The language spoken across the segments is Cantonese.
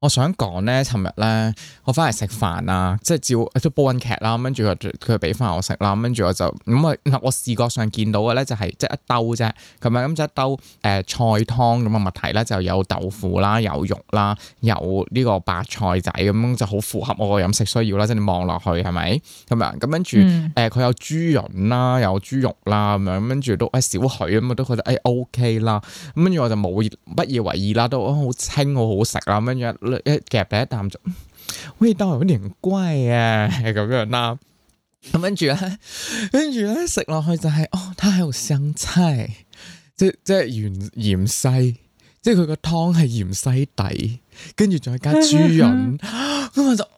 我想講咧，尋日咧，我翻嚟食飯啦，即係照都煲溫劇啦，跟住佢佢俾翻我食啦，跟住我就咁啊，我視覺上見到嘅咧就係即係一兜啫，咁樣咁一兜誒、呃、菜湯咁嘅物體咧就有豆腐啦，有肉啦，有呢個白菜仔咁樣就好符合我嘅飲食需要啦，即係望落去係咪咁樣？咁跟住誒佢有豬潤啦，有豬肉啦，咁樣跟住都誒少許咁啊，都覺得誒、哎、OK 啦，咁跟住我就冇不以為意啦，都好清，好好食啦，咁樣。一夾第一啖就，喂，當有好型貴啊，係咁樣啦。咁跟住咧，跟住咧食落去就係、是，哦，佢喺度生菜，即即係芫芫茜，即係佢個湯係芫茜底，跟住再加豬膶，咁 我就，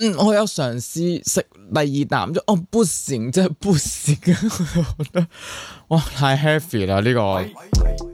嗯，我有嘗試食第二啖就，哦，唔掂，即係唔掂啊，我覺得，哇，太 heavy 啦呢、這個。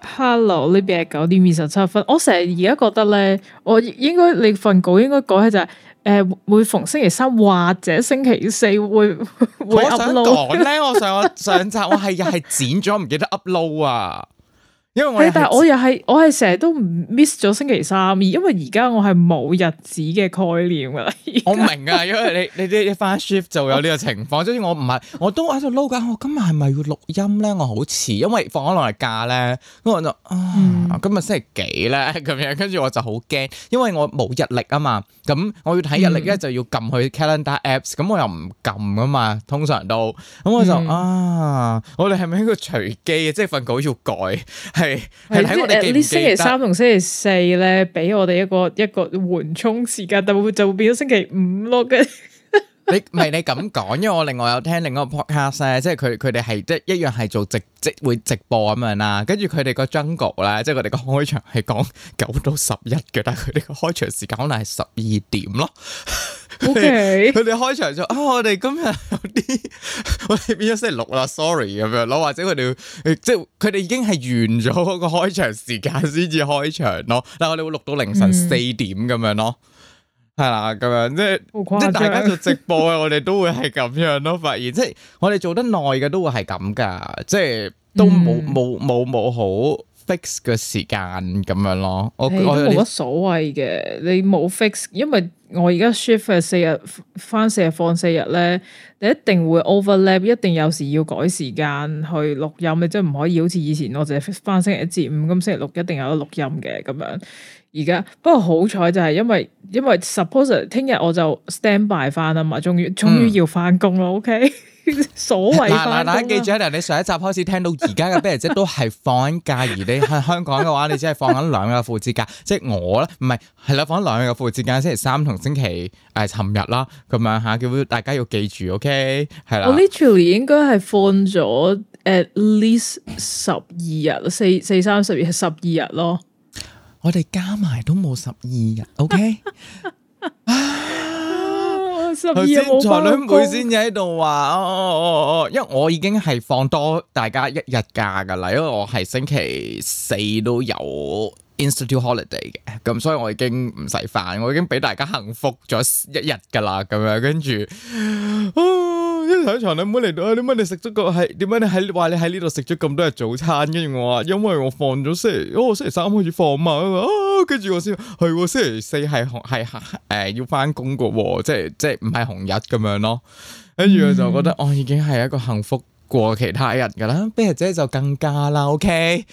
hello，呢邊係九點二十七分，我成日而家覺得咧，我應該你份稿應該改喺就係，誒，每逢星期三或者星期四會會 upload 咧。我上上集我係又係剪咗，唔記得 upload 啊。因為我係，但係我又係，我係成日都唔 miss 咗星期三，因為而家我係冇日子嘅概念噶啦。我明噶，因為你你你返 shift 就有呢個情況。 即使我唔係，我都喺度撈緊。我今日係咪要錄音咧？我好遲，因為放咗落嚟假咧。咁我就啊，嗯、今日星期幾咧？咁樣跟住我就好驚，因為我冇日曆啊嘛。咁我要睇日曆咧，嗯、要就要撳去 calendar apps。咁我又唔撳啊嘛，通常都。咁我就啊，嗯、我哋係咪應該隨機？即係份稿要改 係睇 我哋呢星期三同星期四咧，俾我哋一個一個緩衝時間，但會就會變咗星期五咯。 你唔係你咁講，因為我另外有聽另一個 Podcast 即係佢佢哋係即係一樣係做直即會直播咁樣啦。跟住佢哋個 Jungle 咧，即係佢哋個開場係講九到十一嘅，但係佢哋個開場時間可能係十二點咯。 佢哋 Okay. 開場咗，啊、哦，我哋今日有啲 我哋變咗星期六啦，sorry 咁樣咯，或者佢哋即係佢哋已經係完咗嗰個開場時間先至開場咯，但係我哋會錄到凌晨四點咁樣咯，係啦咁樣，即係即係大家做直播啊，我哋都會係咁樣咯，發現即係我哋做得耐嘅都會係咁噶，即係都冇冇冇冇好。fix 個時間咁樣咯，我我冇乜所謂嘅。你冇 fix，因為我而家 shift 係四日翻四日放四日咧，你一定會 overlap，一定有時要改時間去錄音，你即係唔可以好似以前，我淨係翻星期一至五咁，星期六一定有得錄音嘅咁樣。而家不過好彩就係因為因為 suppose 聽日我就 stand by 翻啊嘛，終於終於要翻工咯。OK，嗯、オー 所謂嗱嗱嗱，大家記住啦！你上一集開始聽到而家嘅，即係都係放假， 而你喺香港嘅話，你只係放緊兩個副節假，即係我咧，唔係係啦，放緊兩個副節假，星期三同星期誒尋、呃、日啦，咁樣吓，叫大家要記住，OK，係啦。我 I literally 應該係放咗 at least 十二日，四四三十月十二日咯。30, 12, 12, 12, 12, 12, 12我哋加埋都冇十二日，OK？頭先才女妹先至喺度話，哦哦哦，因為我已經係放多大家一日假噶啦，因為我係星期四都有 Institute Holiday 嘅，咁所以我已經唔使返，我已經俾大家幸福咗一日噶啦，咁樣跟住。一起床你唔好嚟到啊！點解你食咗個係？點解你喺話你喺呢度食咗咁多日早餐？跟住我話因為我放咗星期，哦，星期三開始放嘛。跟、啊、住我先去個，星期、哦、四係係誒要翻工嘅喎，即係即係唔係紅日咁樣咯。跟住我就覺得，哦，已經係一個幸福。過其他人噶啦，bear 姐就更加啦。O K，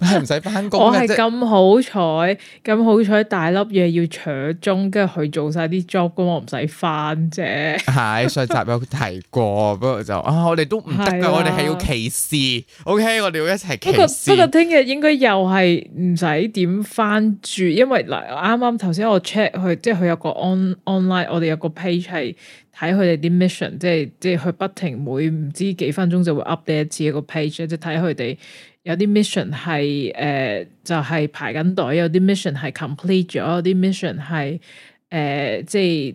唔使翻工。我係咁好彩，咁好彩大粒嘢，要搶中，跟住佢做晒啲 job 咁，我唔使翻啫。係上集有提過， 不過就啊，我哋都唔得噶，是啊、我哋係要歧視。O、OK? K，我哋要一齊傾。不不過聽日應該又係唔使點翻住，因為嗱，啱啱頭先我 check 佢，即係佢有個 on online，我哋有個 page 係。睇佢哋啲 mission，即係即係佢不停每唔知幾分鐘就會 update 一次一個 page，呃、就睇佢哋有啲 mission 係誒就係排緊隊，有啲 mission 係 complete 咗，有啲 mission 係誒即係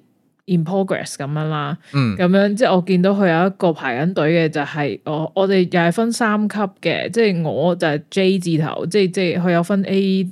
in progress 咁樣啦。嗯，咁樣即係我見到佢有一個排緊隊嘅就係、是、我我哋又係分三級嘅，即係我就係 J 字頭，即係即係佢有分 A。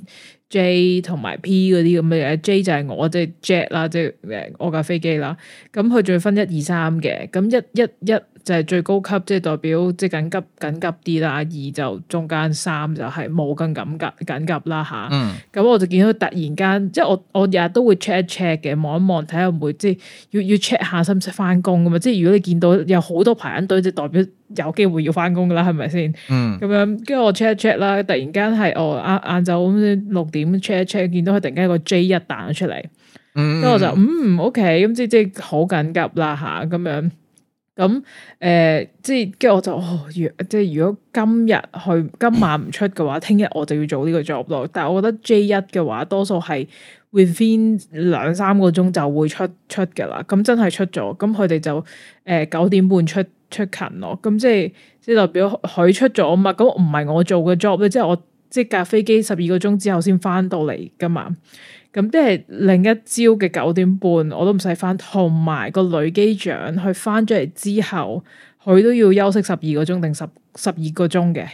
J 同埋 P 嗰啲咁嘅，J 嘢就係我即係、就是、Jack 啦，即係誒我架飛機啦。咁佢仲要分一二三嘅，咁一一一。就係最高級，即、就、係、是、代表即係緊急緊急啲啦。二就中間，三就係冇咁緊急緊急啦吓。咁、啊嗯、我就見到佢突然間，即係我我日日都會 check check 嘅，望一望睇下會唔會即係要要 check 下使唔使翻工咁嘛。即係如果你見到有好多排緊隊，即代表有機會要翻工㗎啦，係咪先？咁、嗯、樣，跟住我 check check 啦。突然間係我晏晏晝咁，六、哦、點 check check，見到佢突然間個 J 一彈咗出嚟，咁、嗯嗯、我就嗯 OK，咁、嗯、即係即係好緊急啦吓，咁樣。咁誒，即係跟住我就哦，即係如果今日去今晚唔出嘅話，聽日我就要做呢個 job 咯。但係我覺得 J 一嘅話，多數係 within 兩三個鐘就會出出嘅啦。咁真係出咗，咁佢哋就誒九點半出出勤咯。咁即係即係代表佢出咗啊嘛。咁唔係我做嘅 job 咧，即係我即係架飛機十二個鐘之後先翻到嚟噶嘛。咁即係另一朝嘅九點半，我都唔使翻。同埋個女機長去翻咗嚟之後，佢都要休息十二個鐘定十十二個鐘嘅。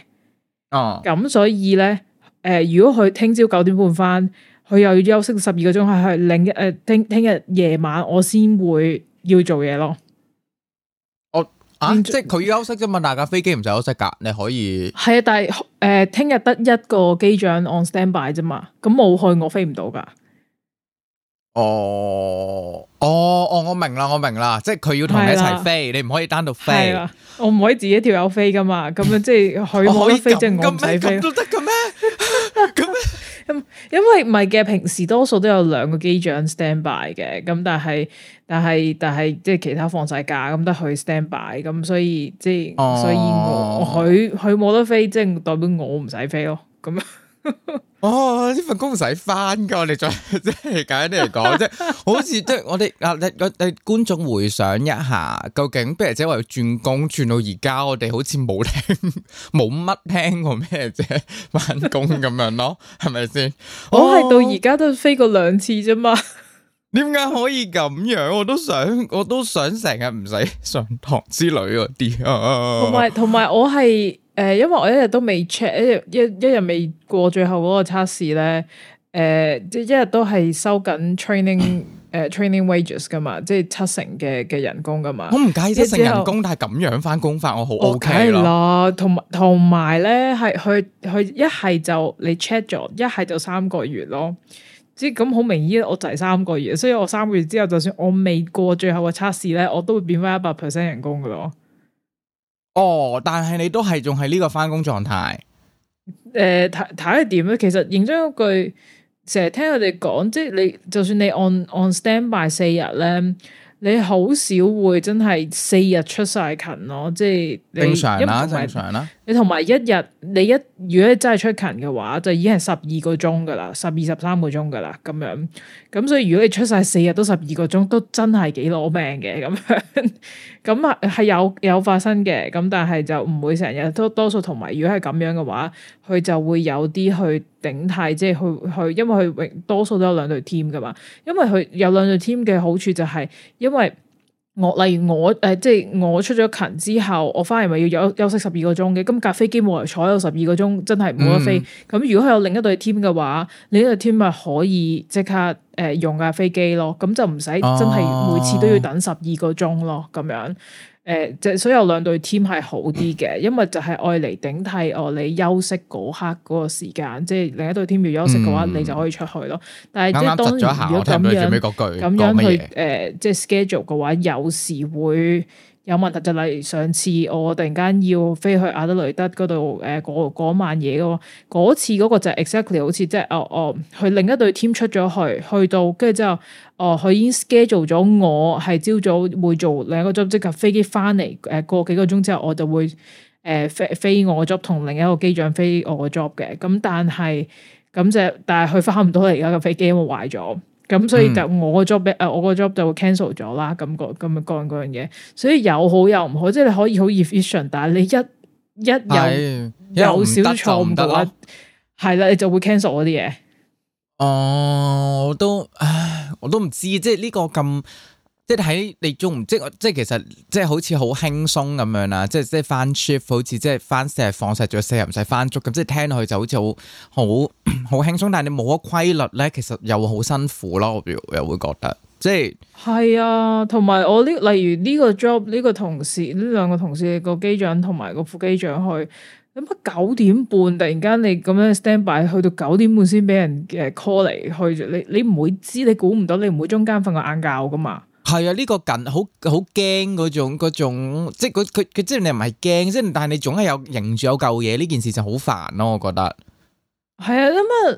哦、嗯，咁所以咧，誒、呃，如果佢聽朝九點半翻，佢又要休息十二個鐘，係去另誒，聽聽日夜晚我先會要做嘢咯。我、啊、早即係佢要休息啫嘛，嗰架飛機唔使休息噶，你可以係啊，但係誒，聽日得一個機長 on standby 啫嘛，咁冇去我飛唔到噶。哦，哦，哦，我明啦，我明啦，即係佢要同你一齊飛，的你唔可以單獨飛。我唔可以自己一條友飛噶嘛？咁樣 即係佢可以飛，即係我唔使飛都得噶咩？咁咩？因為唔係嘅，平時多數都有兩個機長 stand by 嘅，咁但係但係但係即係其他放曬假咁得佢 stand by，咁所以即係、哦、所以佢佢冇得飛，即係代表我唔使飛咯、哦，咁樣。 哦，呢份工唔使返㗎，我哋再即係簡單啲嚟講，即係好似即係我哋啊，你我你觀眾回想一下，究竟咩者話轉工轉到而家，我哋好似冇聽冇乜聽過咩啫返工咁樣咯，係咪先？我係到而家都飛過兩次啫嘛，點解可以咁樣？我都想，我都想成日唔使上堂之類啊！嗰啲啊？同埋同埋，我係。誒，因為我一日都未 check，一日一一日未過最後嗰個測試咧，誒、呃，即係一日都係收緊 training，誒、 呃、training wages 噶嘛，即係七成嘅嘅人工噶嘛。我唔介意七成人工，後但係咁樣翻工法我好 OK 係啦，okay，同埋同埋咧，係佢佢一係就你 check 咗，一係就三個月咯。即咁好明顯，我就係三個月，所以我三個月之後就算我未過最後嘅測試咧，我都會變翻一百 percent 人工噶咯。哦，但係你都係仲係呢個返工狀態。誒、呃，睇睇係點咧？其實認真一句，成日聽佢哋講，即、就、係、是、你就算你 on on standby 四日咧，你好少會真係四日出晒勤咯。即係正常啦，正常啦。你同埋一日，你一如果你真係出勤嘅話，就已經係十二個鐘噶啦，十二十三個鐘噶啦，咁樣。咁所以如果你出晒四日都十二個鐘，都真係幾攞命嘅咁樣。 咁啊，係、嗯、有有發生嘅，咁但係就唔會成日都多數同埋，如果係咁樣嘅話，佢就會有啲去頂替，即係去去，因為佢永遠多數都有兩隊 team 噶嘛，因為佢有兩隊 team 嘅好處就係因為。我例如我誒、呃，即係我出咗勤之後，我返嚟咪要有休息十二個鐘嘅，咁架飛機冇人坐有十二個鐘，真係冇得飛。咁、嗯、如果佢有另一隊 team 嘅話，另一隊 team 咪可以即刻誒、呃、用架飛機咯，咁就唔使、啊、真係每次都要等十二個鐘咯，咁樣。誒，即係、呃、所有兩隊 team 係好啲嘅，因為就係愛嚟頂替哦。你休息嗰刻嗰個時間，即係另一隊 team 要休息嘅話，嗯、你就可以出去咯。但係即係當剛剛如果咁樣咁樣去誒、呃，即係 schedule 嘅話，有時會。有問題就例如上次我突然間要飛去阿德雷德嗰度誒嗰晚嘢嘅喎，嗰次嗰個就 exactly 好似即係哦哦，佢、呃呃、另一隊 team 出咗去，去到跟住之後，哦、呃、佢已經 schedule 咗我係朝早會做兩個 job，即係架飛機翻嚟誒過幾個鐘之後我就會誒、呃、飛飛我 job 同另一個機長飛我 job 嘅，咁、嗯、但係咁就但係佢翻唔到嚟，而家個飛機因為我壞咗。咁所以就我個 job 啊，我個 job 就會 cancel 咗啦，咁個咁樣嗰樣嘢，所以有好有唔好，即係你可以好 efficient，但係你一一有有少錯誤嘅話，係啦、嗯，你就會 cancel 嗰啲嘢。哦、呃，我都唉，我都唔知即係呢個咁。即係喺你做，即即係其實，即係好似好輕鬆咁樣啦。即係即係翻 shift 好似即係翻四日放晒咗四日唔使翻足咁。即係聽落去就好似好好好輕鬆，但係你冇乜規律咧，其實又好辛苦咯。我又會覺得即係係啊，同埋我呢，例如呢個 job，呢個同事呢兩個同事個機長同埋個副機長去，咁乜九點半突然間你咁樣 stand by 去到九點半先俾人 call 嚟去，你你唔會知，你估唔到，你唔會中間瞓個眼覺噶嘛。係啊，呢、這個緊好好驚嗰種嗰種，即係佢佢佢即係你唔係驚，即係但係你總係有凝住有舊嘢，呢件事就好煩咯，我覺得。係啊，咁啊，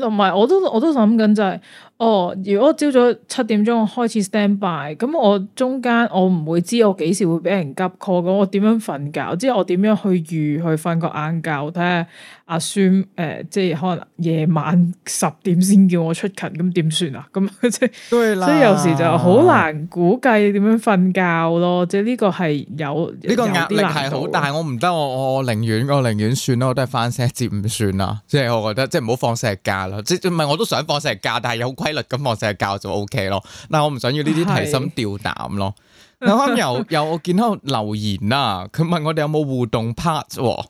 同埋我都我都諗緊就係、是。哦，如果朝早七點鐘我開始 stand by，咁我中間我唔會知我幾時會俾人急 call 咁，我點樣瞓覺，即係我點樣去預去瞓個晏覺睇下阿孫誒、呃，即係可能夜晚十點先叫我出勤，咁點算啊？咁即係即係有時就好難估計點樣瞓覺咯。即係呢個係有呢個壓力係好，但係我唔得，我得我寧願我寧願算咯，我都係翻社接唔算啦。即係我覺得即係唔好放石假啦。即係唔係我都想放石假，但係有規律，咁我成日教就 OK 咯，但係我唔想要呢啲提心吊膽咯。啱啱又又我見到留言啊，佢問我哋有冇互動 part？喎？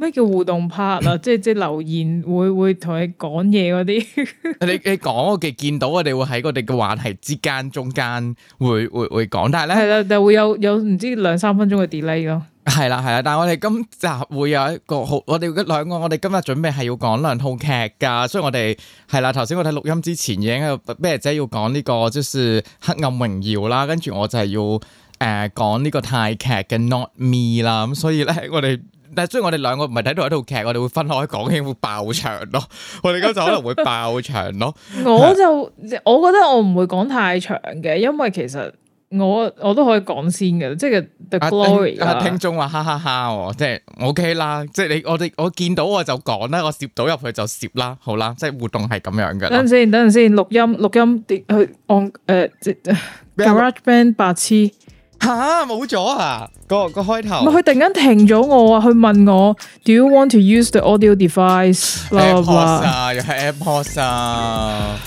咩叫互動 part 啊？即係即係留言會會同你講嘢嗰啲？你你講我哋見到我哋會喺我哋嘅話題之間中間會會會講，但係咧係啦，但係會有有唔知兩三分鐘嘅 delay 咯。係啦，係啊！但係我哋今集會有一個好，我哋嘅兩個，我哋今日準備係要講兩套劇噶，所以我哋係啦。頭先我睇錄音之前已經，bear 姐要講呢個即係黑暗榮耀啦，跟住我就係要誒講呢個泰劇嘅 Not Me 啦。咁所以咧，我哋但係，雖然我哋兩個唔係睇到一套劇，我哋會分開講，興副爆場咯。我哋而家就可能會爆場咯。 我就我覺得我唔會講太長嘅，因為其實。我我都可以講先嘅，即係 The Glory。阿聽眾話哈哈哈，即係 OK 啦，即係你我哋我見到我就講啦，我攝到入去就攝啦，好啦，即係活動係咁樣嘅。等陣先，等陣先，錄音錄音，去按誒 GarageBand 白痴嚇冇咗啊！個個開頭，佢突然間停咗我啊！佢問我 Do you want to use the audio device？AirPods 啊！又係 AirPods 啊！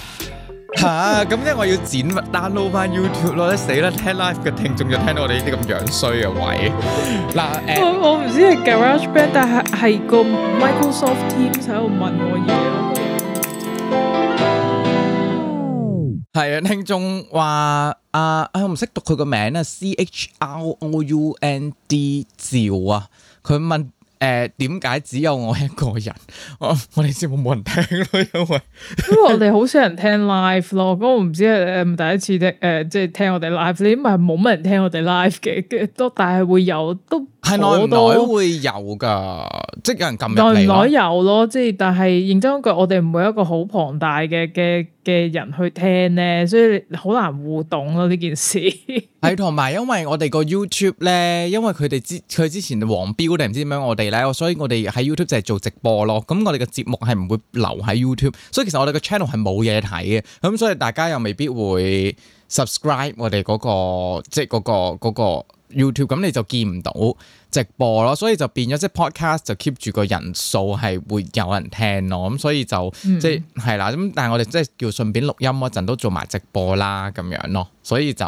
吓，噉即係，我要剪 download 翻 YouTube 咯，即死啦！聽 live 嘅聽眾就聽到我哋呢啲咁樣衰嘅位嗱，誒，我唔知係 GarageBand，但係係個 Microsoft Teams 喺度問我嘢咯。係啊，聽眾話啊啊，我唔識讀佢個名啊，C H R O U N D 趙啊，佢問。誒，點解、呃、只有我一個人？啊、我哋似乎冇人聽咯，因為因為我哋好少人聽 live 咯。咁我唔知誒、呃，第一次聽誒，即係聽我哋 live，你咪冇乜人聽我哋 live 嘅。都但係會有都。係耐唔耐會有噶，都即係有人撳入嚟。耐唔耐有咯，即係但係認真一句，我哋唔會一個好龐大嘅嘅嘅人去聽咧，所以好難互動咯、啊、呢件事。係同埋，因為我哋個 YouTube 咧，因為佢哋之佢之前黃標定唔知點樣，我哋咧，所以我哋喺 YouTube 就係做直播咯。咁我哋嘅節目係唔會留喺 YouTube，所以其實我哋個 channel 係冇嘢睇嘅。咁所以大家又未必會 subscribe 我哋嗰、嗰個即係、嗰、嗰個、嗰個、嗰個、YouTube，咁你就見唔到。直播咯，所以就變咗即係 podcast 就 keep 住個人數係會有人聽咯，咁所以就、嗯、即係啦，咁但係我哋即係叫順便錄音嗰陣都做埋直播啦，咁樣咯，所以就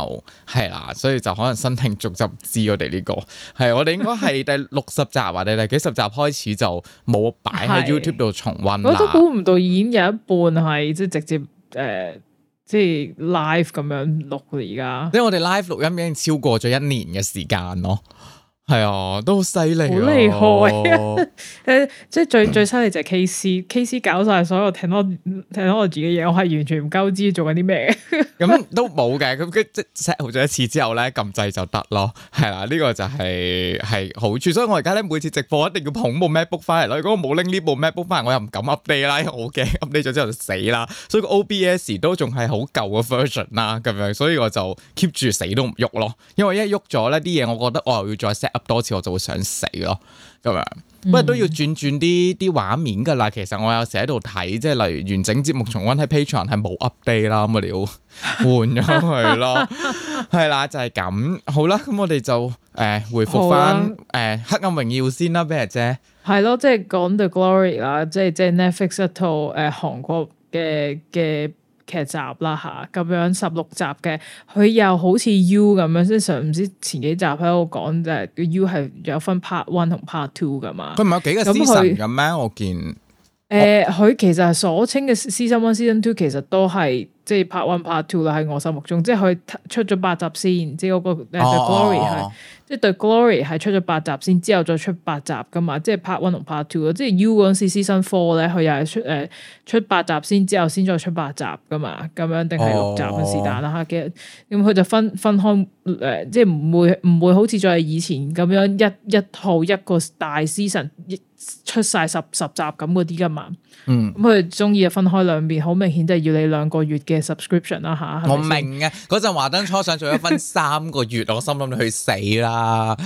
係啦，所以就可能新聽眾就唔知我哋呢、這個係，我哋應該係第六十集 或者第幾十集開始就冇擺喺 YouTube 度重溫。我都估唔到已經有一半係即係直接誒、呃，即係 live 咁樣錄而家，因為我哋 live 錄音已經超過咗一年嘅時間咯。係啊，都好犀利，好厲害 C,。誒、 嗯，即係最最犀利就係 K C，K C 搞晒所有聽多聽多我自己嘅嘢，我係完全唔夠知做緊啲咩。咁都冇嘅，咁即係 set 好咗一次之後咧，撳掣就得咯。係啦、啊，呢、這個就係、是、係好處。所以我，我而家咧每次直播一定要捧部 MacBook 翻嚟。如果我冇拎呢部 MacBook 翻嚟，我又唔敢 update 啦，好驚 update 咗之後就死啦。所以個 O B S 都仲係好舊嘅 version 啦，咁樣，所以我就 keep 住死都唔喐咯。因為一喐咗呢啲嘢我覺得我又要再 set。多次我就會想死咯，咁樣。不過都要轉轉啲啲畫面噶啦。其實我有時喺度睇，即係例如完整節目重溫喺 Patreon 係冇 update 啦，咁我哋要換咗佢咯。係啦、 嗯，就係、是、咁好啦。咁我哋就誒、呃、回復翻誒、啊呃、黑暗榮耀先啦、啊，俾阿姐。係咯，即、就、係、是、講 The Glory 啦、就是，即、就、係、是、即係 Netflix 一套誒韓國嘅嘅。劇集啦吓，咁樣十六集嘅，佢又好似 U 咁樣，即係上唔知前幾集喺度講就係 U 係有分 part one 同 part two 噶嘛。佢唔係有幾個 season 噶咩？我見。誒，佢、呃、其實係所稱嘅 season one、season two，其實都係即係 part one、part two 啦。喺我心目中，即係佢出咗八集先，即係、那、嗰個 the、啊、glory 係，即係 the glory 係出咗八集先，之後再出八集噶嘛。即係 part one 同 part two，即係 u 嗰陣時 season four 咧，佢又係出誒、呃、出八集先，之後先再出八集噶嘛。咁樣定係六集是但啦吓。嘅、啊。其實咁佢就分分開誒、呃，即係唔會唔會好似再係以前咁樣一一,一套一個大 season。出晒十十集咁嗰啲噶嘛，嗯，咁佢哋中意啊分開兩邊，好明顯就係要你兩個月嘅 subscription 啦吓。我明嘅，嗰陣華燈初上做一分三個月， 我心諗去死啦，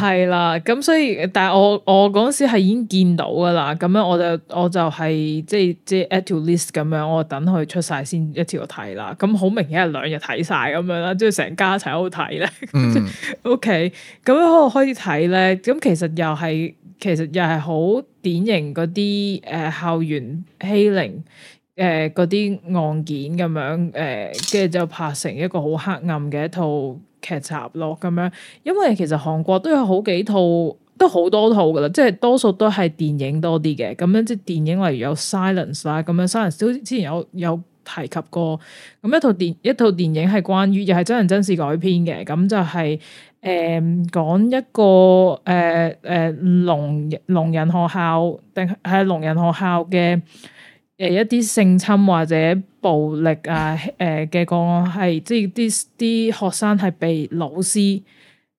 係 啦，咁所以，但係我我嗰時係已經見到噶啦，咁樣我就我就係、是、即係即係 add to list 咁樣，樣，我等佢出晒先一條睇啦。咁好明顯係兩日睇晒咁樣啦，即係成家一齊喺度睇咧。OK 咁樣我開始睇咧，咁其實又係。其實又係好典型嗰啲誒校園欺凌誒嗰啲案件咁樣誒，跟、呃、住就拍成一個好黑暗嘅一套劇集咯咁樣。因為其實韓國都有好幾套，都好多套㗎喇，即係多數都係電影多啲嘅。咁樣即係電影例如有《Silence》啦，咁樣《Silence》都之前有有提及過。咁一套電一套電影係關於又係真人真事改編嘅，咁就係、是。誒，講、嗯、一個誒誒，聾、呃、聾、呃、人學校定係聾人學校嘅誒一啲性侵或者暴力啊誒嘅、呃、個案，係即係啲啲學生係被老師誒、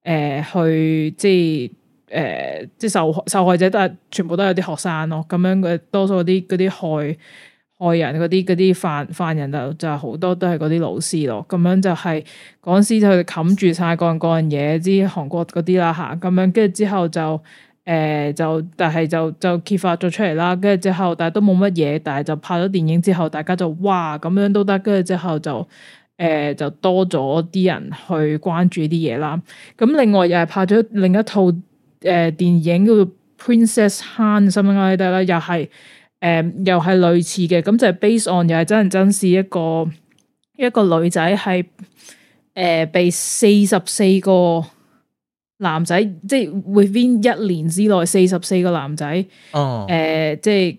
呃、去、呃、即係誒即係受受害者都係全部都有啲學生咯，咁樣嘅多數啲嗰啲害。外人嗰啲嗰啲犯犯人就就好多都係嗰啲老師咯，咁樣就係嗰陣時就冚住曬各樣各樣嘢，啲韓國嗰啲啦吓，咁樣，跟住之後就誒、呃，就但係就就揭發咗出嚟啦，跟住之後，但係都冇乜嘢，但係就拍咗電影之後，大家就哇咁樣都得，跟住之後就誒、呃，就多咗啲人去關注啲嘢啦。咁另外又係拍咗另一套誒、呃、電影叫做《Princess Han》，新聞嗰啲得啦，又係。誒、嗯，又係類似嘅，咁就係 base on，又係真人真事。一個一個女仔係誒被四十四個男仔，即係 within 一年之內四十四個男仔，誒、oh. 呃、即係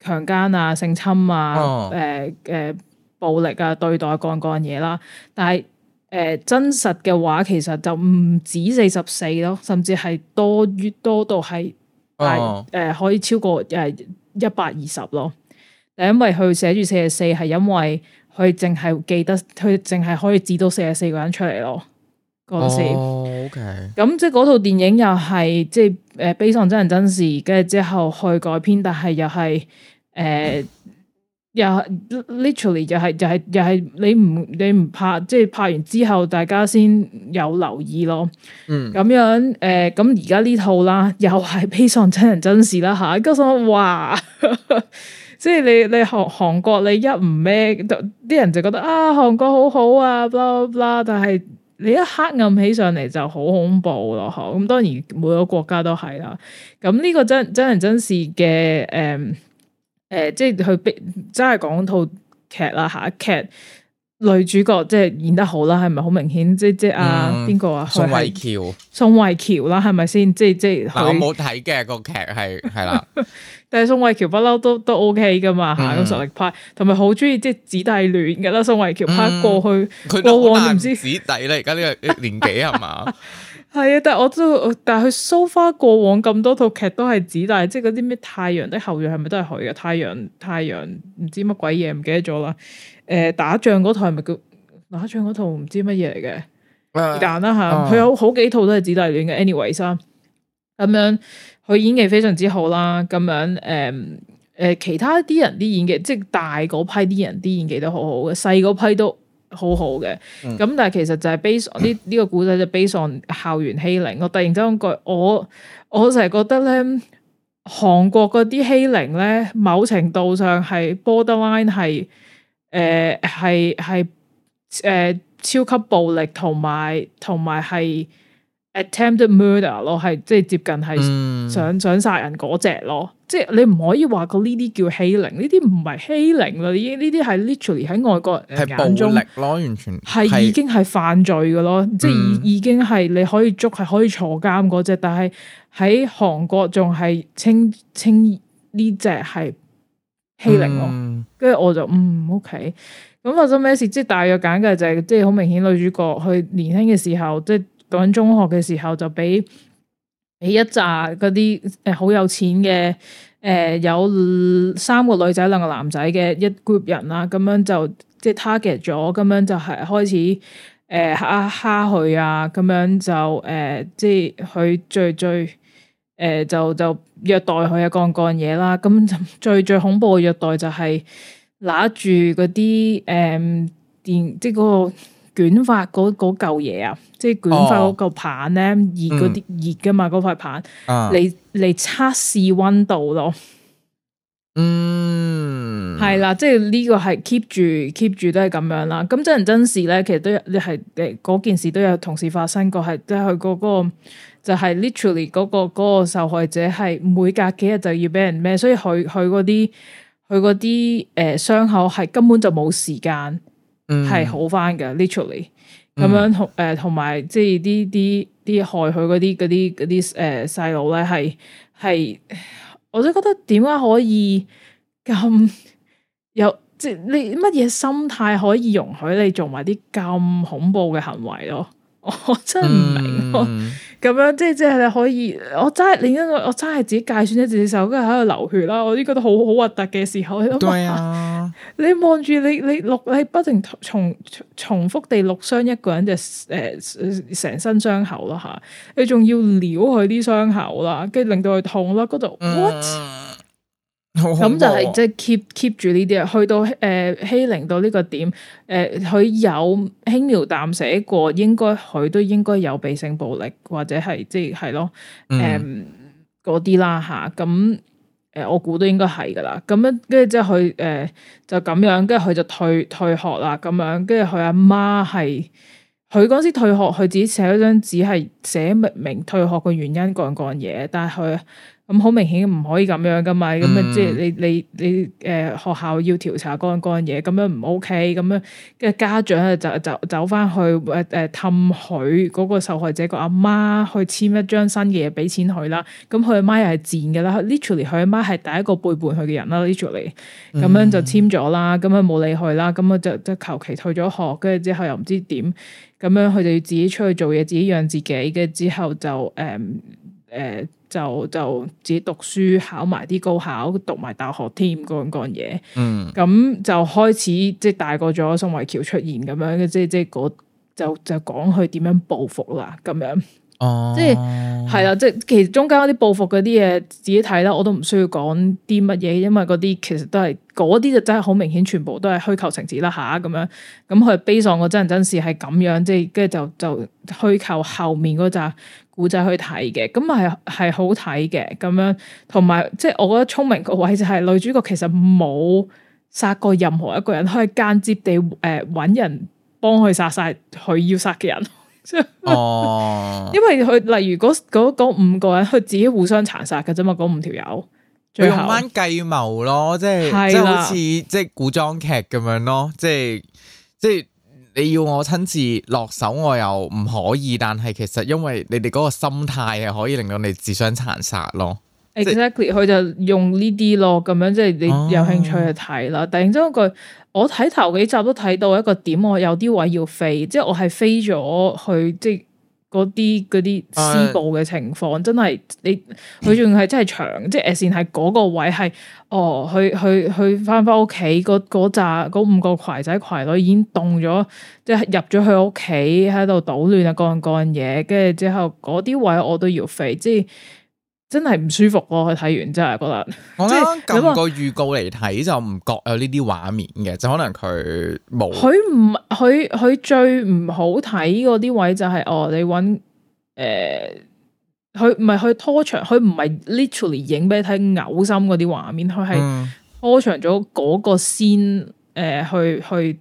強奸啊、性侵啊、誒誒、oh. 呃呃、暴力啊、對待各樣各樣嘢啦。但係誒、呃、真實嘅話，其實就唔止四十四囉，甚至係多於多到係，誒、oh. 呃、可以超過誒。呃一百二十咯，但因為佢寫住四十四，係因為佢淨係記得，佢淨係可以指到四十四個人出嚟咯嗰時。咁、哦、即係嗰套電影又係即係誒悲傷真人真事，跟住之後去改編，但係又係誒。呃 又係 literally 又係又係又係你唔你唔拍即係拍完之後大家先有留意咯，嗯，咁樣誒，咁而家呢套啦，又係悲上真人真事啦吓，咁我話， 即係你你韓韓國你一唔咩，啲人就覺得啊韓國好好啊，blah blah 啦，但係你一黑暗起上嚟就好恐怖咯，嗬，咁當然每個國家都係啦，咁呢個真真人真事嘅誒。呃誒、呃，即係佢逼，真係講套劇啦吓，劇女主角即係演得好啦，係咪好明顯？即即阿、啊、邊、啊那個啊、 OK 嗯？宋慧喬，宋慧喬啦，係咪先？即即我冇睇嘅個劇係係啦，但係宋慧喬不嬲都都 OK 噶嘛吓，實力派，同埋好中意即係子弟戀嘅啦，宋慧喬拍過去過往佢都唔知子弟啦，而家呢個年紀係嘛？ 係啊，但係我都，但係佢 so far 過往咁多套劇都係姊弟，即係嗰啲咩太陽的後裔係咪都係佢嘅？太陽太陽唔知乜鬼嘢，唔記得咗啦。誒、呃，打仗嗰套係咪叫打仗嗰套唔知乜嘢嚟嘅？啊、但啦吓，佢有好幾套都係姊弟戀嘅。anyway，三咁樣佢演技非常之好啦。咁樣誒誒、呃呃，其他啲人啲演技，即係大嗰批啲人啲演技都好好嘅，細嗰批都。好好嘅，咁、嗯、但係其實就係 based 呢呢個故事就 based on 校園欺凌。我突然之間覺我我成日覺得咧，韓國嗰啲欺凌咧，某程度上係 borderline 係誒係係誒超級暴力同埋同埋係。Attempted murder 咯，係即係接近係想想殺人嗰隻咯，嗯、即係你唔可以話佢呢啲叫欺凌，呢啲唔係欺凌咯，呢呢啲係 literally 喺外國人眼中係暴力咯，完全係已經係犯罪噶咯，嗯、即係已已經係你可以捉係可以坐監嗰隻，但係喺韓國仲係稱稱呢隻係欺凌咯，跟住、嗯、我就嗯 OK，咁發生咩事？即係大約講嘅就係、是、即係好明顯女主角佢年輕嘅時候即係。講中學嘅時候就俾俾一扎嗰啲誒好有錢嘅誒、呃、有三個女仔兩個男仔嘅一 group 人啦，咁樣就即係 target 咗，咁樣就係開始誒蝦蝦佢啊，咁、呃、樣就誒、呃、即係佢最最誒、呃、就就虐待佢啊，幹干嘢啦。咁最最恐怖嘅虐待就係拿住嗰啲誒電即係嗰、嗰個。捲髮嗰嚿嘢啊，即係捲髮嗰嚿棒咧，熱嗰啲熱噶嘛，嗰塊棒嚟嚟測試溫度咯。嗯，係啦，即係呢個係 keep 住 keep 住都係咁樣啦。咁真人真事咧，其實都你係誒嗰件事都有同時發生過，係即係嗰、嗰個就係、係、literally 嗰、嗰個嗰、嗰個受害者係每隔幾日就要俾人咩，所以佢佢嗰啲佢嗰啲誒傷口係根本就冇時間。係好翻嘅，literally 咁樣同誒，同、呃、埋即係啲啲啲害佢嗰啲嗰啲啲誒細路咧，係係、呃、我都覺得點解可以咁有即係你乜嘢心態可以容許你做埋啲咁恐怖嘅行為咯？ 我真唔明，咁、嗯、 樣即係即係你可以，嗯、我真係另一個我真係自己計算一次手，跟住喺度流血啦，我呢個覺得好好核突嘅時候，嗯、 你諗下，你望住你你錄，你不停重重複地錄傷一個人就誒成、呃、身傷口啦吓、啊，你仲要撩佢啲傷口啦，跟住令到佢痛啦，嗰度 what？咁、哦、就係即係 keep keep 住呢啲啊，去到誒、呃、欺凌到呢個點誒，佢、呃、有輕描淡寫過，應該佢都應該有被性暴力或者係即係係咯誒嗰啲啦吓，咁、啊、誒、呃、我估都應該係噶啦，咁樣跟住之後佢誒就咁樣，跟住佢就退退學啦，咁樣跟住佢阿媽係佢嗰時退學，佢自己寫咗張紙係寫明退學嘅原因講講嘢，但係佢。咁好明顯唔可以咁樣噶嘛，咁啊、嗯、即係你你你誒、呃、學校要調查嗰樣嗰樣嘢，咁樣唔 OK，咁樣跟住家長就就走翻去誒誒氹佢嗰個受害者個阿媽去簽一張新嘅嘢俾錢佢啦，咁佢阿媽又係賤噶啦，literally 佢阿媽係第一個背叛佢嘅人啦，literally 咁、嗯、樣就簽咗啦，咁樣冇理佢啦，咁啊就就求其退咗學，跟住之後又唔知點，咁樣佢就要自己出去做嘢，自己養自己，跟住之後就誒誒。呃呃呃就就自己讀書，考埋啲高考讀埋大學添嗰樣嘢，咁、嗯、就開始即係、就是、大個咗，宋慧喬出現咁樣，即係即係嗰就就講佢點樣報復啦，咁樣，哦、即係係啦，即係其實中間嗰啲報復嗰啲嘢自己睇啦，我都唔需要講啲乜嘢，因為嗰啲其實都係嗰啲就真係好明顯，全部都係虛構情節啦吓，咁樣，咁佢悲傷個真人真事係咁樣，即係跟住就就虛構後面嗰扎。古仔去睇嘅，咁咪係好睇嘅咁樣，同埋即係我覺得聰明個位就係女主角其實冇殺過任何一個人，可以間接地誒揾、呃、人幫佢殺晒佢要殺嘅人。 哦， 因為佢例如嗰、嗰嗰嗰、五個人，佢自己互相殘殺嘅啫嘛，嗰、嗰、五條友。用翻計謀咯，即係是的 即係好似對了 即係古裝劇咁樣咯，即係即係。你要我親自落手我又唔可以，但係其實因為你哋嗰個心態係可以令到你自相殘殺咯。Exactly，佢即就用呢啲咯，咁樣即係你有興趣去睇啦。突然之間佢，我睇頭幾集都睇到一個點，我有啲位要飛，即係我係飛咗去即。嗰啲嗰啲施暴嘅情況， 真係你佢仲係真係長， 即係線係嗰個位係哦，去去去翻返屋企嗰嗰扎嗰五個羣仔羣女已經動咗，即係入咗去屋企喺度搗亂啊，各樣各樣嘢，跟住之後嗰啲位我都要飛，即係。真係唔舒服咯，啊！佢睇完真係覺得，我即係咁個預告嚟睇 就唔覺有呢啲畫面嘅，就可能佢冇。佢唔佢佢最唔好睇嗰啲位就係，是，哦，你揾誒，佢唔係去拖長，佢唔係 literally 影俾你睇，嘔心嗰啲畫面，佢係拖長咗嗰個先誒去去。去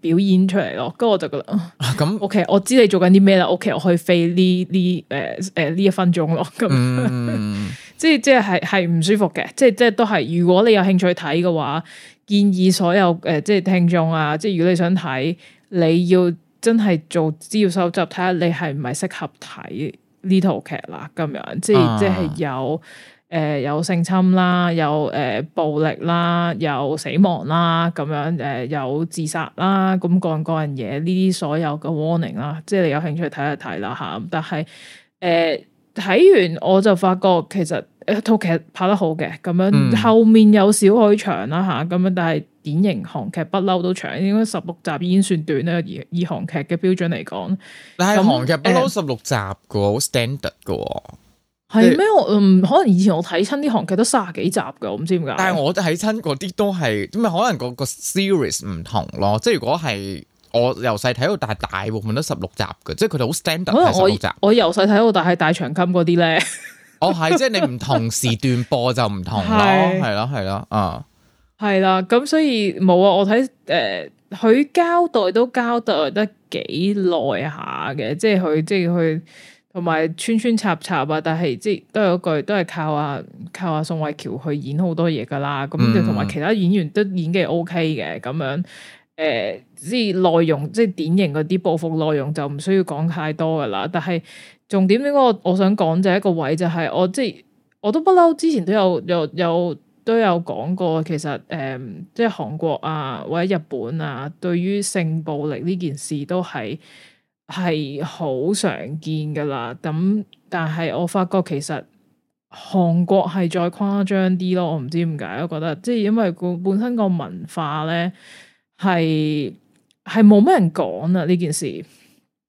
表演出嚟咯，跟住我就覺得，咁、啊嗯、OK，我知你做緊啲咩啦，OK，我可以飛呢呢誒誒呢一分鐘咯，咁、嗯， 即係即係係係唔舒服嘅，即係即係都係。如果你有興趣睇嘅話，建議所有誒、呃、即係聽眾啊，即係如果你想睇，你要真係做資料收集，睇下你係唔係適合睇呢套劇啦，咁樣，即係即係有。啊誒、呃、有性侵啦，有誒、呃、暴力啦，有死亡啦，咁樣誒、呃、有自殺啦，咁各人各人嘢，呢啲所有嘅 warning 啦，即係你有興趣睇一睇啦嚇。但係誒睇完我就發覺其實一套劇拍得好嘅，咁樣、嗯、後面有少許長啦嚇，咁樣但係典型韓劇不嬲都長，應該十六集已經算短啦，以韓劇嘅標準嚟講。但係韓劇不嬲十六集嘅，好 standard。係咩？我嗯，可能以前我睇親啲韓劇都三十幾集噶，我唔知點解。但係我睇親嗰啲都係，咁咪可能個個 series 唔同咯。即係如果係我由細睇到大，大部分都十六集噶，即係佢哋好 standard 係十六集。我由細睇到大係大長今嗰啲咧，哦係，即係 你唔同時段播就唔同咯，係咯係咯，啊，係啦。咁、嗯、所以冇啊，我睇誒，佢、呃、交代都交代得幾耐下嘅，即係佢即係佢。同埋穿穿插插啊，但係即係都有一句都係靠啊靠啊宋慧喬去演好多嘢噶啦，咁同埋其他演員都演技 O K 嘅，咁樣，誒、呃，即係內容即係典型嗰啲報復內容就唔需要講太多噶啦。但係重點呢個我想講就係一個位就係、是、我即係我都不嬲之前都有有有都有講過，其實誒、呃、即係韓國啊或者日本啊，對於性暴力呢件事都係。係好常見噶啦，咁但係我發覺其實韓國係再誇張啲咯，我唔知點解，我覺得即係因為個本身個文化咧係係冇乜人講啊呢件事，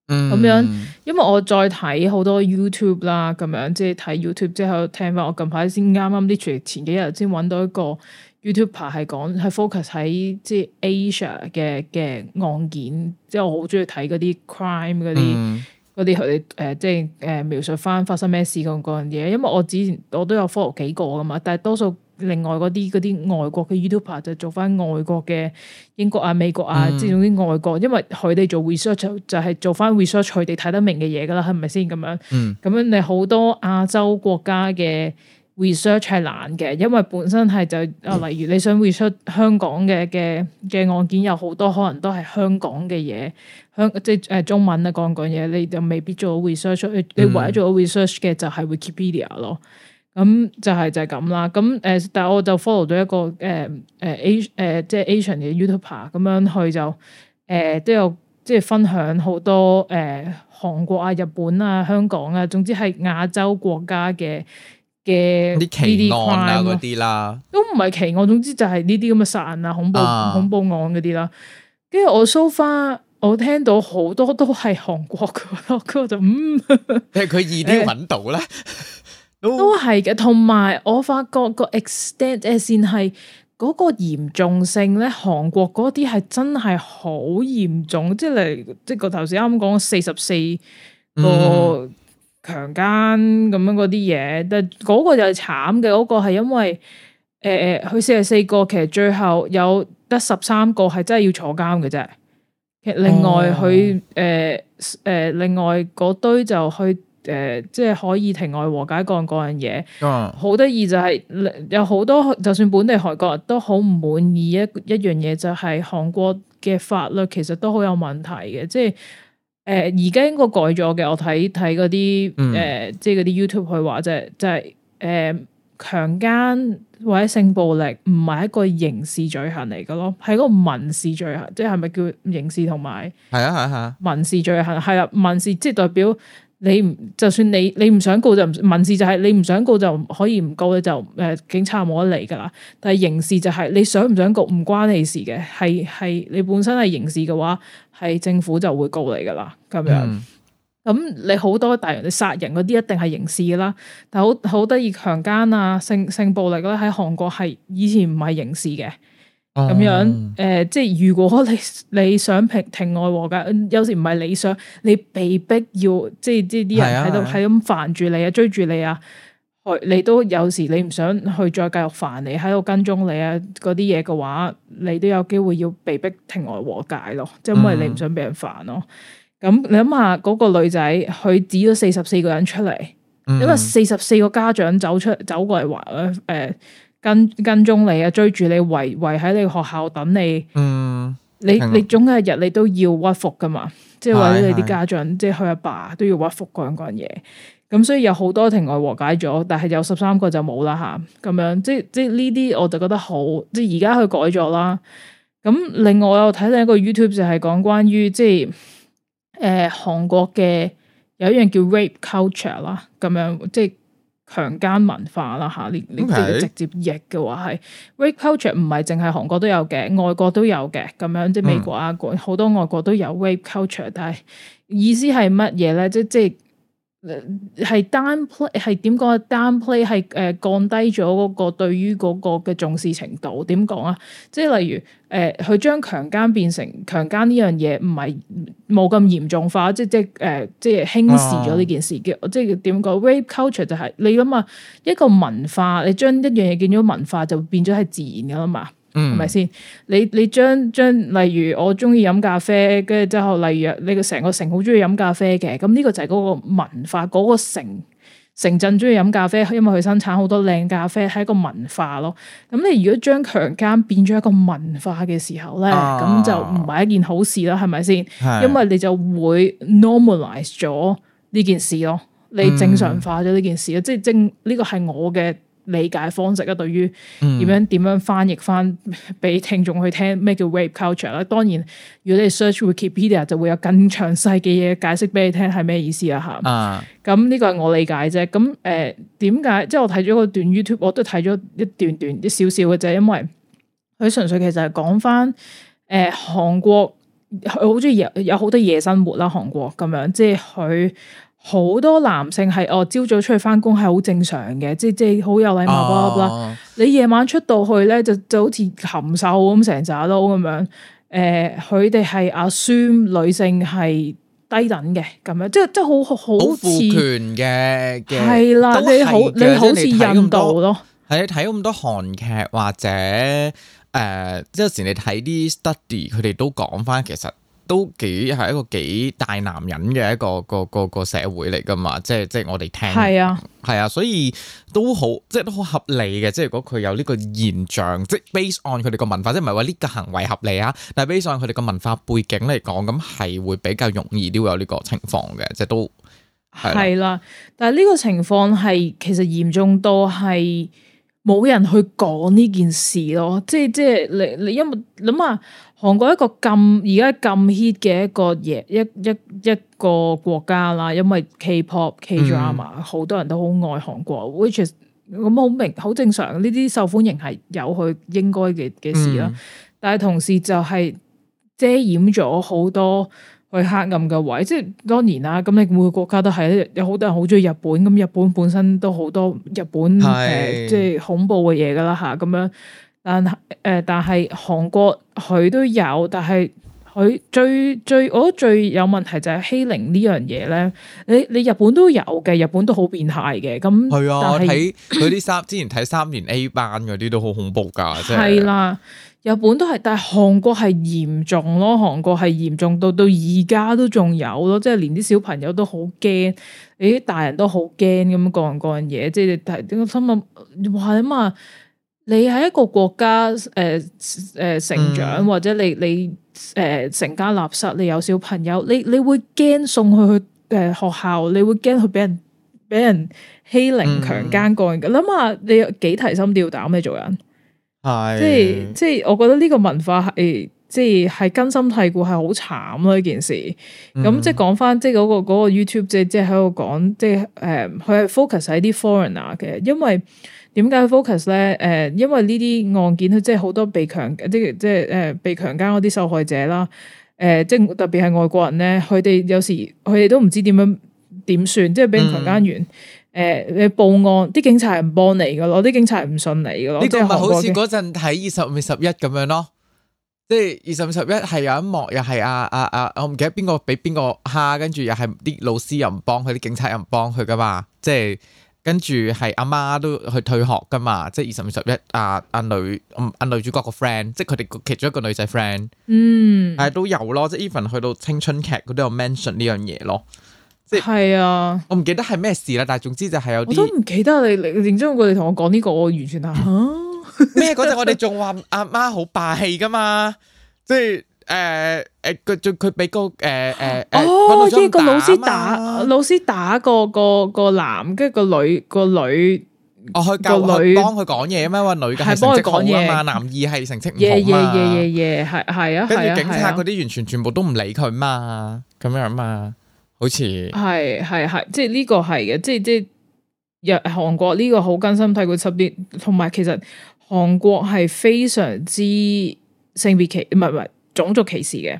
嗯，咁樣因為我再睇好多 YouTube 啦，咁樣即係睇 YouTube 之後聽翻，我近排先啱啱啲條前幾日先搵到一個。YouTuber 係講係 focus 喺即係 Asia 嘅嘅案件，即係我好中意睇嗰啲 crime 嗰啲嗰啲佢誒即係誒、呃、描述翻發生咩事嗰嗰樣嘢。因為我之前我都有 follow 幾個㗎嘛，但係多數另外嗰啲嗰啲外國嘅 YouTuber 就做翻外國嘅英國啊美國啊、嗯、即係總之外國，因為佢哋做 research 就係做翻 research 佢哋睇得明嘅嘢㗎啦，係咪先咁樣？咁、嗯、樣你好多亞洲國家嘅。Research 係難嘅，因為本身係就啊，嗯、例如你想 research 香港嘅嘅嘅案件，有好多可能都係香港嘅嘢，香即係誒、呃、中文啊，講講嘢，你就未必做到 research、嗯。你唯一做到 research 嘅就係 Wikipedia 咯。咁就係、是、就係咁啦。咁誒，但係我就 follow 咗一個誒誒、呃、A 誒、啊、即係 Asian 嘅 YouTuber 咁樣去就誒、呃、都有即係分享好多誒、呃、韓國啊、日本啊、香港啊，總之係亞洲國家嘅。嘅啲奇案啊，嗰啲啦，都唔係奇案，總之就係呢啲咁嘅殺人啊、恐怖、啊、恐怖案嗰啲啦。跟住我 so far，我聽到好多都係韓國嘅咯，就嗯，係佢易啲搵到咧、欸。都係嘅，同埋我發覺個 extent 誒、呃，先係嗰個嚴重性咧，韓國嗰啲係真係好嚴重，即係嚟即係個頭先啱啱講四十四個。強姦咁樣嗰啲嘢，但嗰個就係慘嘅，嗰、嗰個係因為誒誒，佢四十四個，其實最後有得十三個係真係要坐監嘅啫。其實另外佢誒誒，另外嗰、哦、呃、堆就去誒、呃，即係可以庭外和解咁嗰樣嘢。嗯、哦就是，好得意就係有好多，就算本地韓國人都好唔滿意一一樣嘢，就係韓國嘅法律其實都好有問題嘅，即係。誒，而家、呃、應該改咗嘅，我睇睇嗰啲誒，即係嗰啲 YouTube 去話啫，嗯、即係誒，強、呃、奸或者性暴力唔係一個刑事罪行嚟㗎咯，係一個民事罪行，即係咪叫刑事同埋？係啊係啊係啊，民事罪行係啦，民、啊啊啊、事、啊、事即係代表。你唔就算你你唔想告就唔民事就係你唔想告就可以唔告你就，誒、呃、警察冇得嚟噶啦，但係刑事就係、是、你想唔想告唔關你的事嘅，係係你本身係刑事嘅話係政府就會告你噶啦咁樣。咁、嗯、你好多大人你殺人嗰啲一定係刑事噶啦，但係好好得意強奸啊性性暴力咧、啊、喺韓國係以前唔係刑事嘅。咁、嗯、樣，誒、呃，即係如果你你想庭庭外和解，有時唔係你想，你被逼要，即係即係啲人喺度喺咁煩住你啊，追住你啊，去你都有時你唔想去再繼續煩你，喺度跟蹤你啊，嗰啲嘢嘅話，你都有機會要被逼庭外和解咯，即係因為你唔想俾人煩咯。咁、嗯、你諗下嗰個女仔，佢指咗四十四個人出嚟，嗯、因為四十四個家長走出走過嚟話誒。呃跟跟蹤你啊，追住你，圍圍喺你學校等你。嗯，你是的 你總係日你都要屈服噶嘛，即係為咗你啲家長，是的 即係佢阿爸都要屈服嗰樣樣嘢。咁所以有好多庭外和解咗，但係有十三個就冇啦吓。咁樣即即呢啲我就覺得好，即而家佢改咗啦。咁另外我睇到一個 YouTube 就係講關於即係誒韓國嘅有一樣叫 rape culture 啦，咁樣即係。即即強姦文化啦，吓，你你即直接譯嘅話係 rape culture，唔係淨係韓國都有嘅，外國都有嘅，咁樣即係美國啊，國好、嗯、多外國都有 rape culture，但係意思係乜嘢咧？即即係。係 downplay 係點講啊？downplay 係誒降低咗嗰個對於嗰個嘅重視程度。點講啊？即係例如誒，佢、呃、將強姦變成強姦呢樣嘢，唔係冇咁嚴重化，即係即係誒，即係輕視咗呢件事。啊、即係點講？rape culture 就係、是、你諗下，一個文化，你將一樣嘢變咗文化，就變咗係自然噶啦嘛。嗯，係咪先？你你將將例如我中意飲咖啡，跟住之後，例如你個成個城好中意飲咖啡嘅，咁呢個就係嗰個文化，嗰、嗰個城城鎮中意飲咖啡，因為佢生產好多靚咖啡，係一個文化咯。咁你如果將強姦變咗一個文化嘅時候咧，咁、啊、就唔係一件好事啦，係咪先？因為你就會 normalize 咗呢件事咯，你正常化咗呢件事咯，嗯、即係正呢個係我嘅。理解方式啊，對於點樣點樣翻譯翻俾、嗯、聽眾去聽咩叫 rape culture 啦。當然，如果你 search Wikipedia，就會有更詳細嘅嘢解釋俾你聽係咩意思啊嚇。咁呢、啊、個係我理解啫。咁誒點解？即係我睇咗個段 YouTube，我都睇咗一段段一少少嘅啫，因為佢純粹其實係講翻誒韓國，佢好中意有好多夜生活啦，韓國咁樣，即係佢。好多男性係哦，朝早出去翻工係好正常嘅，即係即係好有禮貌啦。你夜晚出到去咧，就就好似禽獸咁成扎撈咁樣。誒，佢哋係 assume 女性係低等嘅咁樣，即係即係好好好父權嘅嘅。係啦，你好你好似印度咯，係你睇咁多韓劇或者誒、呃，有時你睇啲 study，佢哋都講翻其實。都幾係一個幾大男人嘅一個一個一個個社會嚟噶嘛，即係即係我哋聽係啊，係啊，所以都好即係都好合理嘅。即係如果佢有呢個現象，即係 base on 佢哋個文化，即係唔係話呢個行為合理啊，但係 base on 佢哋個文化背景嚟講，咁係會比較容易都有呢個情況嘅，即係都係啦、啊啊。但係呢個情況係其實嚴重到係。冇人去講呢件事咯，即係即係你你，因為諗下韓國一個咁而家咁 hit 嘅一個嘢一一一,一個國家啦，因為 K-pop K-drama 好、嗯、多人都好愛韓國、嗯、，which is 咁好、嗯、明好正常，呢啲受歡迎係有佢應該嘅嘅事啦。嗯、但係同時就係遮掩咗好多。去黑暗嘅位，即係當然啦。咁你每個國家都係，有好多人好中意日本。咁日本本身都好多日本誒是、呃，即係恐怖嘅嘢噶啦吓。咁樣，但係誒、呃，但係韓國佢都有，但係。佢最最我覺得最有問題就係欺凌呢樣嘢咧。你你日本都有嘅，日本都好變態嘅。咁係啊，我睇佢啲三之前睇三年 A 班嗰啲都好恐怖噶，即係係啦，日本都係，但係韓國係嚴重咯，韓國係嚴重到到而家都仲有咯，即係連啲小朋友都好驚，啲、哎、大人都好驚咁各人各樣嘢。即係你睇點解？心諗話，哇咁嘛，你喺一個國家誒誒、呃呃呃、成長或者你你。你你誒、呃，成家立室，你有小朋友，你你會驚送佢去誒、呃、學校，你會驚佢俾人俾人欺凌，強姦過人。嘅，嗯，諗下你幾提心吊膽你做人，係是 即係即係，我覺得呢個文化係即係根深蒂固，係好慘咯呢件事。咁，嗯、即係講翻即係嗰個嗰個 YouTube 即係即係喺度講，即係、那、誒、個，佢係 focus 喺啲 foreigner 嘅，因為。點解 focus 咧？誒、呃，因為呢啲案件咧，即係好多被強一即係誒、呃、被強姦嗰啲受害者啦。誒、呃，即係特別係外國人咧，佢哋有時佢哋都唔知點樣點算，即係俾強姦完，誒、嗯，你、呃、報案，啲警察唔幫你噶咯，啲警察唔信你噶。呢個咪好似嗰陣喺二十五二十一咁樣咯，即係二十五二十一係有一幕又係啊啊啊，我唔記得邊個俾邊個蝦，跟住又係啲老師又唔幫佢，啲警察又唔幫佢噶嘛，即係。跟住係阿媽都去退學噶嘛，即係二十、二十一，阿阿女，阿、啊、女主角個 friend，即係佢哋其中一個女仔 friend，嗯，但係都有咯，即係 even 去到青春劇佢都有 mention 呢樣嘢咯，即係啊，我唔記得係咩事啦，但係總之就係有啲，我都唔記得你認真佢哋同我講呢、這個，我完全啊，咩嗰陣我哋仲話阿媽好霸氣噶嘛，即係。誒誒，佢仲佢俾個誒誒，哦，即係個老師打老師打個個個男，跟住個女個女，哦，佢教女，幫佢講嘢咩？個女係成績好啊嘛，男二、yeah, yeah yeah. 係成績唔好係係啊，跟住警察嗰啲完全全部都唔理佢嘛，咁樣啊嘛，好似係係係，即係呢個係嘅，即係即係，日韓國呢個好根深蒂固過十年，同埋其實韓國係非常之性別歧視。唔係唔係。種族歧視嘅，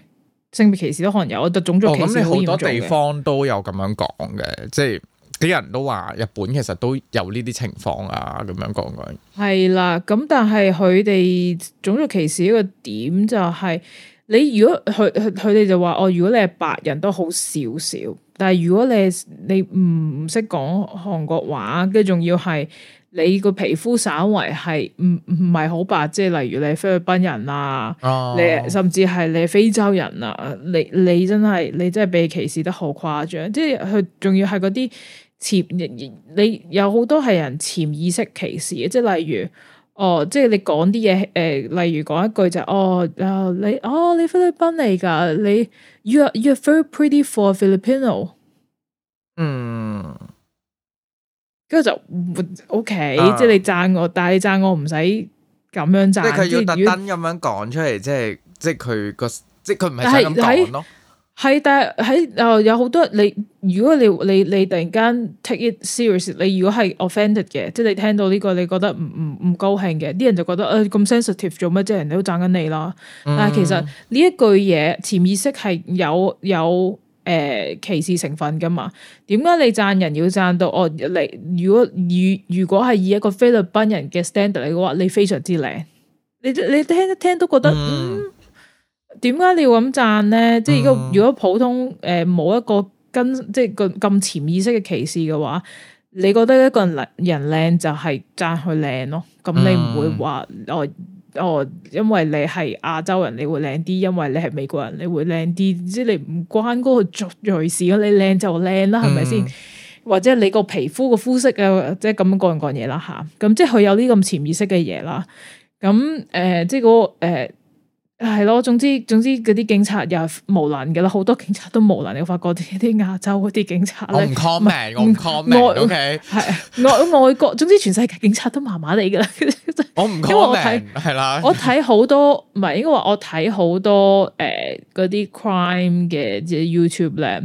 性別歧視都可能有。我覺得種族歧視，好多地方都有咁樣講嘅，即係啲人都話日本其實都有呢啲情況啊，咁樣講嘅。係啦，咁但係佢哋種族歧視一個點就係、是，你如果佢佢哋就話哦，如果你係白人都好少少，但係如果你你唔識講韓國話，跟住仲要係。你個皮膚稍微係唔唔係好白，即係例如你菲律賓人啦、啊，oh. 你甚至係你係非洲人啊，你你真係你真係被歧視得好誇張，即係佢仲要係嗰啲潛你有好多係人潛意識歧視即係例如哦，即係你講啲嘢誒，例如講一句就係、哦，然後你哦，你，哦你菲律賓嚟噶，你 you are, you are very pretty for Filipino？嗯。Mm. 跟住就 okay，uh, 即係你讚我，但係你讚我唔使咁樣讚。即係佢要特登咁樣講出嚟，即係即係佢個，即係佢唔係真係咁講咯。係但係喺哦，有好多你，如果你你你突然間 take it serious，你如果係 offended 嘅，即係你聽到呢個你覺得唔唔唔高興嘅，啲人就覺得誒咁 sensitive 做乜啫？人都讚緊你啦。但係其實呢一句嘢潛意識係有有。有有誒、呃、歧視成分㗎嘛？點解你讚人要讚到哦，你如果如如果係以一個菲律賓人嘅 standard 嚟嘅話，你非常之靚。你你聽一聽都覺得嗯，點解、嗯、你要咁讚咧？即係如果如果普通誒冇、呃、一個跟即係咁咁潛意識嘅歧視嘅話，你覺得一個人靚人靚就係讚佢靚咯。咁你唔會話、嗯、哦。哦，因為你係亞洲人，你會靚啲；因為你係美國人，你會靚啲。即係你唔關嗰個族裔事咯，你靚就靚啦，係咪先？或者你個皮膚個膚色各樣各樣各樣啊，即係咁樣講樣講嘢啦吓，咁即係佢有啲咁潛意識嘅嘢啦。咁誒、呃，即係、嗰個誒。呃係咯，總之總之嗰啲警察又係無能嘅啦，好多警察都無能。你發覺啲啲亞洲嗰啲警察咧，我唔 comment，我唔 comment。OK，係外外國，總之全世界警察都麻麻地嘅啦。 我唔 comment，m m e n 係啦，我睇好多，唔係是啦 應該話我睇好多誒嗰啲 crime 嘅即係 YouTube 咧。呃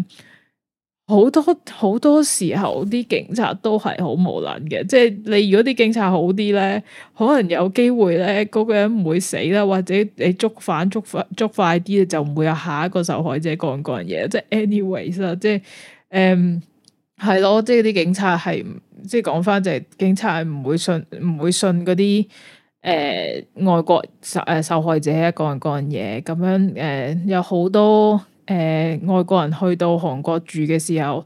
好多好多時候，啲警察都係好無能嘅。即係你如果啲警察好啲咧，可能有機會咧，嗰個人唔會死啦，或者你捉犯、捉快捉快啲，就唔會有下一個受害者講嗰樣嘢。即係 anyways 啦、嗯，即係誒係咯，即係啲警察係即係講返就係警察係唔會信唔會信嗰啲誒外國誒受害者一講嗰樣嘢咁樣誒，有好多。誒、呃，外國人去到韓國住嘅時候，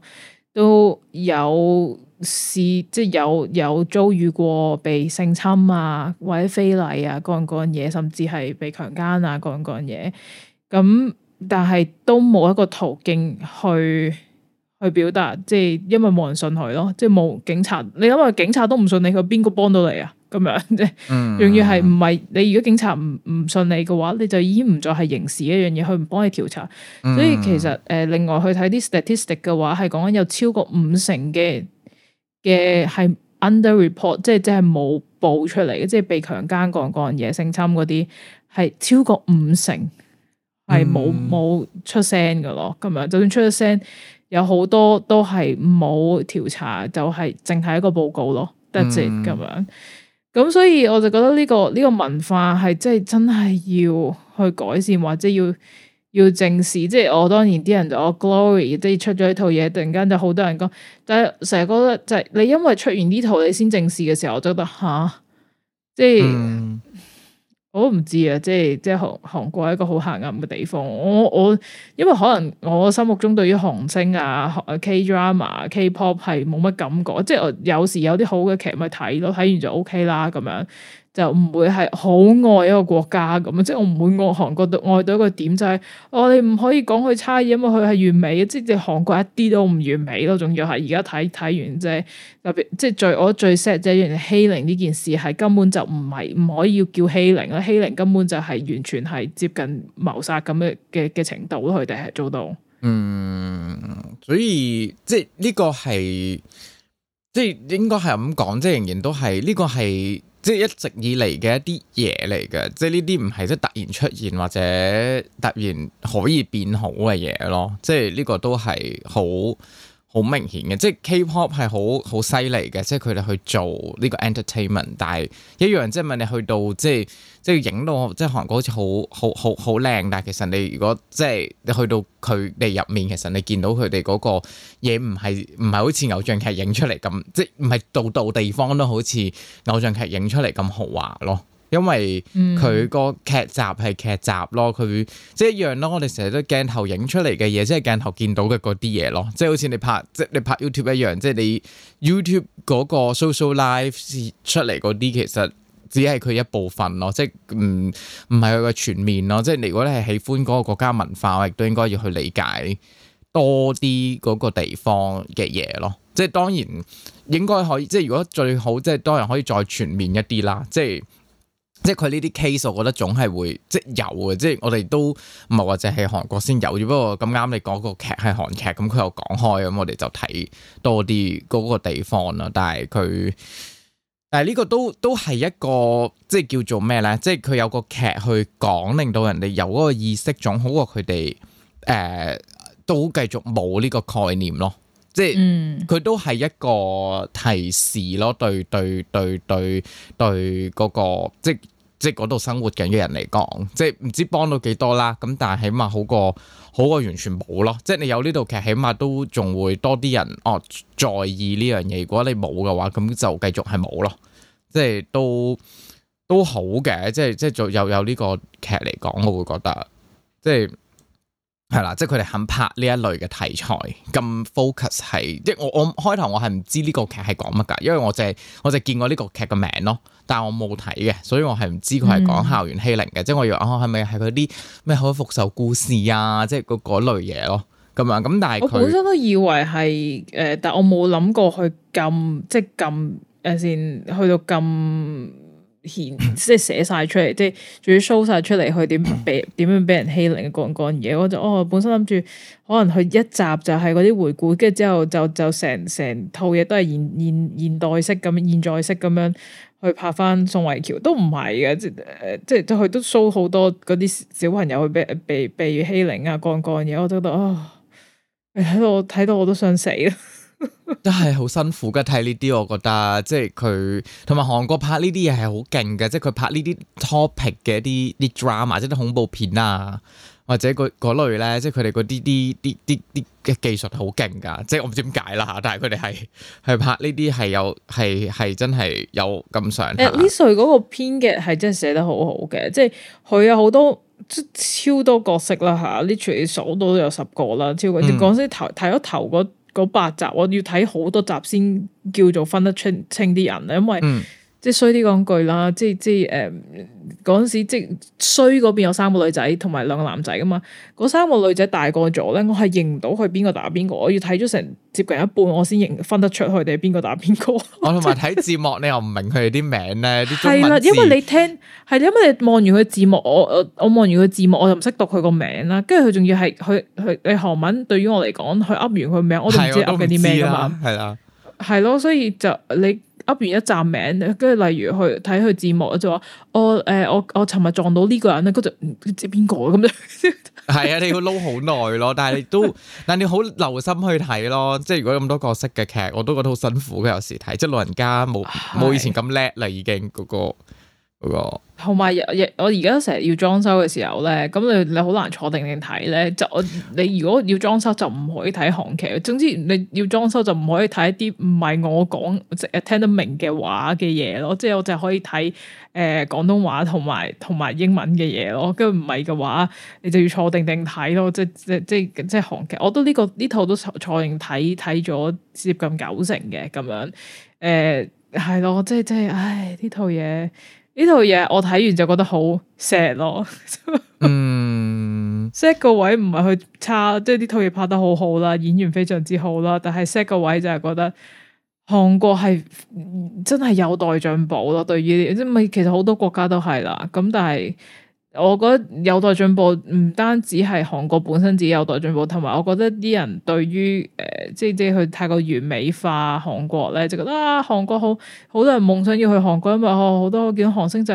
都有試即係有有遭遇過被性侵啊，或者非禮啊，各樣各樣嘢，甚至係被強姦啊，各樣各樣嘢。咁但係都冇一個途徑去去表達，即係因為冇人信佢咯，即係冇警察。你諗下，警察都唔信你，佢邊個幫到你啊？咁樣啫，永遠係唔係你？如果警察唔唔信你嘅話，你就已經唔再係刑事一樣嘢，佢唔幫你調查。 所以其實誒、呃，另外去睇啲 statistic 嘅話，係講緊有超過五成嘅嘅係 underreport，即係即係冇報出嚟嘅，即係被強姦、個個嘢性侵嗰啲，係超過五成係冇冇出聲㗎咯。咁樣就算出咗聲，有好多都係冇調查，就係淨係一個報告咯，得咁樣。 咁所以我就覺得呢、這個呢、這個文化係即係真係要去改善或者要要正視，即、就、係、是、我當年啲人我 ory, 就我 glory 即係出咗一套嘢，突然間就好多人講，但係成日覺得就係你因為出完呢套你先正視嘅時候，我覺得吓，即係。就是嗯我都唔知啊，即係即係韓韓國係一個好黑暗嘅地方。我我因為可能我心目中對於韓星啊、K drama、K pop 係冇乜感覺，即係我有時有啲好嘅劇咪睇咯，睇完就 OK 啦咁樣。就唔會係好愛一個國家咁，即係我唔會愛韓國，愛到一個點就係我哋唔可以講佢差嘢，因為佢係完美嘅，即係韓國一啲都唔完美咯。仲要係而家睇睇完即係特別，即係最我最 sad 即係欺凌呢件事係根本就唔係唔可以叫欺凌啊！欺凌根本就係完全係接近謀殺咁嘅嘅嘅程度，佢哋係做到。嗯，所以即係呢個係即係應該係咁講，即係仍然都係呢個係。即係一直以嚟嘅一啲嘢嚟嘅，即係呢啲唔係即係突然出現或者突然可以變好嘅嘢咯，即係呢個都係好。好明顯嘅，即係 K-pop 係好好犀利嘅，即係佢哋去做呢個 entertainment。但係一樣，即係問你去到即係即係影到，即係韓國好似好好好好靚。但係其實你如果即係你去到佢哋入面，其實你見到佢哋嗰個嘢唔係唔係好似偶像劇影出嚟咁，即係唔係度度地方都好似偶像劇影出嚟咁豪華咯。因為佢個劇集係劇集咯，佢即係一樣咯。我哋成日都鏡頭影出嚟嘅嘢，即係鏡頭見到嘅嗰啲嘢咯。即係好似你拍，即你拍 YouTube 一樣，即係你 YouTube 嗰個 social life 出嚟嗰啲，其實只係佢一部分咯，即係唔唔係佢嘅全面咯。即係如果你係喜歡嗰個國家文化，我亦都應該要去理解多啲嗰個地方嘅嘢咯。即係當然應該可以，即係如果最好即係當然可以再全面一啲啦。即係。即係佢呢啲 case，我覺得總係會即係有嘅，即係我哋都唔係話，即係韓國先有，只不過咁啱你講個劇係韓劇，咁佢又講開，咁我哋就睇多啲嗰個地方啦。但係佢但係呢個都都係一個即係叫做咩咧？即係佢有個劇去講，令到人哋有嗰個意識，總好過佢哋誒都繼續冇呢個概念咯。即係佢都係一個提示咯，對對對對對嗰個即係即係嗰度生活緊嘅人嚟講，即係唔知幫到幾多啦。咁但係起碼好過好過完全冇咯。即係你有呢套劇，起碼都仲會多啲人哦在意呢樣嘢。如果你冇嘅話，咁就繼續係冇咯。即係都都好嘅。即係即係就又有呢個劇嚟講，我會覺得即係。係啦，即係佢哋肯拍呢一類嘅題材，咁 focus 係，即係我我開頭我係唔知呢個劇係講乜噶，因為我就係我就見過呢個劇嘅名咯，但我冇睇嘅，所以我係唔知佢係講校園欺凌嘅，嗯、即係我以為哦，係咪係佢啲咩好復仇故事啊，即係嗰嗰類嘢咯，啊，咁啊咁，但係佢本身都以為係誒、呃，但我冇諗過去咁即係咁誒先去到咁。即係寫晒出嚟，即係仲要 show 晒出嚟，佢點俾點樣俾人欺凌、干干嘢？我就哦，本身諗住可能佢一集就係嗰啲回顧，跟住之後就就成成套嘢都係現現現代式咁、現在式咁樣去拍翻宋慧喬，都唔係嘅，即係、呃、即係佢都 show 好多嗰啲小朋友去被被被、被欺凌啊、干干嘢，我覺得啊，哦、睇到我、睇到我都想死。真係好辛苦噶，睇呢啲我覺得，即係佢同埋韓國拍呢啲嘢係好勁嘅，即係佢拍呢啲 topic 嘅一啲啲 drama，即係恐怖片啊，或者嗰嗰類咧，即係佢哋嗰啲啲啲啲啲技術好勁噶，即係我唔知點解啦，但係佢哋係係拍呢啲係有係係真係有咁上。誒，Lisoo 嗰個編劇係真係寫得好好嘅，即係佢有好多即超多角色啦吓，Lisoo 數到都有十個啦，超鬼、嗯。講頭睇咗頭嗰八集，我要睇好多集先叫做分得清清啲人啦，因為，嗯即係、即係嗯，即係、衰啲講句啦，即係即係誒，嗰陣時即衰嗰邊有三個女仔同埋兩個男仔噶嘛，嗰三個女仔大個咗咧，我係認唔到佢邊個打邊個，我要睇咗成接近一半，我先認分得出佢哋邊個打邊個。我同埋睇字幕， 你又唔明佢哋啲名咧啲。係啦，因為你聽係因為你望完佢字幕，我我望完佢字幕，我就唔識讀佢個名、名啦。跟住佢仲要係佢佢佢韓文，對於我嚟講，佢噏完佢名，我都唔知噏緊啲咩噶嘛，係啦，係咯啦啦，所以就你。Up 完一站名，跟住例如去睇佢字幕，就話、哦呃、我誒我我尋日撞到呢個人咧，佢就唔知邊個咁就係啊！你要撈好耐咯，但係你都 但係你好留心去睇咯。即係如果咁多角色嘅劇，我都覺得好辛苦嘅。有時睇即係老人家冇冇是以前咁叻啦，已經嗰個。個，同埋日日我而家成日要裝修嘅時候咧，咁你你好難坐定定睇咧。就我你如果要裝修就唔可以睇韓劇，總之你要裝修就唔可以睇一啲唔係我講即係聽得明嘅話嘅嘢咯。即係我淨係可以睇誒廣東話同埋同埋英文嘅嘢咯。跟住唔係嘅話，你就要坐定定睇咯。即即即即韓劇，我都呢個呢套都坐坐定睇睇咗接近九成嘅咁樣。誒係咯，即即唉呢套嘢。呢套嘢我睇完就覺得好 sad 咯，sad 個位唔係去差，即係呢套嘢拍得好好啦，演員非常之好啦，但係 sad 個位就係覺得韓國係、嗯、真係有待進步咯，對於呢啲即係其實好多國家都係啦，咁但係。我覺得有待進步，唔單止係韓國本身自己有待進步，同埋我覺得啲人對於誒、呃，即係即係佢太過完美化韓國咧，就覺得啊，韓國好，好多人夢想要去韓國，因為好多我見韓星就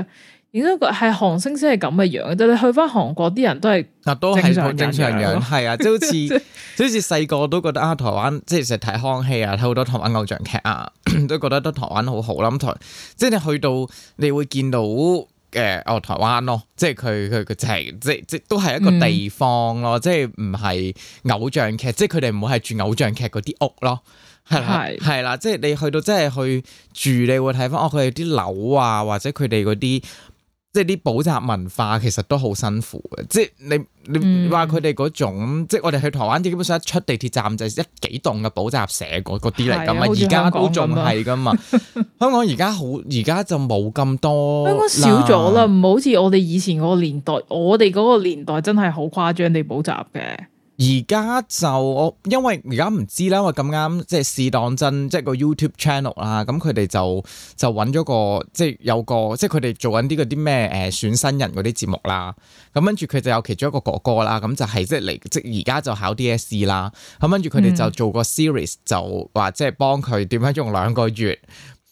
應該係韓星先係咁嘅樣，但你去翻韓國啲人都係啊，都係好正常樣，係啊，即好似，即好似細個都覺得啊，台灣即係成日睇康熙啊，睇好多台灣偶像劇啊，都覺得得台灣好好啦。咁台即係你去到，你會見到。誒，哦、呃，台灣咯，即係佢佢佢就係、係，即即都係一個地方咯，嗯、即係唔係偶像劇，即係佢哋唔會係住偶像劇嗰啲屋咯，係啦係係啦，即係你去到即係去住，你會睇翻哦，佢哋啲樓啊，或者佢哋嗰啲。即係啲補習文化其實都好辛苦嘅，即係你你話佢哋嗰種，嗯、即係我哋去台灣啲，基本上一出地鐵站就係一幾棟嘅補習社嗰啲嚟噶嘛，而家都仲係噶嘛。香港而家好，而家就冇咁多，香港少咗啦，唔好似我哋以前嗰個年代，我哋嗰個年代真係好誇張地補習嘅。而家就我，因為而家唔知啦，因為咁啱即係試當真，即係個 YouTube channel 啦，咁佢哋就就揾咗個即係有個即係佢哋做緊啲嗰啲咩誒選新人嗰啲節目啦，咁跟住佢就有其中一個哥哥啦，咁就係即係嚟即係而家就考 DSE 啦，咁跟住佢哋就做個 series 就話即係幫佢點樣用兩個月。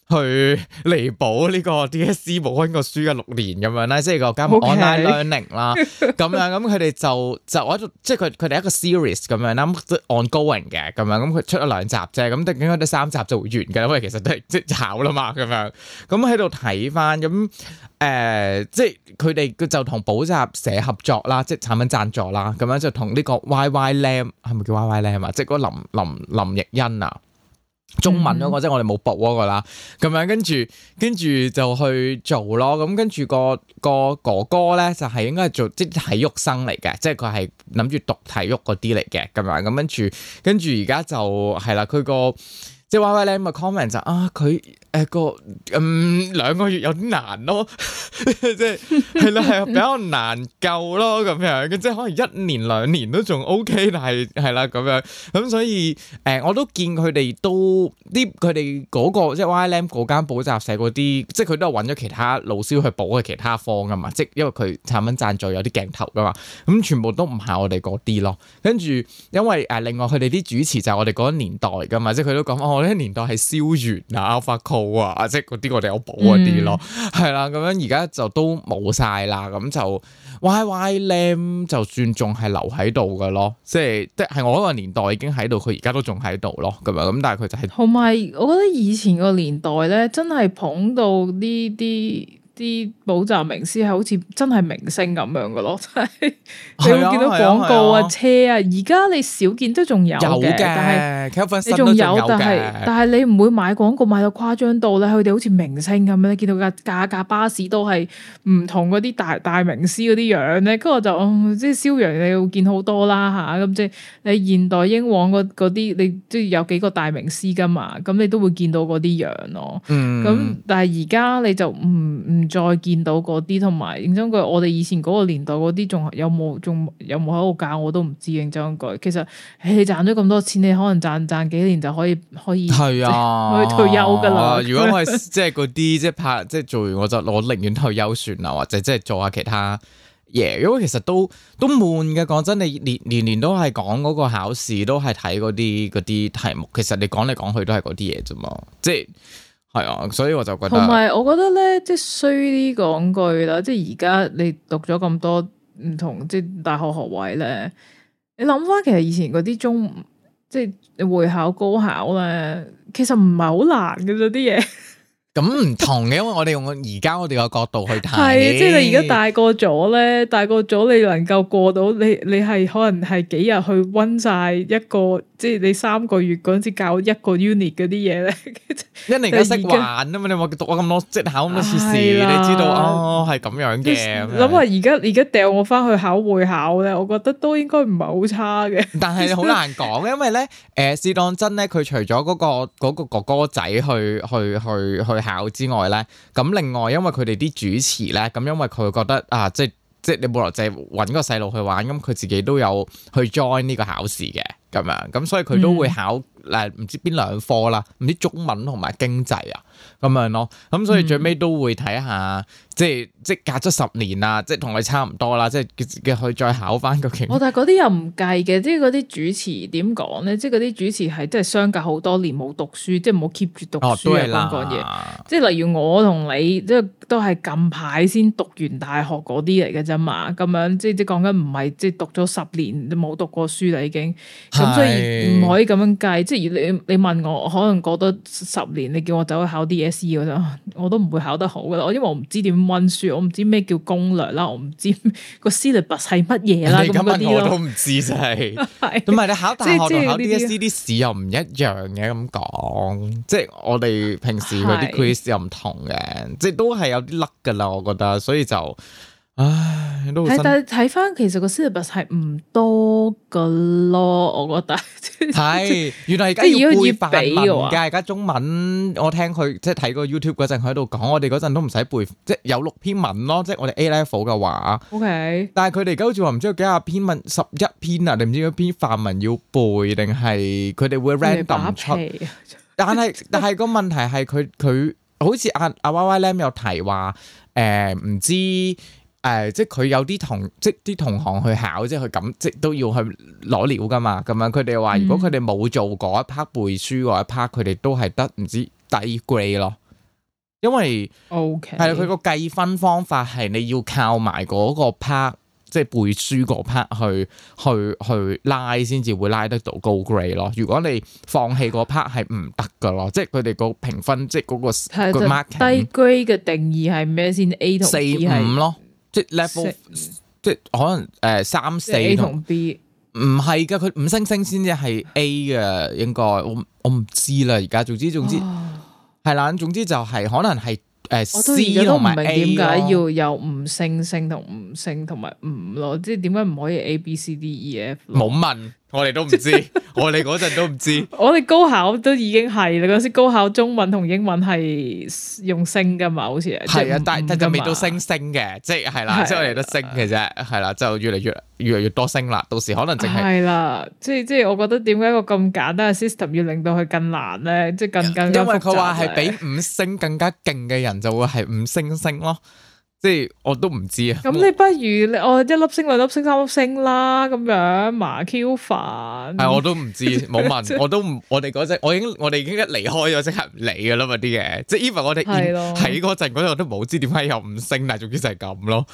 去彌補呢個 D.S.E. 冇温過書嘅六年咁樣啦，即係個間 online learning 啦 Okay. 咁樣咁佢哋就就喺即係佢佢哋一個 series 咁樣啦，on-going 嘅咁樣，咁佢 出咗兩集啫，咁但係應該得三集就會完㗎，因為其實都係即係考啦嘛，咁樣咁喺度睇翻，咁誒，即係佢哋佢就同補習社合作啦，即係產品贊助啦，咁樣就同呢個 Y.Y.Lam 係咪叫 Y.Y.Lam 啊？即係嗰個林林林奕欣啊？中文咯、那個，嗯、即係我哋冇搏鍋噶啦，咁樣跟住跟住就去做咯，咁跟住個個哥哥咧就係、是、應該係做即係體育生嚟嘅，即係佢係諗住讀體育嗰啲嚟嘅，咁樣咁跟住跟住而家就係啦，佢個即係喂喂咧咁嘅 comment 就是、com 啊佢。誒、呃，個嗯兩個月有啲難咯，即係係啦，係比較難救咯，咁樣嘅即係可能一年兩年都仲 OK，但係係啦咁樣，咁、嗯、所以誒、呃，我都見佢哋都啲佢哋嗰個即係 YLM 嗰間補習社嗰啲，即係佢都係揾咗其他老師去補嘅其他科噶嘛，即係因為佢產品贊助有啲鏡頭噶嘛，咁全部都唔係我哋嗰啲咯。跟住因為誒，另外佢哋啲主持就係我哋嗰年代噶嘛，即係佢都講我呢年代係消完啊，我發覺。保啊，即係嗰啲我哋有補嗰啲咯，係啦咁樣，而家就都冇晒啦，咁就 Y Y Lam 就算仲係留喺度嘅咯，即係即係我嗰個年代已經喺度，佢而家都仲喺度咯，咁樣，咁，但係佢就喺度。同埋，我覺得以前個年代咧真係捧到呢啲。啲補習名師係好似真係明星咁樣嘅咯，真係你會見到廣告啊、車啊。而 家樂你少見都仲有嘅，有的但係你仲有，有但係是但係你唔會買廣告買到誇張到咧。佢哋、嗯、好似明星咁樣你見到架架架巴士都係唔同嗰啲大大名師嗰啲樣咧。跟住我就即係蕭陽，嗯、你會見好多啦吓。咁、啊嗯、即係你現代英皇嗰啲，你即係有幾個大名師㗎嘛？咁你都會見到嗰啲樣咯。咁、嗯、但係而家你就唔唔～、嗯嗯再見到嗰啲，同埋認真句，我哋以前嗰個年代嗰啲，仲有冇仲有冇喺度教我都唔知。認真句，有有有有認真句其實，你賺咗咁多錢，你可能賺賺幾年就可以可以係啊，去退休㗎啦。如果我係、即係、 即係嗰啲即係拍即係做完，我就我寧願都退休算啦，或者即係做下其他嘢，因為其實都都悶嘅。講真，你年年年都係講嗰個考試，都係睇嗰啲嗰啲題目。其實你講嚟講去都係嗰啲嘢啫嘛，即係。即係啊，所以我就覺得同埋，我覺得咧，即係衰啲講句啦，即係而家你讀咗咁多唔同即係大學學位咧，你諗翻其實以前嗰啲中即係會考、高考咧，其實唔係好難嘅嗰啲嘢。咁唔同嘅， 因為我哋用而家我哋個角度去睇，係啊，即係你而家大個咗咧，大個咗你能夠過到你，你係可能係幾日去溫晒一個。即係你三個月嗰陣時教一個 unit 嗰啲嘢咧，一年都識玩啊嘛！你冇讀咗咁多即係考咁多次試，哎、呀你知道哦，係咁樣嘅。諗下而家而家掉我翻去考會考咧，我覺得都應該唔係好差嘅。 但係好難講，因為咧，誒、呃，試當真咧？佢除咗嗰、嗰個、嗰個哥哥仔去去去去考之外咧，咁另外因為佢哋啲主持咧，咁因為佢覺得啊，即係即係你冇落嚟搵個細路去玩，咁佢自己都有去 join 呢個考試嘅。咁樣，咁所以佢都會考誒，嗯，唔知邊兩科啦，唔知中文同埋經濟啊。咁樣咯，咁所以最尾都會睇下，嗯、即係即係隔咗十年啊，即係同你差唔多啦，即係佢去再考翻個期。我、哦、但係嗰啲又唔計嘅，即係嗰啲主持點講咧？即係嗰啲主持係真係相隔好多年冇讀書，即係冇 keep 住讀書啊，講講嘢。即係例如我同你即都都係近排先讀完大學嗰啲嚟嘅啫嘛，咁樣即係即係講緊唔係即係讀咗十年冇讀過書已經，咁是所以唔可以咁樣計。即係你你問我，我可能過多十年，你叫我走去考啲嘢。我都唔會考得好噶啦。我因為我唔知點溫書，我唔知咩叫攻略啦，我唔知個 syllabus 係乜嘢啦，咁嗰我都唔知就係、是，咁咪 的你考大學同 的考 DSE 啲試又唔一樣嘅咁講， 的即係我哋平時嗰啲 quiz 又唔同嘅，的即係都係有啲甩 luck 噶啦。我覺得，所以就。唉，都但係睇翻，其實個 syllabus 係唔多噶咯，我覺得係、就是、原來而家即要背文，而家而家中文，我聽佢即係睇過 YouTube 嗰陣，佢喺度講，我哋嗰陣都唔使背，即係有六篇文咯，即係我哋 A level 嘅話。O Okay . K，但係佢哋而家好似話唔知有幾下篇文，十一篇啊，定唔知有篇範文要背，定係佢哋會 random、啊、出？但係 但係個問題係佢佢好似阿阿 Y Y Lam 有提話，誒、呃、唔知。誒、uh，即係佢有啲同即啲同行去考，即係佢咁，即都要去攞料噶嘛。咁樣佢哋話，如果佢哋冇做嗰一 part 背書嗰一 part，佢哋都係得唔知低 grade 咯。因為 O K 係啊，佢個計分方法係你要靠埋嗰個 part，即係背書嗰 part 去去去拉，先至會拉得到高 grade 咯。如果你放棄嗰 part 係唔得噶咯，即係佢哋個評分即係嗰個 mark 低 grade 嘅定義係咩先？A 同 B 四五咯。即係 level，性即係可能誒三四同，B，唔係噶，佢五星星先至係 A 嘅，應該我我唔知啦，而家總之總之係啦、哦，總之就係可能係誒 C 同埋我而家都唔明點解要有五星星同五星同埋五咯，即係點解唔可以 A B C D E F？冇問。我哋都唔知， 我哋嗰陣都唔知。 我哋高考都已經係你嗰時高考中文同英文係用星噶嘛，好似係。係啊，不但但就未到星星嘅，是啊、即係係啦，即係我哋都星嘅啫，係啦是、啊啊，就越嚟越越嚟越多星啦。到時可能淨係。係啦、啊，即係即係，我覺得點解個咁簡單嘅 system 要令到佢更難咧？即係更，更，更加、就是、因為佢話係比五星更加勁嘅人就會係五星，星星咯。即係我都唔知啊！咁你不如你我、哦、一粒星、兩粒星、三粒星啦，咁樣麻 Q 煩。係、哎、我都唔知，冇 問我都唔，我哋嗰陣，我已經我哋已經一離開咗，即刻唔理噶啦嘛啲嘢，即係 even 我哋喺嗰陣嗰度都冇知點解有五星，但係總之就係咁咯。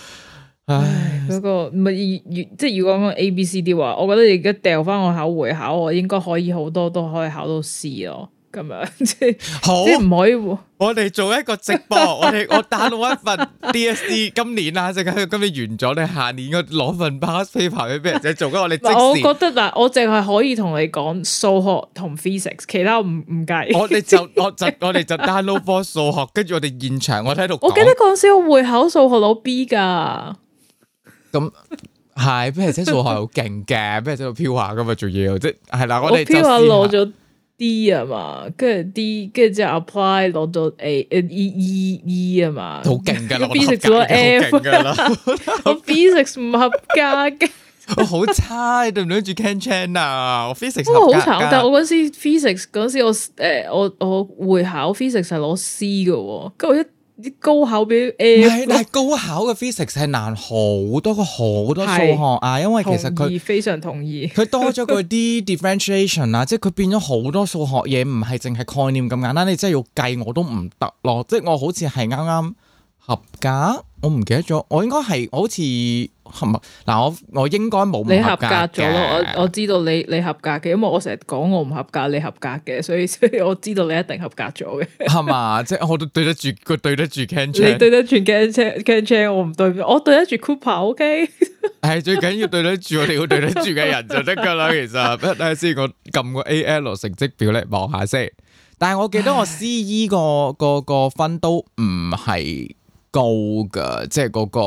唉，嗰個、不過即係如果我 A B C D 話，我覺得而家掉翻我考會考，我應該可以好多都可以考到 C 咯。咁樣 即係，好即係唔可以。我哋做一個直播， 我哋我 download 一份 DSE。今年啊，即係今年完咗，你下年應該攞份 pass 牌俾咩人？你做緊我哋。我我覺得嗱，我淨係可以同你講數學同 physics，其他唔唔介意。我哋就 我就我哋就 download 科數學，跟住我哋現場，我睇度。我記得嗰時我會考數學攞 B 噶。咁係咩？人係數學好勁嘅，人即係飄下噶嘛？做嘢即係啦，我哋飄下攞咗。D 啊嘛，跟住 D，跟住之後 apply 攞到 A，誒 E E E 啊嘛，好勁噶，我 physics 攞咗 F，我 physics 唔合格嘅，我好差，你對唔對得住 Ken Chan 啊？我 physics 唔合格，不過好慘，但係我嗰時 physics 嗰時我誒我我會考 physics 係攞 C 嘅喎，咁我一。啲高考俾 A，係，但係高考嘅 physics 係難好多，好多數學啊，是因為其實佢非常同意， 佢多咗個啲 differentiation 啊，即係佢變咗好多數學嘢，唔係淨係概念咁簡單，你真係要計我都唔得咯，即係我好似係啱啱合格。我唔記得咗，我應該係，好似合唔嗱，我我，我應該冇你合格咗，我我知道你你合格嘅，因為我成日講我唔合格，你合格嘅，所以所以我知道你一定合格咗嘅，係嘛吧？即係 我都對得住，佢對得住 Ken Chan 你對得住 Ken Chan Ken Chan 我唔對，我對得住 Cooper，OK、okay? 係最緊要， 要對得住我哋，對得住嘅人就得噶啦。其實，等下先，我撳個 AL 成績表嚟望下先。但係我記得我 CE 個個 個分都唔係。高噶，即係嗰個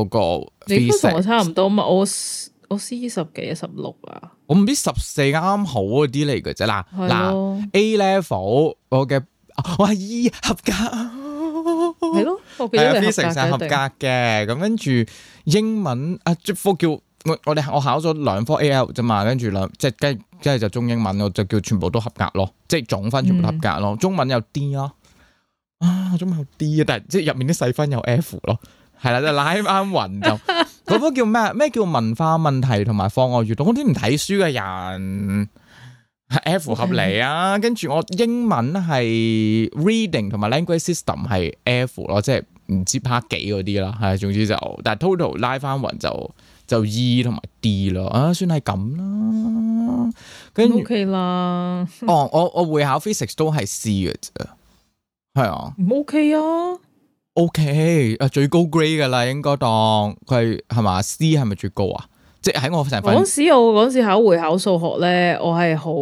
嗰個。那個、physics, 你都同我差唔多嘛？我我 C 十幾，十六啊。我唔知十四啱好啲嚟嘅啫。嗱嗱、哦、A level 我嘅，我係 E 合格，係咯、哦，我幾成合格嘅。咁跟住英文啊，祝福叫我我哋我考咗兩科 A L 啫嘛，跟住兩即係跟跟住就中英文，我就叫全部都合格咯，即係總分全部合格咯。嗯、中文有 D 咯。啊，總冇 D 啊，但係即係入面啲細分有 F 咯，係啦， 拉完完就拉翻云就嗰個叫咩咩叫文化問題同埋課外閱讀，嗰啲唔睇書嘅人 F 合理啊。跟住的我英文係 reading 同埋 language system 係 F 咯，即係唔知拍幾嗰啲啦，係總之就但係 total 拉翻云就就 E 同埋 D 咯，啊，算係咁啦，跟住 O K 啦。 哦，我我會考 physics 都係 C 嘅啫。.係啊，唔 OK 啊，OK 啊，OK，啊 okay，最高 grade 噶啦，應該當佢係係嘛 C 係咪最高啊？即係喺我成份。嗰時我嗰時考會考數學咧，我係好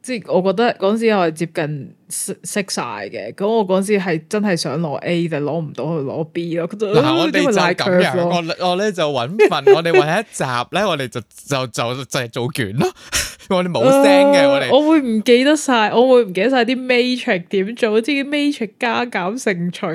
即係，我覺得嗰時我係接近識晒嘅。咁我嗰時係真係想攞 A，就攞唔到去攞 B 咯，啊。嗱，我哋就咁樣，樣，我我咧就揾份， 我哋揾一集咧，我哋就就就就，就做卷咯。 我哋冇聲嘅我哋， 我會唔記得晒，我會唔記得晒啲 matrix 點做，即啲 matrix 加減乘除，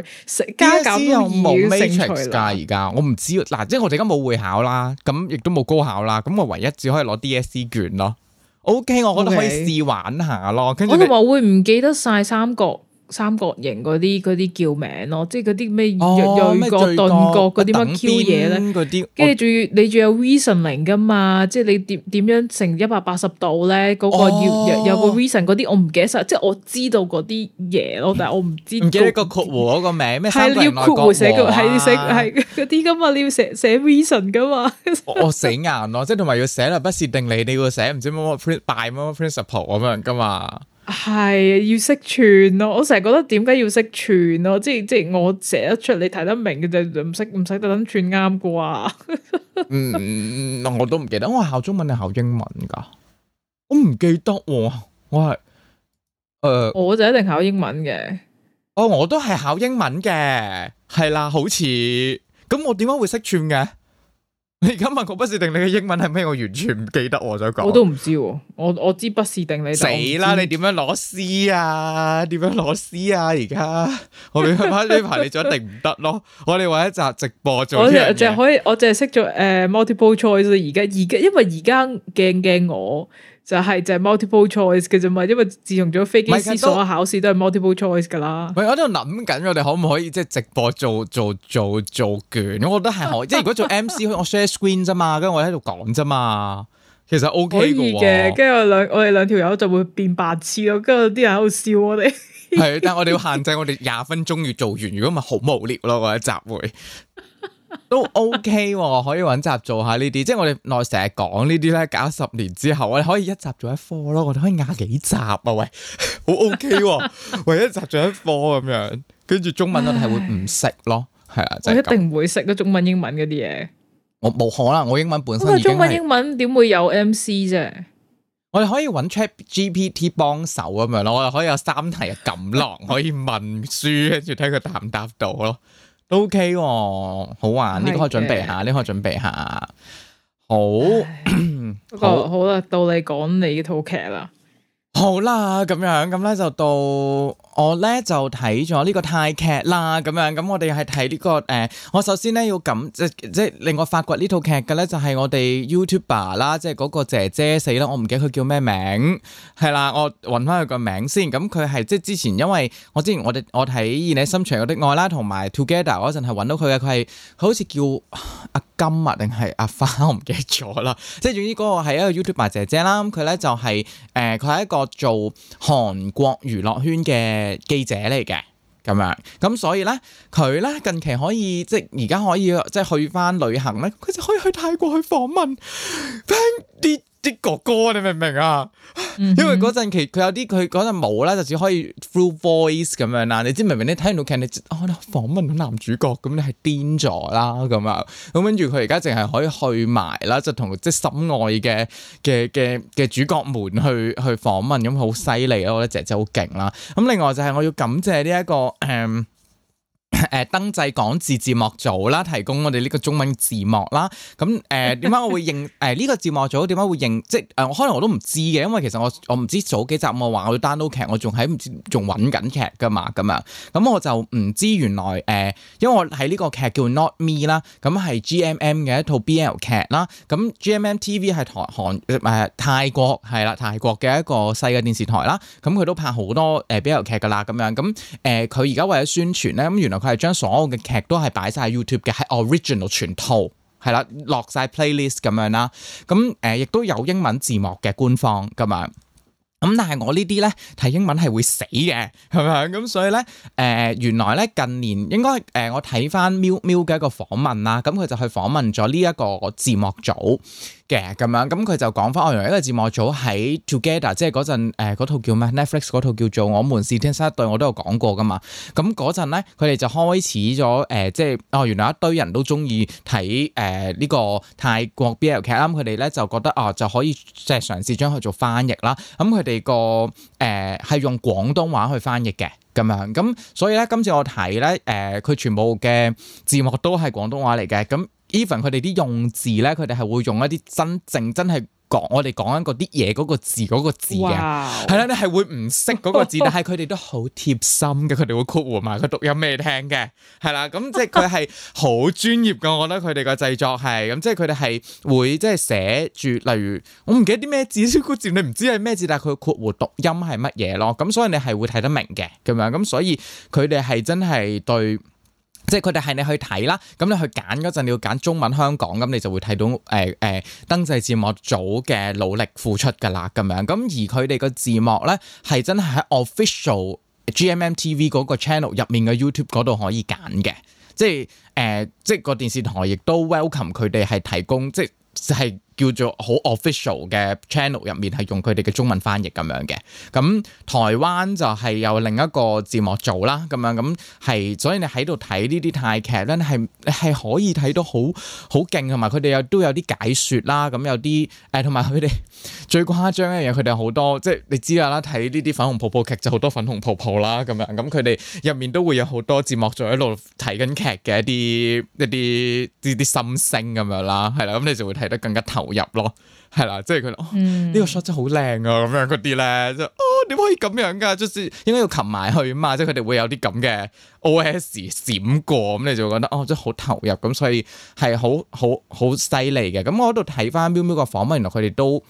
加減有冇 matrix 噶而家？我唔知，嗱，即係我哋而家冇會考啦，咁亦都冇高考啦，咁我唯一只可以攞 D S C 卷咯。O、okay, K，我覺得可以試玩下咯。Okay. 我哋話會唔記得晒三角？三角形嗰啲嗰啲叫名咯，即係嗰啲咩銳角鈍角嗰啲乜 Q 嘢咧？跟住仲要你仲有 reasoning 噶嘛？即係你點點樣，樣成一百八十度咧？嗰、嗰個要、哦、有個 reason 嗰啲我唔記得晒，即係我知道嗰啲嘢咯，但係我唔知。唔記得個括弧嗰個名咩？三角內角係要括弧寫個係寫係嗰啲噶嘛 寫？你要寫寫 reason 噶嘛？我死硬咯，即係同埋要寫啦，不是定理你要寫唔知乜乜 principle 咁樣噶嘛？係要識串咯、啊，我成日覺得點解要識串咯、啊？即係即係我寫得出，你睇得明嘅就唔識唔使特登串啱啩？ 嗯，嗱，我都唔記得，我係考中文定考英文噶？我唔記得，哦、我係，誒、呃，我就一定考英文嘅。哦，我都係考英文嘅，係啦，好似咁，我點解會識串嘅？你而家問我不是定理嘅英文係咩？我完全唔記得我想講。我都唔知，我我知不是定理了不你死啦！你點樣攞 C 啊？點樣攞 C 啊？而家 我哋開翻呢排，你一定唔得咯。我哋玩一集直播做嘢，我淨係可以，我淨係識咗誒、呃、multiple choice 而家而家，因為而家鏡鏡我。就係就係 multiple choice 嘅啫嘛，因為自從咗飛機師所有考試都係 multiple choice 噶啦。唔係我喺度諗緊，我哋可唔可以即係直播做做做做卷？我覺得係可以， 即係如果做 MC，我 share screen 咋嘛，跟住我喺度講咋嘛，其實 OK 嘅。跟住兩我哋兩條友就會變白痴咯，跟住啲人喺度笑我哋。係， 但係我哋要限制我哋廿分鐘要做完，如果唔係咪好無聊咯，我喺集會。都 OK，可以揾集做下呢啲，即係我哋耐成日講呢啲咧，搞十年之後，我哋可以一集做一科咯，我哋可以壓幾集啊，喂，好 OK，唯 一集做一科咁樣，跟住中文我哋係會唔識咯，係啊唉，就是、一定唔會識嗰中文英文嗰啲嘢，我冇可能，我英文本身，個中文英文點會有 MC 啫，我哋可以揾 Chat GPT 幫手咁樣咯，我哋可以有三題嘅錦囊，可以問書，跟住睇佢答唔答到咯。都 OK 喎，哦，好啊，呢的個可以準備下，呢、這個可以準備下，好，唉 好啦，到你講你套劇啦。好啦，咁樣咁咧就到我咧就睇咗呢個泰劇啦，咁樣咁我哋係睇呢個誒、呃，我首先咧要噉即即令我發掘呢套劇嘅咧就係、是、我哋 YouTuber 啦，即係嗰個姐姐死啦，我唔記得佢叫咩名，係啦，我揾翻佢個名先，咁佢係即係之前因為我之前我哋我睇《熱戀心腸》《我的愛》啦，同埋《Together》嗰陣係揾到佢嘅，佢係佢好似叫阿金啊定係阿花，我唔記得咗啦，即係總之嗰個係一個 YouTuber 姐姐啦，佢咧就係誒佢係一個。做韓國娛樂圈嘅記者嚟嘅咁樣，咁所以呢，佢呢近期可以即係而家可以即係去返旅行呢，佢就可以去泰國去訪問，叮叮叮啲哥哥，你明唔明啊？嗯、哼因為嗰陣時佢有啲佢嗰陣冇啦，就只可以 through voice 咁樣啦。你知明明你睇唔到，劇，你哦你訪問到男主角，咁你係癲咗啦咁啊。咁跟住佢而家淨係可以去埋啦，就同即係心愛嘅嘅嘅嘅主角們去去訪問，咁好犀利咯！我覺得姐姐好勁啦。咁另外就係我要感謝呢、這、一個誒。嗯誒， 登製港字字幕組啦，提供我哋呢個中文字幕啦。咁誒，點、呃、解我會認？誒、呃，呢、這個字幕組點解會認？即誒，我、呃，可能我都唔知嘅，因為其實我我唔知早幾集我話我要 download 劇，我仲喺唔知仲揾緊劇噶嘛，咁樣。咁我就唔知原來誒、呃，因為我喺呢個劇叫 Not Me 啦、MM，咁係 GMM 嘅一套 BL 劇啦。咁 GMM TV 係台韓泰國係啦，泰國嘅一個細嘅電視台啦。咁佢都拍好多誒 BL 劇噶啦，咁樣咁誒，佢而家為咗宣傳咧，咁原來。佢係將所有嘅劇都係擺晒喺 YouTube 嘅，係 original 全套，係啦，落晒 playlist 咁樣啦。咁誒，亦、嗯、都有英文字幕嘅官方咁啊。咁但係我呢啲咧睇英文係會死嘅，係咪啊？咁所以咧誒、呃，原來咧近年應該誒、呃，我睇返 Miu 嘅一個訪問啦。咁佢就去訪問咗呢一個字幕組。嘅咁樣，咁佢就講翻、哦，原來一個字幕組喺 Together，即係嗰陣嗰套叫咩 Netflix 嗰套叫做《我們是天生一對》，我都有講過噶嘛。咁嗰陣咧，佢哋就開始咗誒、呃，即係哦，原來一堆人都中意睇誒呢個泰國 BL 劇，咁佢哋咧就覺得哦、呃、就可以即係嘗試將佢做翻譯啦。咁佢哋個誒係、呃、用廣東話去翻譯嘅咁樣，咁所以咧今次我睇咧誒，佢、呃、全部嘅字幕都係廣東話嚟嘅，咁、嗯。嗯。Even 佢哋啲用字咧，佢哋係會用一啲真正真係講我哋講緊嗰啲嘢嗰個字嗰個字嘅，係啦，你係會唔識嗰個字，但係佢哋都好貼心嘅，佢哋會括弧埋個讀音俾你聽嘅，係啦，咁即係佢係好專業噶，我覺得佢哋個製作係，咁即係佢哋係會即係寫住，例如我唔記得啲咩字，呢個字你唔知係咩字，但係佢括弧讀音係乜嘢咯，咁所以你係會睇得明嘅，咁樣，咁所以佢哋係真係對。即係佢哋係你去睇啦，咁你去揀嗰陣你要揀中文香港，咁你就會睇到誒誒、呃呃、登記字幕組嘅努力付出㗎啦，咁樣咁而佢哋個字幕咧係真係喺 Official GMMTV 嗰個 channel 入面嘅 YouTube 嗰度可以揀嘅，即係誒、呃、即係個電視台亦都 welcome 佢哋係提供即係。就是叫做好 official 嘅 channel 入面係用佢哋嘅中文翻譯咁樣嘅，咁台灣就係有另一個字幕組啦，咁樣，咁係，所以你喺度睇呢啲泰劇咧係係可以睇到好好勁，同埋佢哋有，有都有啲解說啦，咁有啲誒同埋佢哋最誇張一樣嘢，佢哋好多即係你知啦，睇呢啲粉紅泡泡劇就好多粉紅泡泡啦，咁樣，咁佢哋入面都會有好多字幕組喺度睇緊劇嘅一啲一啲一啲心聲咁樣啦，係啦，咁你就會睇得更加透。投入咯，係啦、嗯，即係佢，哦，呢、這個 shot 真係好靚啊，咁、哦、樣嗰啲咧，就哦點可以咁樣噶，即係應該要擒埋去嘛，即係佢哋會有啲咁嘅 O.S. 閃過，咁你就會覺得哦，即係好投入，咁所以係好好好犀利嘅。咁、嗯嗯、我喺度睇翻喵喵個訪問，原來佢哋都。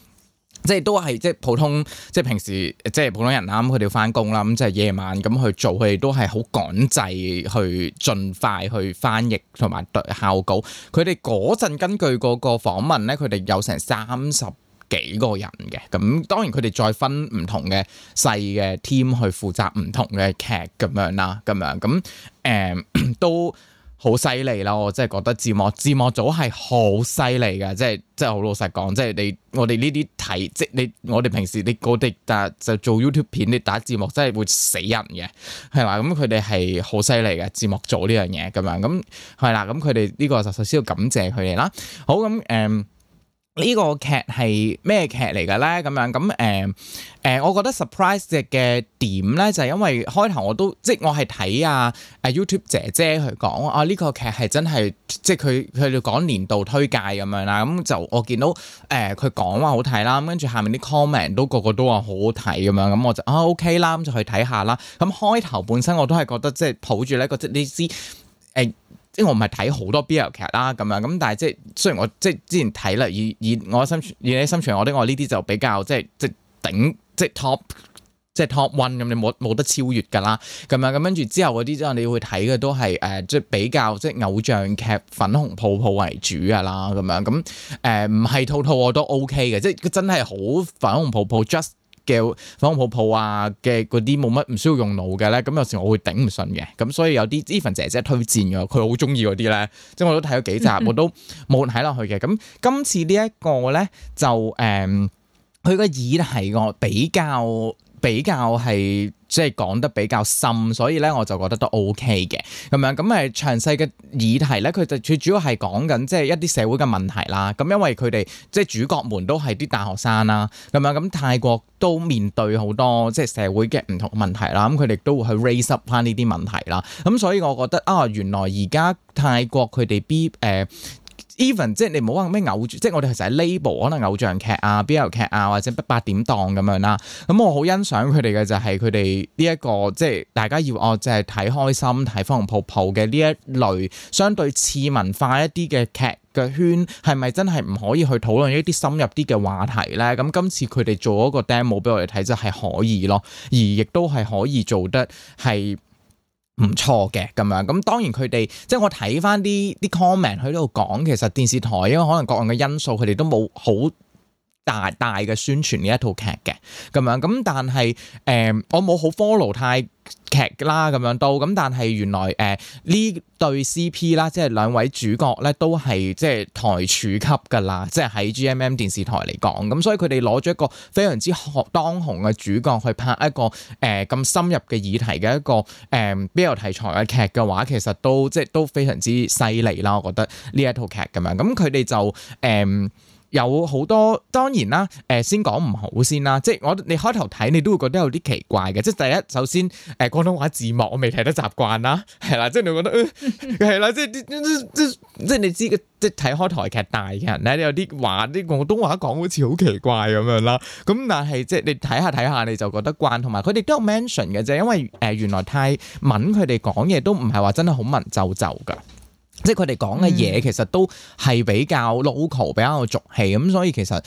即係都係即係普通即係平時即係普通人啦，咁佢哋翻工啦，咁即係夜晚咁去做，佢哋都係好趕製去盡快去翻譯同埋對校稿。佢哋嗰陣根據嗰個訪問咧，佢哋有成三十幾個人嘅。咁當然佢哋再分唔同嘅細嘅 team 去負責唔同嘅劇咁樣啦，咁樣咁誒、嗯、都。好犀利囉！我真係覺得字幕字幕組係好犀利嘅，即係即係好老實講，即係你我哋呢啲睇即你我哋平時你個啲打就做 YouTube 片，你打字幕真係會死人嘅，係嘛？咁佢哋係好犀利嘅字幕組呢樣嘢咁樣咁係啦。咁佢哋呢個就首先要感謝佢哋啦。好咁誒。嗯呢個劇係咩劇嚟㗎咧？咁樣咁誒誒，我覺得 surprise 嘅點咧，就係因為開頭我都即係我係睇啊誒 YouTube 姐姐去講啊，呢個劇係真係即係佢佢哋講年度推介咁樣啦。咁就我見到誒佢講話好睇啦，跟住下面啲 comment 都個個都話好好睇咁樣，咁我就啊 OK 啦，咁就去睇下啦。咁開頭本身我都係覺得即係抱住呢個即呢啲誒。因係我唔係睇好多 BL 劇啦，咁樣咁，但係即係雖然我即係之前睇啦，以以我心存以你的心嚟我覺我呢啲就比較即係即係頂即係 top 即係 top one 咁，你冇冇得超越㗎啦，咁啊咁跟住之後嗰啲之後你會睇嘅都係誒、呃、即係比較即係偶像劇粉紅泡泡為主㗎啦，咁樣咁誒唔係套套我都 O K 嘅，即係真係好粉紅泡泡 just。嘅粉紅泡泡啊，嘅嗰啲冇乜唔需要用腦嘅咧，咁有時我會頂唔順嘅，咁所以有啲 Even 姐姐推薦嘅，佢好中意嗰啲咧，即係我都睇咗幾集， 我都冇睇落去嘅。咁今次呢一個咧就誒，佢個議題個比較比較係即係講得比較深，所以咧我就覺得都 OK 嘅咁樣，咁係詳細嘅議題咧，佢就最主要係講緊即係一啲社會嘅問題啦。咁因為佢哋即係主角們都係啲大學生啦，咁樣，咁泰國都面對好多即係社會嘅唔同問題啦。咁佢哋都會去 raise up 翻呢啲問題啦。咁所以我覺得啊，原來而家泰國佢哋 B 誒。呃 Even 即係你唔好話咩偶像，即係我哋其實係 label，可能偶像劇啊、BL 劇啊或者不八點檔咁樣啦。咁、嗯、我好欣賞佢哋嘅就係佢哋呢一個即係大家要我即係睇開心、睇風風泡泡嘅呢一類相對次文化一啲嘅劇嘅圈，係咪真係唔可以去討論一啲深入啲嘅話題咧？咁、嗯、今次佢哋做一個 demo 俾我哋睇，就係、是、可以咯，而亦都係可以做得係。唔錯嘅咁樣，咁當然佢哋即係我睇翻啲啲 comment 喺度講，其實電視台因為可能各樣嘅因素，佢哋都冇好大大嘅宣傳呢一套劇嘅咁樣咁，但係誒、呃、我冇好 follow 泰劇啦咁樣都咁，但係原來誒呢、呃、對 CP 啦，即係兩位主角咧都係即係台柱級噶啦，即係喺 GMM 電視台嚟講咁，所以佢哋攞咗一個非常之當紅嘅主角去拍一個誒咁、呃、深入嘅議題嘅一個誒比較題材嘅劇嘅話，其實都即係都非常之犀利啦，我覺得呢一套劇咁樣咁，佢哋就誒。呃有好多當然啦，誒、呃、先講唔好先啦，即係我你開頭睇你都會覺得有啲奇怪嘅，即係第一首先誒、呃、廣東話字幕我未睇得習慣啦，係啦，即係你會覺得誒係、呃、啦，即係、呃、即係你知即係睇開台劇大嘅人咧，你有啲話啲廣東話講好似好奇怪咁樣啦，咁但係即係你睇下睇下你就覺得慣，同埋佢哋都有 mention 嘅啫，因為誒、呃、原來泰文，佢哋講嘢都唔係話真係好文縐縐㗎。即係佢哋講嘅嘢其實都係比較 local 比較俗氣咁，所以其實誒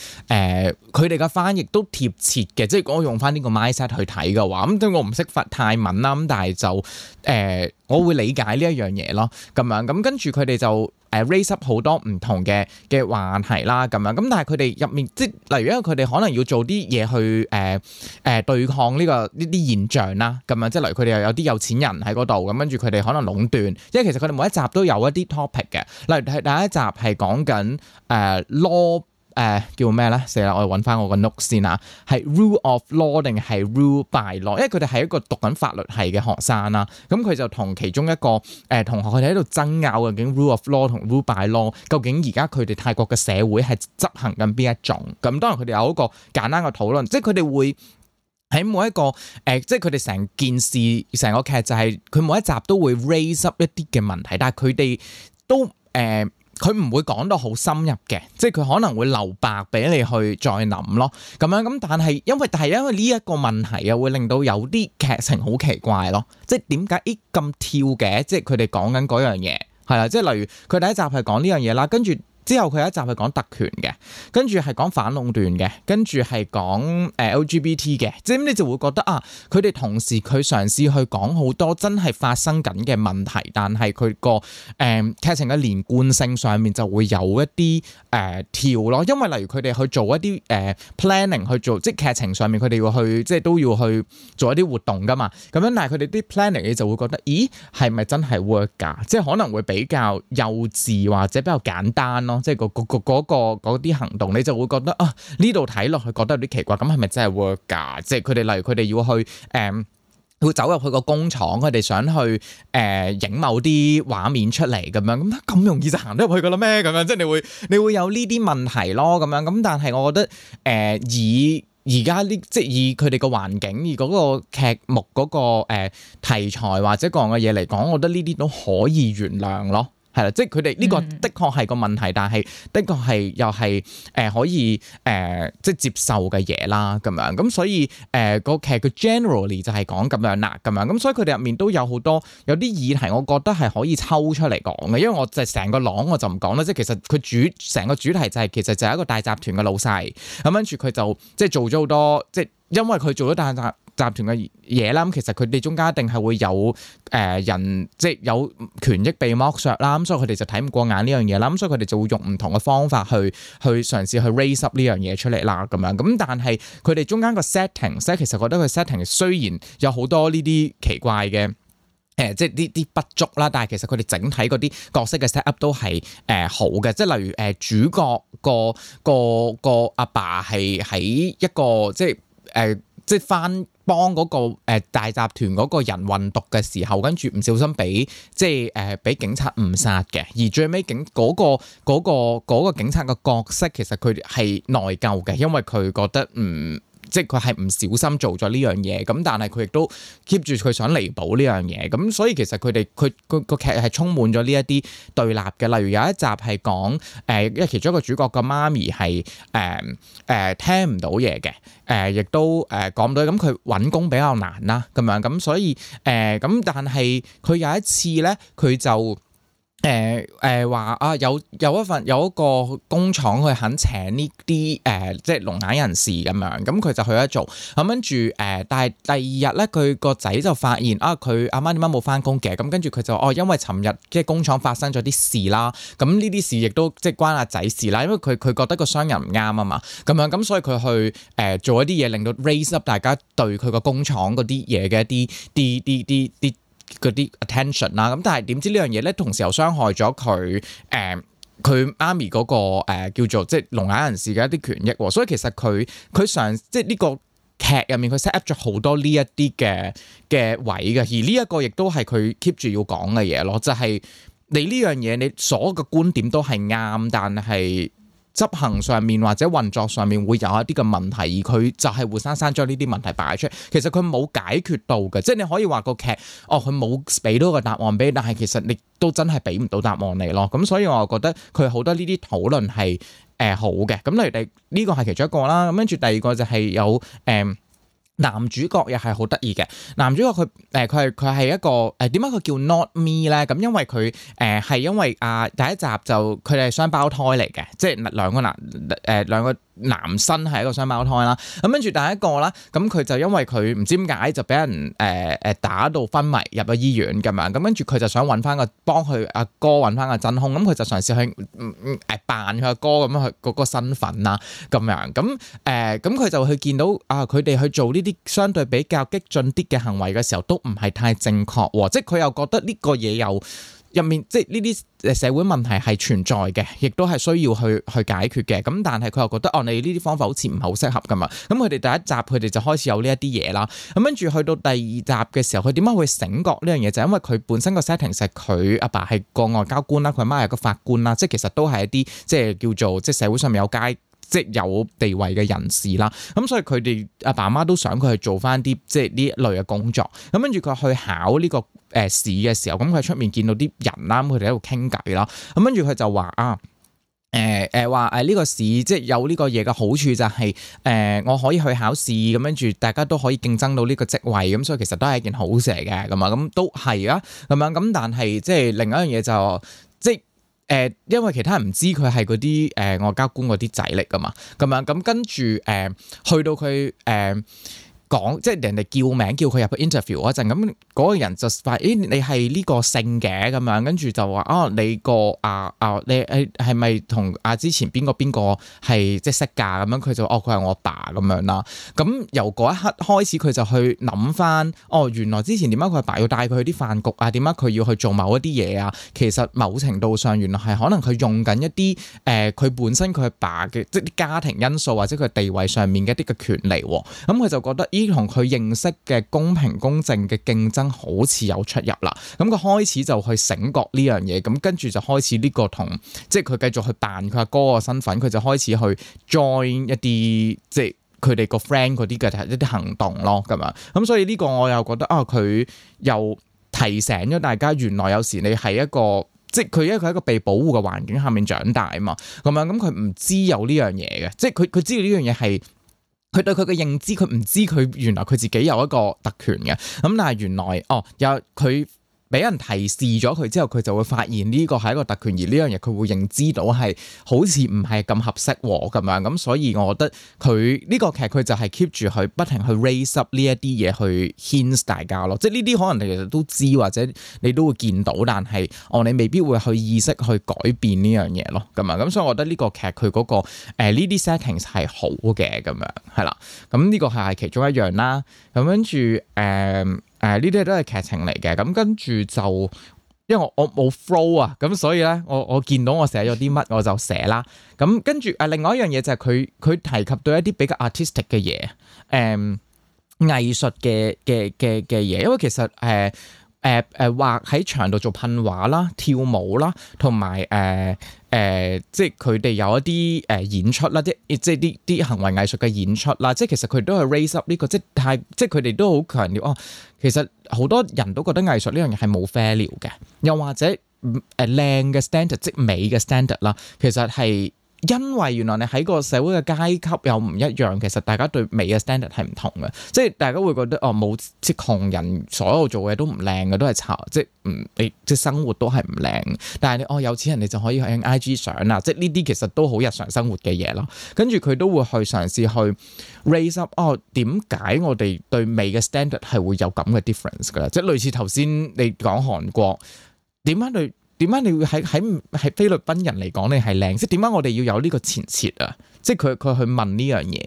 佢哋嘅翻譯都貼切嘅。即係我用翻呢個 mindset 去睇嘅話，咁我唔識發泰文啦，咁但係就誒、呃、我會理解呢一樣嘢咯咁樣。咁跟住佢哋就。誒、uh, raise up 好多唔同嘅嘅話題啦，咁樣咁但係佢哋入面，即係例如因為佢哋可能要做啲嘢去誒誒對抗呢、呢個呢啲現象啦，咁樣即係例如佢哋又有啲有錢人喺嗰度，咁跟住佢哋可能壟斷，因為其實佢哋每一集都有一啲 topic 嘅，例如係第一集係講緊誒 law。誒叫咩咧？死啦！我揾翻我個 note 先啊。係 rule of law 定係 rule by law？因為佢哋係一個讀緊法律系嘅學生啦。咁佢就同其中一個誒、呃、同學，佢哋喺度爭拗究竟 rule of law 同 rule by law 究竟而家佢哋泰國嘅社會係執行緊邊一種？咁當然佢哋有一個簡單嘅討論，即係佢哋會喺每一個誒、呃，即係佢哋成件事、成個劇就係佢每一集都會 raise up 一啲嘅問題，但係佢哋都誒。呃佢唔會講到好深入嘅，即係佢可能會留白俾你去再諗咯。咁樣咁，但係因為但係因為呢一個問題啊，會令到有啲劇情好奇怪咯。即係點解咦咁跳嘅？即係佢哋講緊嗰樣嘢係啦。即係例如佢第一集係講呢樣嘢啦，跟住。之後佢有一集係講特權嘅，跟住係講反壟斷嘅，跟住係講誒 LGBT 嘅，即係你就會覺得啊，佢哋同時佢嘗試去講好多真係發生緊嘅問題，但係佢個誒劇情嘅連貫性上面就會有一啲誒、呃、跳咯，因為例如佢哋去做一啲誒、呃、planning 去做，即係劇情上面佢哋要去即係都要去做一啲活動㗎嘛，咁樣但係佢哋啲 planning 你就會覺得，咦係咪真係 work 㗎？即係可能會比較幼稚或者比較簡單咯。即係、嗰個，嗰個個嗰啲行動，你就會覺得啊，呢度睇落去覺得有啲奇怪，咁係咪真係 work 噶？即係佢哋例如佢哋要去誒，要、嗯、走入去個工廠，佢哋想去誒影、嗯、某啲畫面出嚟咁樣，咁咁容易就行得入去噶啦咩？咁樣即係你會你會有呢啲問題咯，咁樣咁但係我覺得誒、呃、以而家呢即係以佢哋個環境，以嗰個劇目嗰、嗰個誒、呃、題材或者各樣嘅嘢嚟講，我覺得呢啲都可以原諒咯。係啦，即係佢哋呢個的確係個問題，但係的確係又係誒可以誒、呃、即係接受嘅嘢啦咁樣，咁所以誒個劇佢 generally 就係講咁樣啦咁樣，咁所以佢哋入面都有好多有啲議題，我覺得係可以抽出嚟講嘅，因為我就成個朗我就唔講啦，即係其實佢主成個主題就係、是、其實就係一個大集團嘅老細，咁跟住佢就即係做咗好多，即係因為佢做咗大集集團嘅嘢啦，咁其實佢哋中間一定係會有誒人，即係有權益被剝削啦，咁所以佢哋就睇唔過眼呢樣嘢啦，咁所以佢哋就會用唔同嘅方法去去嘗試去 raise up 呢樣嘢出嚟啦，咁樣，咁但係佢哋中間個 setting，set 即係其實覺得個 setting 雖然有好多呢啲奇怪嘅誒、呃，即係呢啲不足啦，但係其實佢哋整體嗰啲角色嘅 set up 都係誒、呃、好嘅，即係例如誒、呃、主角個個個阿爸係喺一個即係誒、呃、即係翻。幫嗰個誒大集團嗰個人運毒嘅時候，跟住唔小心俾即係誒俾警察誤殺嘅，而最尾警嗰個嗰、嗰個嗰個、警察嘅角色其實佢係內疚嘅，因為佢覺得唔，嗯即係佢係唔小心做咗呢樣嘢，咁但係佢亦都 keep 住佢想彌補呢樣嘢，咁所以其實佢哋佢佢個劇係充滿咗呢一啲對立嘅。例如有一集係講誒，因、呃、為其中一個主角個媽咪係誒誒聽唔到嘢嘅，誒、呃、亦都誒講、呃、到咁佢揾工比較難啦咁樣，咁所以誒咁、呃、但係佢有一次咧，佢就。誒誒話啊，有有一份有一個工廠，佢肯請呢啲誒，即係聾眼人士咁樣，咁佢就去咗做。咁跟住誒，但係第二日咧，佢個仔就發現啊，佢阿媽點解冇翻工嘅？咁跟住佢就哦，因為尋日即係工廠發生咗啲事啦。咁呢啲事亦都即係關阿仔事啦，因為佢佢覺得個商人唔啱啊嘛。咁樣咁，所以佢去誒、呃、做一啲嘢，令到 raise up 大家對佢個工廠嗰啲嘢嘅一啲啲啲啲啲。D, d, d, d, d, d, d, 嗰啲 attention 啦，咁但係點知呢樣嘢咧，同時又傷害咗佢誒，佢媽咪嗰個誒、呃、叫做即係聾啞人士嘅一啲權益，所以其實佢佢常即係呢個劇入面佢 set up 咗好多呢一啲嘅嘅位嘅，而呢一個亦都係佢 keep 住要講嘅嘢咯，就係、是、你呢樣嘢，你所有嘅觀點都係啱，但係。執行上面或者運作上面會有一啲嘅問題，而佢就係活生生將呢啲問題擺出嚟，其實佢冇解決到嘅，即係你可以話個劇，哦，佢冇俾到個答案俾你，但係其實你都真係俾唔到答案你咯。咁所以我又覺得佢好多呢啲討論係誒、呃、好嘅。咁例如第呢個係其中一個啦，咁跟住第二個就係有誒。呃男主角又係好得意嘅，男主角佢誒佢係佢係一個誒，點解佢叫 Not Me 咧？咁因為佢誒係因為啊第一集就佢哋係雙胞胎嚟嘅，即係兩個男誒兩個男生係一個雙胞胎啦。咁跟住第一個啦，咁佢就因為佢唔知點解就俾人誒誒打到昏迷入咗醫院咁樣，咁跟住佢就想揾翻個幫佢阿哥揾翻個真兇，咁佢就嘗試去誒扮佢阿哥咁樣佢個身份啦，咁樣咁誒咁佢就去見到啊佢哋去做呢啲。相對比較激進啲嘅行為嘅時候，都唔係太正確。哦，即係佢又覺得呢個嘢，又入面，即係呢啲社會問題係存在嘅，亦都係需要去去解決嘅。咁但係佢又覺得，哦，你呢啲方法好似唔係好適合㗎嘛。咁佢哋第一集佢哋就開始有呢一啲嘢啦。咁跟住去到第二集嘅時候，佢點解會醒覺呢樣嘢？就因為佢本身個 setting，其實佢阿爸係個外交官啦，佢阿媽係個法官啦，即係其實都係一啲即係叫做即係社會上面有階。即有地位嘅人士啦，咁所以佢哋阿爸阿媽都想佢去做翻啲即呢一類嘅工作，咁跟住佢去考呢、這個誒、呃、試嘅時候，咁佢出面見到啲人啦，佢哋喺度傾偈啦，咁跟住佢就話啊誒誒話誒呢個市即有呢個嘢嘅好處就係、是、誒、呃、我可以去考試，咁跟住大家都可以競爭到呢個職位，咁所以其實都係一件好事嚟嘅，咁啊咁都係啊咁樣咁，但係即係另一樣嘢就即。誒，因為其他人唔知佢係嗰啲誒外交官嗰啲仔嚟㗎嘛，咁樣咁跟住誒、呃，去到佢誒。呃講即係人哋叫名叫佢入去 interview 嗰陣，咁嗰個人就發咦、欸、你係呢個姓嘅咁樣，跟住就話啊、哦、你個啊啊你係係咪同啊是是之前邊個邊個係即係識㗎？咁樣佢就哦佢係我爸咁樣啦。咁由嗰一刻開始，佢就去諗翻哦原來之前點解佢阿爸要帶佢去啲飯局啊？點解佢要去做某一啲嘢啊？其實某程度上，原來係可能佢用緊一啲誒佢本身佢阿爸嘅即啲家庭因素或者佢地位上面嘅一啲嘅權利。咁、哦、佢就覺得同佢認識嘅公平公正嘅競爭好似有出入啦。咁佢開始就去醒覺呢樣嘢，咁跟住就開始呢個同即係佢繼續去扮佢阿哥個身份，佢就開始去 join 一啲即係佢哋個 friend 嗰啲嘅一啲行動咯，咁樣。咁所以呢個我又覺得啊，佢又提醒咗大家，原來有時你係一個即係佢因為佢喺一個被保護嘅環境下面長大啊嘛，咁樣咁佢唔知有呢樣嘢嘅，即係佢佢知道呢樣嘢係。佢對佢嘅認知，佢唔知佢原來佢自己有一個特權嘅，咁但係原來哦，有佢。俾人提示咗佢之後，佢就會發現呢個係一個特權，而呢樣嘢佢會認知到係好似唔係咁合適咁樣。咁、嗯、所以我覺得佢呢、這個劇佢就係 keep 住去不停去 raise up 呢一啲嘢去 hints 大家咯。即係呢啲可能你其實都知，或者你都會見到，但係我、哦、你未必會去意識去改變呢樣嘢咯。咁啊咁，所以我覺得呢個劇佢嗰個呢啲、呃、settings 係好嘅咁樣係啦。咁呢、嗯這個係其中一樣啦。咁跟住誒。嗯誒呢啲都係劇情嚟嘅，咁跟住就因為我我冇 flow 啊，咁所以咧，我我見到我寫咗啲乜我就寫啦。咁、嗯、跟住誒、啊，另外一樣嘢就係佢佢提及到一啲比較 artistic 嘅嘢、嗯，誒藝術嘅嘅嘅嘅嘢，因為其實誒誒誒畫喺牆度做噴畫啦，跳舞啦，同埋誒誒即係佢哋有一啲誒演出啦，即係即係啲啲行為藝術嘅演出啦，即係其實佢都係 raise up 呢個，即係太即係佢哋都好強調哦。其實好多人都覺得藝術呢樣嘢係冇 value 嘅，又或者誒靚嘅 standard，即美嘅 standard 啦。其實係。因為原來你喺個社會嘅階級又唔一樣，其實大家對美嘅 standard 係唔同嘅，即係大家會覺得哦冇即係窮人所有做嘢都唔靚嘅，都係差即唔你、嗯、即生活都係唔靚。但係你哦有錢人你就可以去 n IG 上啦，即係呢啲其實都好日常生活嘅嘢啦。跟住佢都會去嘗試去 raise up 哦，點解我哋對美嘅 standard 係會有咁嘅 difference 㗎？即係類似頭先你講韓國點解對？點解你會喺喺係菲律賓人嚟講你係靚？即係點解我哋要有呢個前設啊？即係佢佢去問呢樣嘢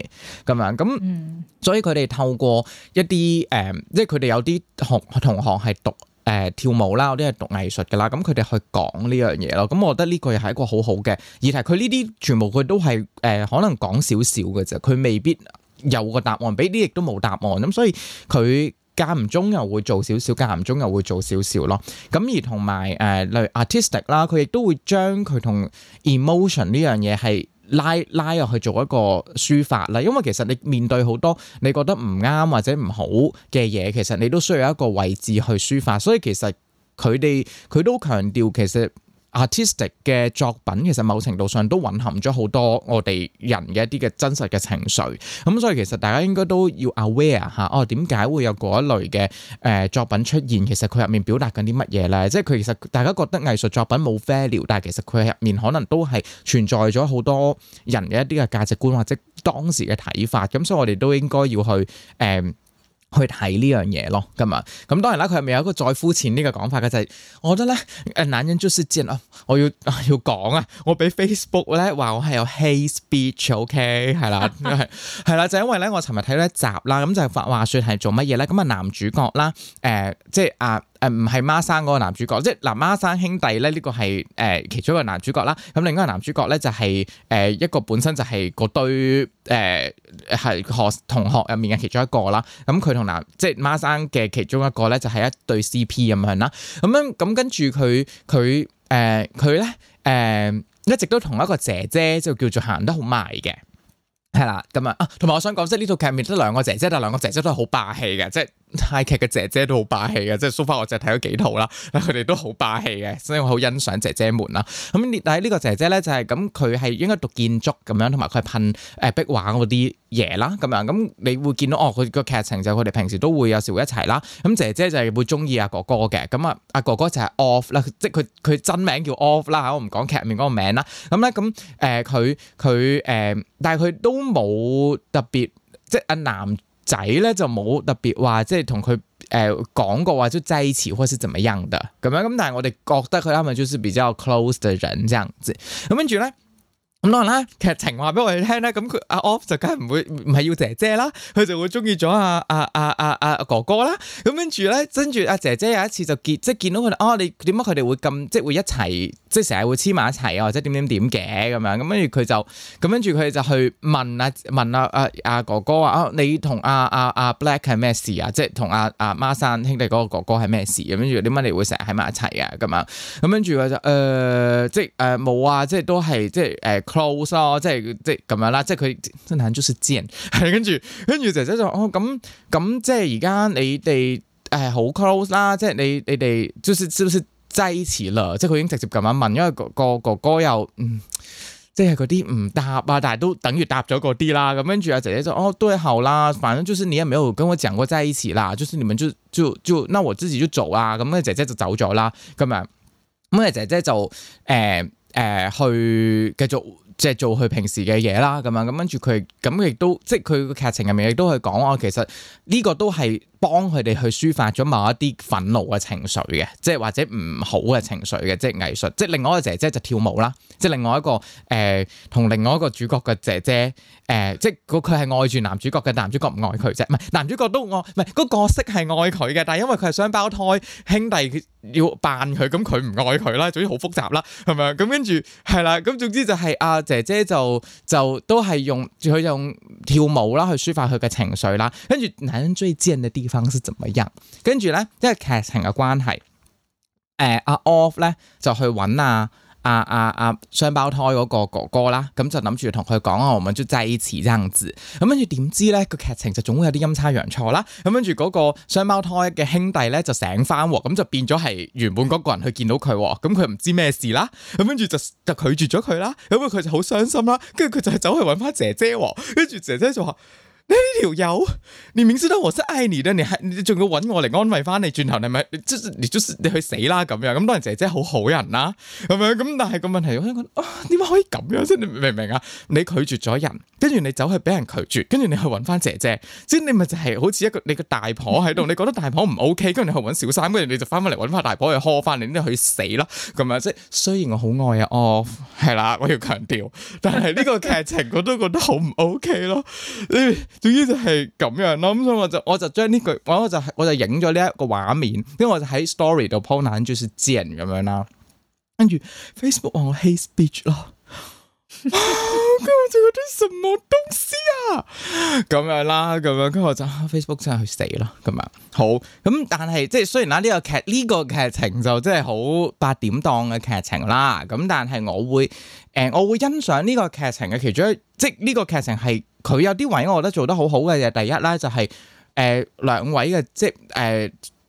咁樣？咁所以佢哋透過一啲誒、呃，即係佢哋有啲同同學係讀誒、呃、跳舞啦，有啲係讀藝術嘅啦。咁佢哋去講呢樣嘢咯。咁我覺得呢個又係一個好好嘅。而係佢呢啲全部佢都係誒、呃，可能講少少嘅啫。佢未必有個答案，俾啲亦都冇答案。咁所以佢。間唔中又會做少少，間唔中又會做少少囉。咁而同埋誒，例如 artistic 啦，佢亦都會將佢同 emotion 呢樣嘢係拉拉入去做一個抒發啦。因為其實你面對好多你覺得唔啱或者唔好嘅嘢，其實你都需要一個位置去抒發。所以其實佢哋佢都強調其實。artistic 嘅作品其實某程度上都蘊含咗好多我哋人嘅一啲嘅真實嘅情緒，咁所以其實大家應該都要 aware 下哦，點解會有嗰一類嘅誒、呃、作品出現？其實佢入面表達緊啲乜嘢咧？即係佢其實大家覺得藝術作品冇 value，但係其實佢入面可能都係存在咗好多人嘅一啲嘅價值觀或者當時嘅睇法，咁所以我哋都應該要去誒。呃去睇呢樣嘢咯，咁啊，咁當然啦，佢係咪有，有一個再膚淺呢個講法嘅？就係、係、我覺得咧，誒，男人 justin 啊，我要要講啊，我俾 Facebook 咧話我係有 hate speech，OK，okay? 係啦， 係係啦，就係、因為咧，我尋日睇咗一集啦，咁就話話說係做乜嘢咧？咁啊，男主角啦，誒、呃，即係啊。誒，唔係孖生嗰個男主角，即係嗱，孖生兄弟咧，呢個係誒其中一個男主角啦。咁另一個男主角咧就係誒一個本身就係嗰堆誒係學同學入面嘅其中一個啦。咁佢同男即係孖生嘅其中一個咧就係一對 C P 咁樣啦。咁樣咁跟住佢佢誒佢咧誒一直都同一個姐姐就叫做行得好埋嘅，係啦。咁啊，同埋我想講即係呢套劇入面得兩個姐姐，但係兩個姐姐都係好霸氣嘅，即係。泰劇嘅姐姐都好霸氣嘅，即係 so far，我就睇咗幾套啦，佢哋都好霸氣嘅，所以我好欣賞姐姐們啦。咁但係呢個姐姐咧就係、是、咁，佢係應該讀建築咁樣，同埋佢係噴誒壁畫嗰啲嘢啦咁樣。咁你會見到哦，佢個劇情就佢哋平時都會有時會一齊啦。咁、嗯、姐姐就係會中意阿哥哥嘅。咁啊，阿哥哥就係 Off 啦，即係佢佢真名叫 Off 啦，我唔講劇入面嗰個名啦。咁咧咁誒，佢佢誒，但係佢、呃呃、都冇特別，即係阿男仔咧就冇特別話，即係同佢誒講過話，就在一起或是怎麼樣的咁樣。咁但係我哋覺得佢啱咪，就是比較 close 嘅人，咁樣子。咁跟住咧？咁啦，劇情話俾我哋聽咧，咁佢阿 Off 就梗係唔會唔係要姐姐啦，佢就會中意咗阿阿阿阿阿哥哥啦。咁跟住咧，跟住阿姐姐有一次就見即係見到佢哋，哦，你點解佢哋會咁即係會一齊，即係成日會黐埋一齊啊？或者點點點嘅咁樣。咁跟住佢就咁跟住佢就去問啊問阿阿阿哥哥啊，你同阿阿阿 Black 係咩事啊？即係同阿阿孖生兄弟嗰個哥哥係咩事？咁跟住點解你會成日喺埋一齊啊？咁樣咁跟住佢就誒，即係誒冇啊，即係都係即係誒。Close 咯，即係即係咁樣啦，即係佢真係就是悉之係跟住，跟住姐姐就哦咁咁，呃、ose, 即係而家你哋誒好 close 啦，即係你你哋就是是不是在一起啦？即係佢已經直接咁樣問，因為個個，個哥哥又嗯，即係嗰啲唔答啊，但係都等於答咗嗰啲啦。咁跟住阿姐姐就哦都對，好啦，反正就是你也沒有跟我講過在一起啦，就是你們就就就，那我自己就走啊。咁啊，姐姐就走咗啦。咁啊，咁啊，姐姐就誒誒、呃呃、去繼續。即係做佢平時嘅嘢啦，咁樣咁跟住佢，咁亦都即係佢個劇情入面亦都係講啊。其實呢個都係，幫佢哋去抒發咗某一啲憤怒嘅情緒嘅，即係或者唔好嘅情緒嘅，即係藝術，即係另外一個姐姐就跳舞啦，即係另外一個誒、呃，同另外一個主角嘅姐姐誒、呃，即係佢佢係愛住男主角嘅，男主角唔愛佢啫，唔係男主角都愛，唔係嗰角色係愛佢嘅，但係因為佢係雙胞胎兄弟，要扮佢，咁佢唔愛佢啦，總之好複雜啦，係咪啊？咁跟住係啦，咁總之就係阿姐姐就就都係用佢用跳舞啦去抒發佢嘅情緒啦，跟住男人最賤嘅地方。生是點樣？跟住咧，因為劇情嘅關係，誒、呃、阿、啊、Off 咧就去揾阿阿阿阿雙胞胎嗰個哥哥啦，咁、嗯、就諗住同佢講啊，我們要祭慈生子。咁跟住點知咧，個劇情就總會有啲陰差陽錯啦。咁跟住嗰個雙胞胎嘅兄弟咧就醒翻喎，咁、嗯、就變咗係原本嗰個人去見到佢喎，咁佢唔知咩事啦。咁跟住就就拒絕咗佢啦，咁佢就好傷心啦。跟住佢就走去揾翻姐姐喎，跟住姐姐就話。呢條友，你明知道我是愛你的，你係你仲要揾我嚟安慰翻你？轉頭你咪即你，你去死啦咁樣。咁當然姐姐好好人啦、啊，咁樣咁，但係個問題我想講啊，點、哦、解可以咁樣先？你明唔明啊？你拒絕咗人，跟住你走去俾人拒絕，跟住你去揾翻姐姐，即係你咪就係好似一個你個個大婆喺度，你覺得大婆唔 OK，跟住你去揾小三，跟住你就翻翻嚟揾翻大婆去呵翻你，你去死啦咁樣。即係雖然我好愛啊，哦，係啦，我要強調，但係呢個劇情我都覺得好唔 OK 咯。總之就係咁樣啦，咁所以我就我就將呢句，我就我就我就影咗呢一個畫面，跟住我就喺 story 度 po 男主角是人咁樣啦，跟住 Facebook 話我 hate speech 咯、啊。跟住我做啲什麼東西啊？咁樣啦，咁樣跟住我就、啊、Facebook 真係去死咯，咁樣好咁、這個。但係即係雖然啦呢個劇呢個劇情就真係好八點檔嘅劇情啦，咁但係我會誒、呃、我會欣賞呢個劇情嘅其中，即係呢個劇情係。佢有啲位我覺得做得好好嘅就第一啦，就係、是、誒、呃、兩位嘅即係誒、呃、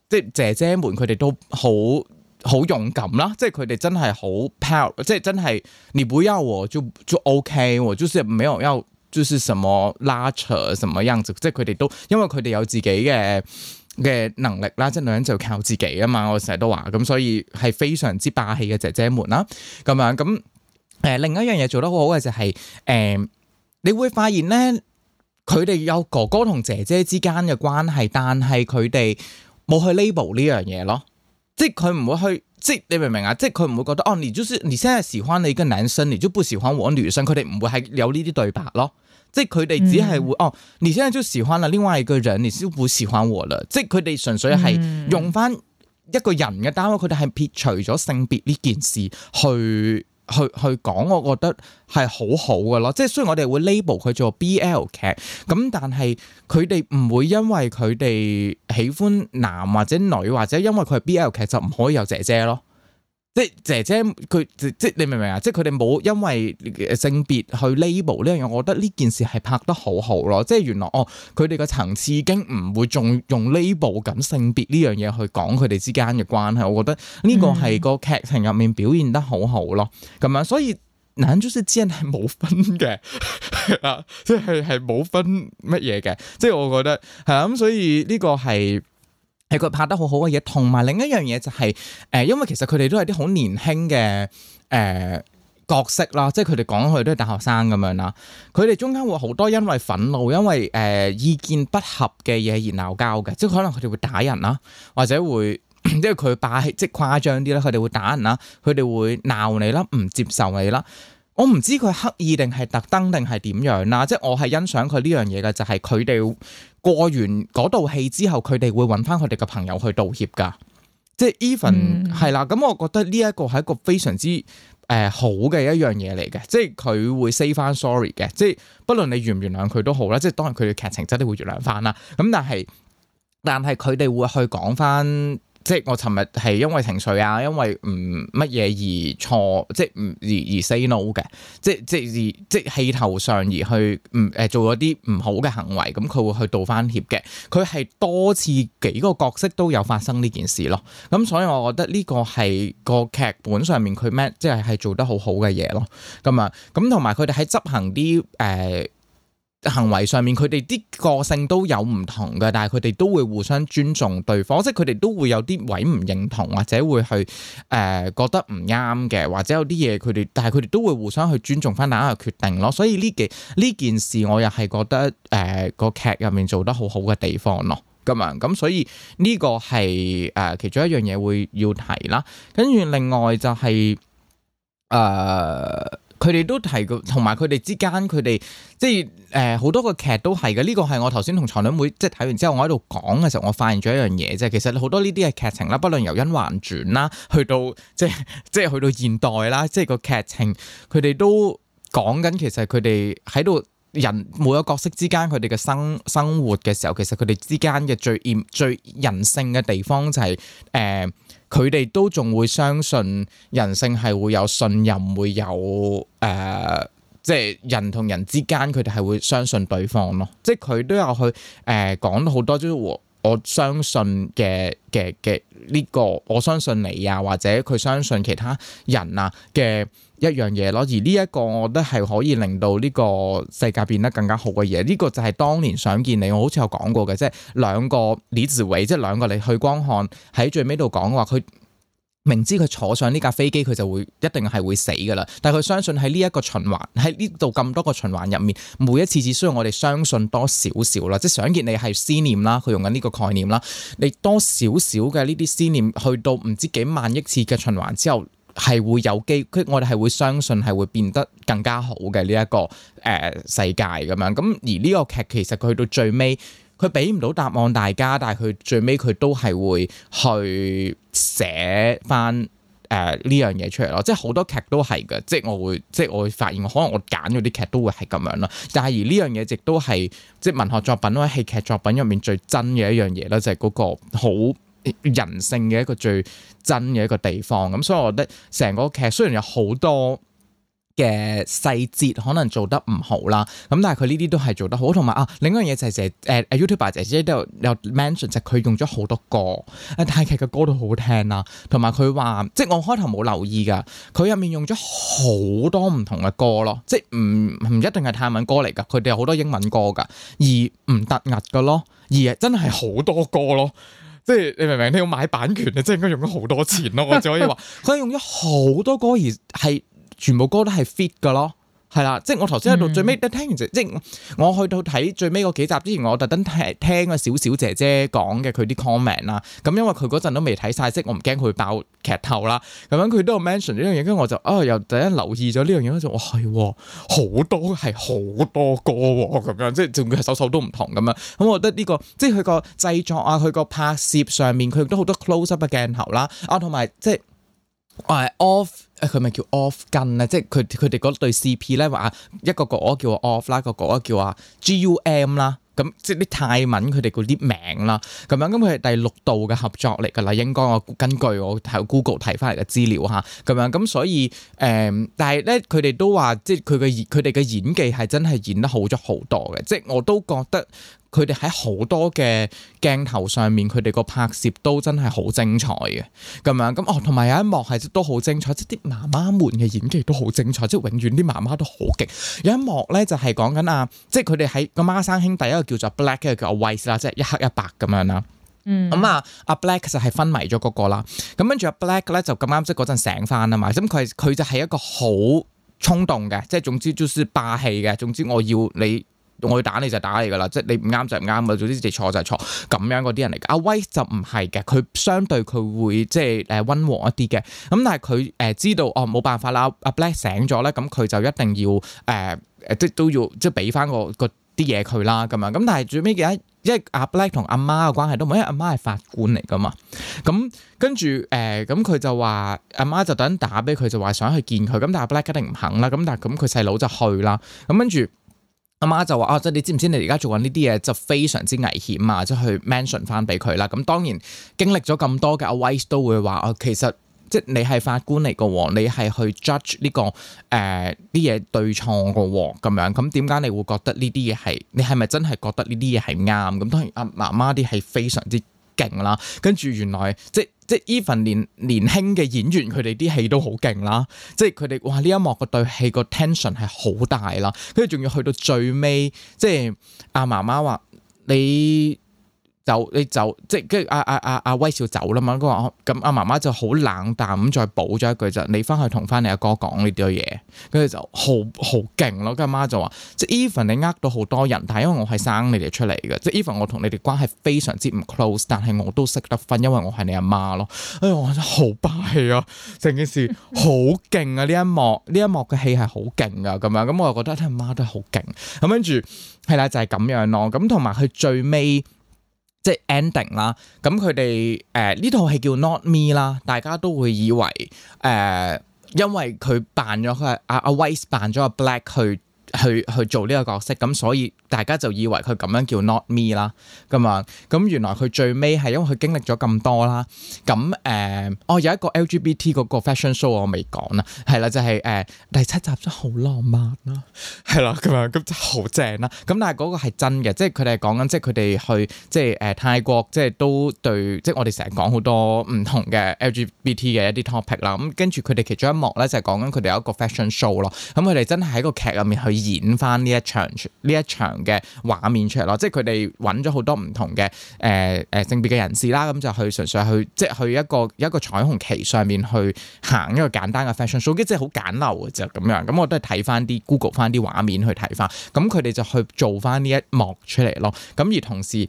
即係姐姐們，們，佢哋都好好勇敢啦，即係佢哋真係好 power，即係真係你不要我、啊、就就 OK，我、啊、就唔、是、沒有要，就是什麼拉扯，什麼樣，即係佢哋都因為佢哋有自己嘅嘅能力啦，即係女人就靠自己啊嘛，我成日都話咁，所以係非常之霸氣嘅姐姐們啦，咁樣咁誒、呃、另一樣嘢做得好好嘅就係、是、誒、呃你會發現咧，佢哋有哥哥同姐姐之間嘅關係，但係佢哋冇去 label 呢樣嘢咯。即係佢唔會去，即係你明唔明啊？即係佢唔會覺得哦，你就是你先係喜歡一個男生，你就不喜歡我女生。佢哋唔會係有呢啲對白咯。即係佢哋只係會、嗯、哦，你先係就喜歡了另外一個人，你先會喜歡我了。即係佢哋純粹係用翻一個人嘅單位，佢哋係撇除咗性別呢件事去。去去講，我覺得係好好嘅咯，即係雖然我哋會 label 佢做 BL 劇，咁但係佢哋唔會因為佢哋喜歡男或者女，或者因為佢係 BL 劇就唔可以有姐姐咯。即係姐姐佢即即你明唔明啊？即係佢哋冇因為性別去 label 呢樣嘢，我覺得呢件事係拍得好好咯。即係原來哦，佢哋嘅層次已經唔會仲用 label 咁性別呢樣嘢去講佢哋之間嘅關係，我覺得呢個係個劇情入面表現得好好咯。咁、嗯、樣所以男女是人係冇分嘅，係即係係冇分乜嘢嘅。即、就、係、是、我覺得係咁，所以呢個係。係佢拍得好好嘅嘢，同埋另一樣嘢就係、是、誒、呃，因為其實佢哋都係啲好年輕嘅誒角色啦，即係佢哋講佢哋都係大學生咁樣啦。佢哋中間會好多因為憤怒，因為誒、呃、意見不合嘅嘢而鬧交嘅，即係可能佢哋會打人啦，或者會即係佢霸氣，即係誇張啲啦，佢哋會打人啦，佢哋會鬧你啦，唔接受你啦。我唔知佢刻意定係特登定係點樣啦，即係我係欣賞佢呢樣嘢嘅，就係佢哋。過完嗰部戲之後，佢哋會揾翻佢哋嘅朋友去道歉噶，即係 Even 係啦。咁、嗯、我覺得呢一個係一個非常之誒、呃、好嘅一樣嘢嚟嘅，即係佢會 say 翻 sorry 嘅。即係不論你原唔原諒佢都好啦，即係當然佢嘅劇情真係會原諒翻啦。咁但係但係佢哋會去講翻。即係我尋日係因為情緒啊，因為唔乜嘢而錯，即係唔而而 say no 嘅，即係即係即係氣頭上而去唔誒、呃、做咗啲唔好嘅行為，咁佢會去道翻歉嘅。佢係多次幾個角色都有發生呢件事咯，咁、嗯、所以我覺得呢個係個劇本上面佢咩即係係做得好好嘅嘢咯，咁啊，咁同埋佢哋喺執行啲誒。呃行為上面佢哋啲個性都有唔同嘅，但係佢哋都會互相尊重對方，即係佢哋都會有啲位唔認同或者會去誒、呃、覺得唔啱嘅，或者有啲嘢佢哋，但係佢哋都會互相去尊重翻大家嘅決定咯。所以呢幾呢件事，我又係覺得誒、呃那個劇入面做得好好嘅地方咯。咁樣咁，所以呢個係誒、呃、其中一樣嘢會要提啦。跟住另外就係、是、誒。呃佢哋都提過，同埋佢哋之間，佢哋即係誒好多個劇都係嘅。呢個係我頭先同財女妹即係睇完之後，我喺度講嘅時候，我發現咗一樣嘢即係。其實好多呢啲嘅劇情啦，不論由甄嬛傳啦，去到即係即係去到現代啦，即係個劇情，佢哋都講緊其實佢哋喺度人每一個角色之間，佢哋嘅生生活嘅時候，其實佢哋之間嘅最嚴最人性嘅地方就係、是、誒。呃佢哋都仲會相信人性係會有信任，會有誒、呃，即係人同人之間，佢哋係會相信對方咯。即係佢都有去誒、呃、講好多、就係我相信嘅嘅嘅呢個，我相信你啊，或者佢相信其他人啊嘅一樣嘢咯。而呢一個我覺得係可以令到呢個世界變得更加好嘅嘢。呢、這個就係當年想見你，我好似有講過嘅，即係兩個李子維，即係兩個你去觀看喺最尾度講話佢。明知佢坐上呢架飛機，佢就會一定係會死噶啦。但係佢相信喺呢一個循環，喺呢度咁多個循環入面，每一次只需要我哋相信多少少啦，即係想見你係思念啦。佢用緊呢個概念啦，你多少少嘅呢啲思念去到唔知幾萬億次嘅循環之後，係會有機，佢我哋係會相信係會變得更加好嘅呢一個誒、呃、世界咁樣。咁而呢個劇其實佢到最尾，佢俾唔到答案大家，但係佢最尾佢都係會去。寫翻誒呢樣嘢出嚟咯，即係好多劇都係嘅，即係我會即係我會發現，可能我揀咗啲劇都會係咁樣咯。但係而呢樣嘢，亦都係即係文學作品或者戲劇作品入面最真嘅一樣嘢啦，就係嗰個好人性嘅一個最真嘅一個地方。咁所以我覺得成個劇雖然有好多嘅細節可能做得唔好啦，咁但係佢呢啲都係做得好，同埋啊，另一樣嘢就係姐誒、呃、YouTuber 姐姐都有，有 mention 就佢用咗好多歌，誒泰劇嘅歌都好聽啦，啊，同埋佢話即係我開頭冇留意噶，佢入面用咗好多唔同嘅歌咯，即係唔唔一定係泰文歌嚟噶，佢哋有好多英文歌噶，而唔突兀噶咯，而真係好多歌咯，即係你明唔明？你要買版權啊，即係應該用咗好多錢咯，我就可以話佢 用咗好多歌而係。全部歌都係 fit 嘅咯，係啦，即係我頭先喺度最尾都聽完，即我去到睇最尾嗰幾集之前，我特登聽聽個小小姐姐講嘅佢啲 comment 啦。咁因為佢嗰陣都未睇晒，即我唔驚佢爆劇透啦。咁樣佢都有 mention 呢樣嘢，跟住我就啊又突然間留意咗呢樣嘢，跟住我係好多係好多歌咁樣，即係仲係首首都唔同咁樣。咁、嗯、我覺得呢、呢個即係佢個製作啊，佢個拍攝上面佢都好多 close up 嘅鏡頭啦，啊同埋即係。誒、oh, off，佢咪叫 off 跟咧，即係佢佢哋嗰對 CP 咧話一個個我叫 off 啦，一個個,個叫啊 GUM 啦，咁即係啲泰文佢哋嗰啲名啦，咁樣咁佢係第六度嘅合作嚟噶啦，應該我根據我喺 Google 睇翻嚟嘅資料嚇，咁樣咁所以誒、嗯，但係咧佢哋都話，即係佢嘅佢哋嘅演技係真係演得好咗好多嘅，即係我都覺得。佢哋喺好多嘅鏡頭上面，佢哋個拍攝都真係好精彩嘅，咁樣咁哦，同埋有一幕係都好精彩，即啲媽媽們嘅演技都好精彩，即永遠啲媽媽都好勁。有一幕咧就係講緊啊，即佢哋喺個孖生兄弟一個叫做 Black 嘅叫 White 啦，即一黑一白咁樣啦。咁、嗯、啊，阿 Black 就係昏迷咗嗰個啦。咁跟住阿 Black 咧就咁啱即嗰陣醒翻啊嘛。咁佢佢就係一個好衝動嘅，即總之就是霸氣嘅。總之我要你。我打你就打你噶啦，即係你唔啱就唔啱啦，總之你錯就係錯咁樣嗰啲人嚟噶。阿威就唔係嘅，佢相對佢會即係誒溫和一啲嘅。咁但係佢誒知道哦，冇辦法啦。阿 Black 醒咗咧，咁佢就一定要誒誒、呃、都都要即係俾翻個啲嘢佢啦。咁啊咁，但係最尾嘅一，因為阿 Black 同阿媽嘅關係都冇，因為阿媽係法官嚟噶嘛。咁跟住誒咁佢就話阿媽就等打俾佢，就話想去見佢。咁但係阿 Black 一定唔肯啦。咁但係咁佢細佬就去啦。咁跟住。阿媽就話啊，即、哦、係你知唔知你而家做緊呢啲嘢，就非常之危險啊，即、就、係、是、去 mention 翻俾佢啦。咁當然經歷咗咁多嘅，阿威都會話哦，其實即係你係法官嚟噶，你係去 judge 呢、這個誒啲嘢對錯噶咁樣。咁點解你會覺得呢啲嘢係？你係咪真係覺得呢啲嘢係啱？咁、嗯、當然阿媽媽啲係非常之勁啦。跟住原來即即係 even 年年輕嘅演員佢哋啲戲都好勁啦，即係佢哋哇呢一幕個對戲個 tension 係好大啦，跟住仲要去到最尾，即係阿、啊、媽媽話你。就你就即係跟住阿阿阿阿威少走啦嘛，媽媽跟住咁阿媽媽就好冷淡咁再補咗一句就，你翻去同翻你阿哥講呢啲嘢，跟住就好好勁咯。跟住阿媽就話，即係 even 你呃到好多人，但係因為我係生你哋出嚟嘅，即係 even 我同你哋關係非常之唔 close，但係我都識得分，因為我係你阿媽咯。哎呀，我真係好霸氣啊！成件事好勁啊！呢一幕呢一幕嘅戲係好勁啊！咁樣咁我又覺得阿媽都好勁咁跟住係啦，就係、是、咁樣咯。咁同埋佢最尾。即係 ending 啦，咁佢哋誒呢套戲叫 Not Me 啦，大家都會以為誒、呃、因為佢扮咗佢係阿阿 waste 扮咗阿、啊、black h 去去做呢個角色，咁所以大家就以為佢咁樣叫 not me 啦，咁啊，咁原來佢最尾係因為佢經歷咗咁多啦，咁誒、呃，哦有一個 LGBT 嗰個 fashion show 我未講啦，係啦就係、是、誒、呃、第七集真好浪漫啦、啊，係啦，咁啊咁就好正啦，咁但係嗰個係真嘅，即係佢哋講緊，即係佢哋去即係誒、呃、泰國，即係都對，即係我哋成日講好多唔同嘅 LGBT 嘅一啲 topic 啦，咁跟住佢哋其中一幕咧就係講緊佢哋有一個 fashion show 咯，咁佢哋真係喺個劇入面去。演翻呢一場呢一場嘅畫面出嚟咯，即係佢哋揾咗好多唔同嘅誒誒性別嘅人士啦，咁就去純粹去即係去一個一個彩虹旗上面去行一個簡單嘅 fashion show，即係好簡陋嘅就咁樣。咁我都係睇翻啲 Google 翻啲畫面去睇翻，咁佢哋就去做翻呢一幕出嚟咯。咁而同時。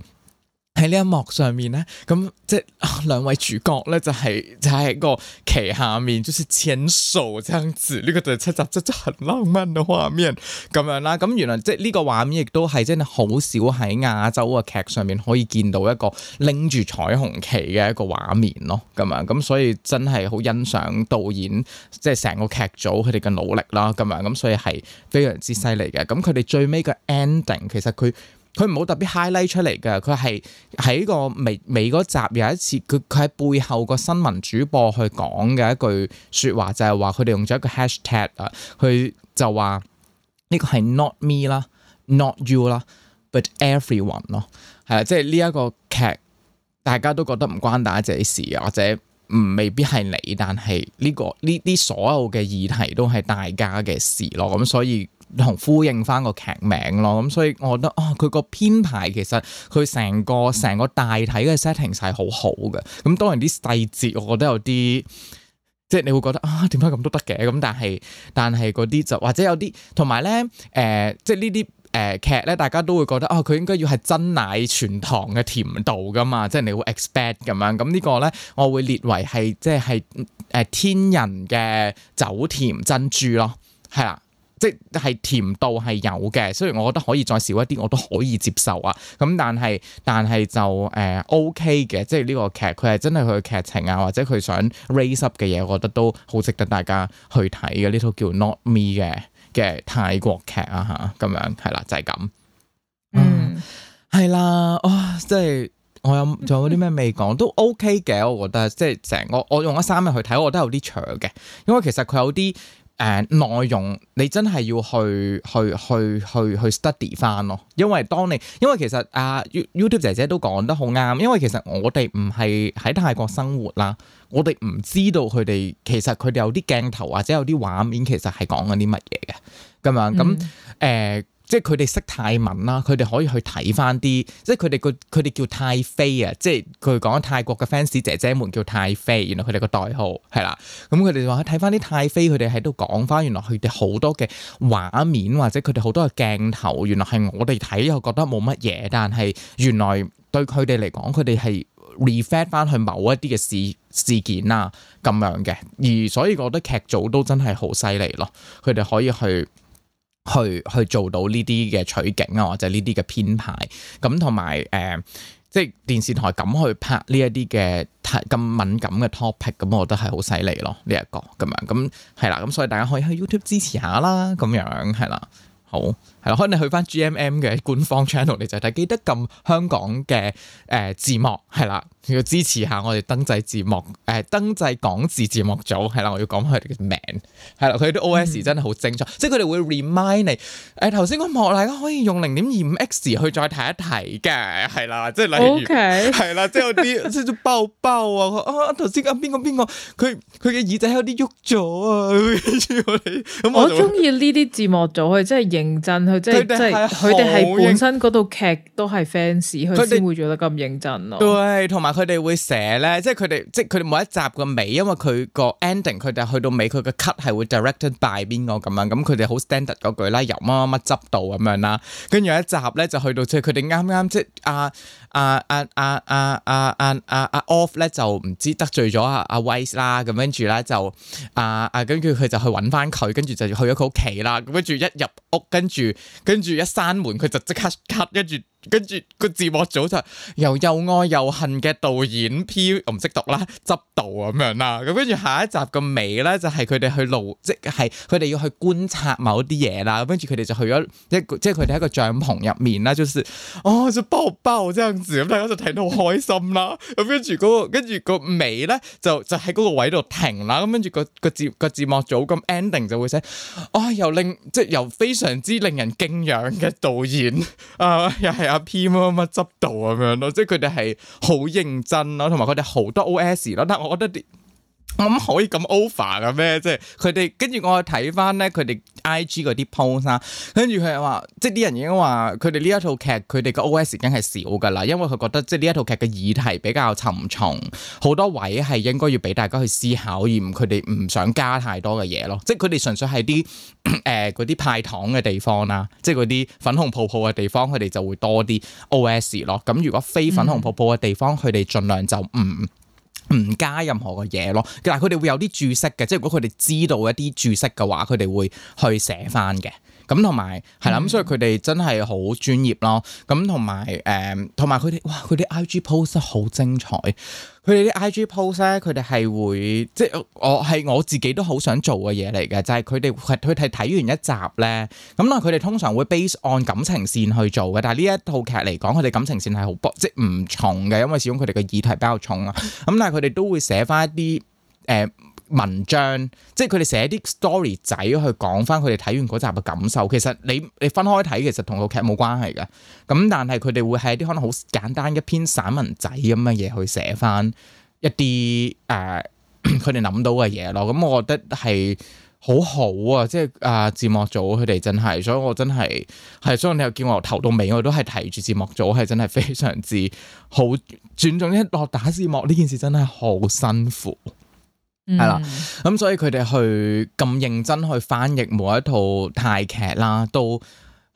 喺呢一幕上面咧，咁即係兩、啊、位主角咧就係、是、就係、是、個旗下面，就是牽手這樣子。呢、這個就係七集七七很浪漫嘅畫面咁樣啦。咁、嗯、原來即係呢、這個畫面亦都係真係好少喺亞洲嘅劇上面可以見到一個拎住彩虹旗嘅一個畫面咯。咁樣咁、嗯、所以真係好欣賞導演即係成個劇組佢哋嘅努力啦。咁樣咁、嗯、所以係非常之犀利嘅。咁佢哋最尾嘅 ending 其實佢。佢唔好特別 highlight 出嚟嘅，佢係喺個尾尾嗰集有一次，佢佢喺背後個新聞主播去講嘅一句説話，就係話佢哋用咗一個 hashtag 啊，佢就話呢個係 not me 啦，not you 啦，but everyone 咯，係啊，即係呢一個劇大家都覺得唔關大家事嘅，或者唔未必係你，但係呢、呢個呢啲所有嘅議題都係大家嘅事咯，咁所以。同呼應翻個劇名咯，咁、嗯、所以我覺得啊，佢、哦、個編排其實佢成個成個大體嘅 setting 係好好嘅。咁、嗯、當然啲細節我覺得有啲，即係你會覺得啊，點解咁都得嘅？咁但係但係嗰啲就或者有啲，同埋咧誒，即係、呃呃、呢啲誒劇咧，大家都會覺得啊，佢、哦、應該要係真奶全糖嘅甜度噶嘛，即係你會 expect 咁樣。咁、嗯這個、呢個咧，我會列為係即係誒天人嘅酒甜珍珠咯，係啦。即係甜度係有嘅，雖然我覺得可以再少一啲，我都可以接受啊。咁但係但係就誒 O K 嘅，即係呢個劇，佢係真係佢嘅劇情啊，或者佢想 raise up 嘅嘢，我覺得都好值得大家去睇嘅。呢套叫 Not Me 嘅嘅泰國劇啊吓，咁、啊、樣係啦，就係、是、咁。嗯，係啦、嗯，啊，即係我有仲有啲咩未講都 O K 嘅，我覺得即係成我我用咗三日去睇，我覺得有啲長嘅，因為其實佢有啲。誒、呃、內容你真係要去去去去去 study 翻咯，因為當你，因為其實阿、啊、YouTube 姐姐都講得好啱，因為其實我哋唔係喺泰國生活啦，我哋唔知道佢哋其實佢哋有啲鏡頭或者有啲畫面其實係講緊啲乜嘢嘅咁樣咁誒。即係佢哋識泰文啦，佢哋可以去睇翻啲，即係佢哋佢哋叫泰飛啊，即係佢講泰國嘅 fans 姐姐們叫泰飛，原來佢哋個代號係啦，咁佢哋就話睇翻啲泰飛，佢哋喺度講翻，原來佢哋好多嘅畫面或者佢哋好多嘅鏡頭，原來係我哋睇又覺得冇乜嘢，但係原來對佢哋嚟講，佢哋係 reflect 翻去某一啲嘅事事件啊咁樣嘅，而所以我覺得劇組都真係好犀利咯，佢哋可以去。去去做到呢啲嘅取景啊，或者呢啲嘅編排，咁同埋誒，即係電視台咁去拍呢一啲嘅咁敏感嘅 topic，咁我覺得係好犀利咯，呢一個咁樣咁係啦，咁所以大家可以去 YouTube 支持下啦，咁樣係啦，好。可能、嗯、你去翻 GMM 嘅官方 channel 你就睇，記得撳香港嘅誒、呃、字幕係啦，要支持下我哋登載字幕誒登載港字字幕組，係啦，我要講佢哋嘅名係啦，佢啲 OS 真係好精彩，嗯、即係佢哋會 remind 你誒頭先個幕，大家可以用零點二五 x 去再睇一睇嘅係啦，即係例如係 Okay 啦，即係有啲即係啲包包啊頭先啊邊個邊個佢佢嘅耳仔有啲喐咗啊！哪個哪個啊 嗯、我中意呢啲字幕組，佢 真係認真去。佢哋係佢哋係本身嗰套劇都係 fans，佢先會做得咁認真咯。對，同埋佢哋會寫咧，即係佢哋即係佢哋每一集個尾，因為佢個 ending，佢哋去到尾佢嘅 cut 係會 directed by 邊個咁樣，咁佢哋好 standard 嗰句啦，由乜乜乜執到咁樣啦，跟住有一集咧就去到即係佢哋啱啱即係啊。阿阿阿阿阿阿阿阿 Off 咧就唔知得罪咗阿阿威啦，咁跟住咧就啊啊跟住佢就去揾翻佢，跟住就去咗佢屋企啦，咁跟住一入屋，跟住跟住一閂門，佢就即刻 cut 跟住。跟住個字幕組就由又愛又恨嘅導演 P 唔識讀啦執導，咁樣啦，咁跟住下一集個尾咧就係佢哋去路，即係佢哋要去觀察某啲嘢啦。跟住佢哋就去咗一，即係佢哋喺個帳篷入面啦，就是哦，就包包張紙咁，大家就睇到好開心啦。咁 跟住嗰個，跟住個尾咧就就喺嗰位度停啦。咁跟住個個字個字幕組咁 ending 就會寫哦又令即係由非常之令人敬仰嘅導演、呃、啊，又係啊～P 乜乜執到咁樣咯，即係佢哋係好認真咯、啊，同埋佢哋好多 OS 咯、啊，但係我覺得啲。我、嗯、可以咁 over 嘅咩？即係佢哋跟住我睇翻咧，佢哋 I G 嗰啲 post 啦，跟住佢又話，即係啲人已經話佢哋呢一套劇，佢哋個 O S 已經係少噶啦，因為佢覺得即係呢一套劇嘅議題比較沉重，好多位係應該要俾大家去思考，而佢哋唔想加太多嘅嘢咯。即係佢哋純粹係啲誒嗰啲派糖嘅地方啦、啊，即係嗰啲粉紅泡泡嘅地方，佢哋就會多啲 O S 咯。咁如果非粉紅泡泡嘅地方，佢哋盡量就唔。唔加任何嘅嘢咯，但係佢哋會有啲注釋嘅，即係如果佢哋知道一啲注釋嘅話，佢哋會去寫返嘅。咁同埋係啦，咁、嗯、所以佢哋真係好專業咯。咁同埋誒，同埋佢哋，哇！佢啲 IG post 好精彩。佢哋啲 IG post 咧，佢哋係會即係我係我自己都好想做嘅嘢嚟嘅，就係佢哋佢係睇完一集咧，咁啦佢哋通常會 base on 感情線去做嘅，但係呢一套劇嚟講，佢哋感情線係好薄，即係唔重嘅，因為始終佢哋嘅議題比較重啊，咁但係佢哋都會寫翻一啲誒。呃文章即係佢哋寫啲 story 仔去講翻佢哋睇完嗰集嘅感受。其實你你分開睇，其實同個劇冇關係嘅。咁但係佢哋會係一啲可能好簡單一篇散文仔咁嘅嘢，去寫翻一啲誒，佢哋諗到嘅嘢咯。咁、嗯、我覺得係好好啊，即係啊、呃、字幕組佢哋真係，所以我真係係，所以你又叫我頭到尾我都係提住字幕組，係真係非常之好。尊重一下打字幕呢件事真係好辛苦。係啦，咁、嗯嗯、所以佢哋去咁認真去翻譯每一套泰劇啦，都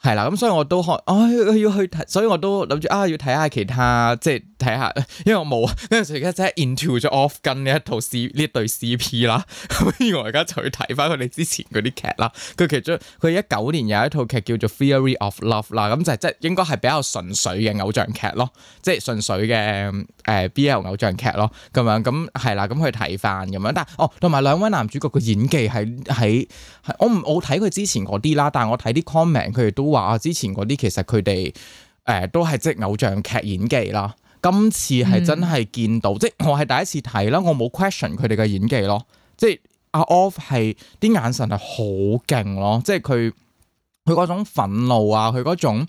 係啦，咁所以我都開，哎，要去，睇，所以我都諗住啊，要睇下其他即係。睇下，因為我冇啊，跟住而家真係 into 咗 Off 跟呢一套 C 呢對 CP 啦，咁所以我而家就去睇翻佢哋之前嗰啲劇啦。佢其中佢一九年有一套劇叫做《Theory of Love》啦，咁就即、是、係應該係比較純粹嘅偶像劇咯，即、就、係、是、純粹嘅誒、呃、BL 偶像劇咯，咁樣咁係啦，咁去睇翻咁樣。但係哦，同埋兩位男主角嘅演技係喺，我唔我睇佢之前嗰啲啦，但係我睇啲 comment 佢哋都話啊，之前嗰啲其實佢哋誒都係即係偶像劇演技啦。今次係真係見到，嗯、即係我係第一次睇啦，我冇 question 佢哋嘅演技咯。即係阿 Off 係啲眼神係好勁咯，即係佢佢嗰種憤怒啊，佢嗰種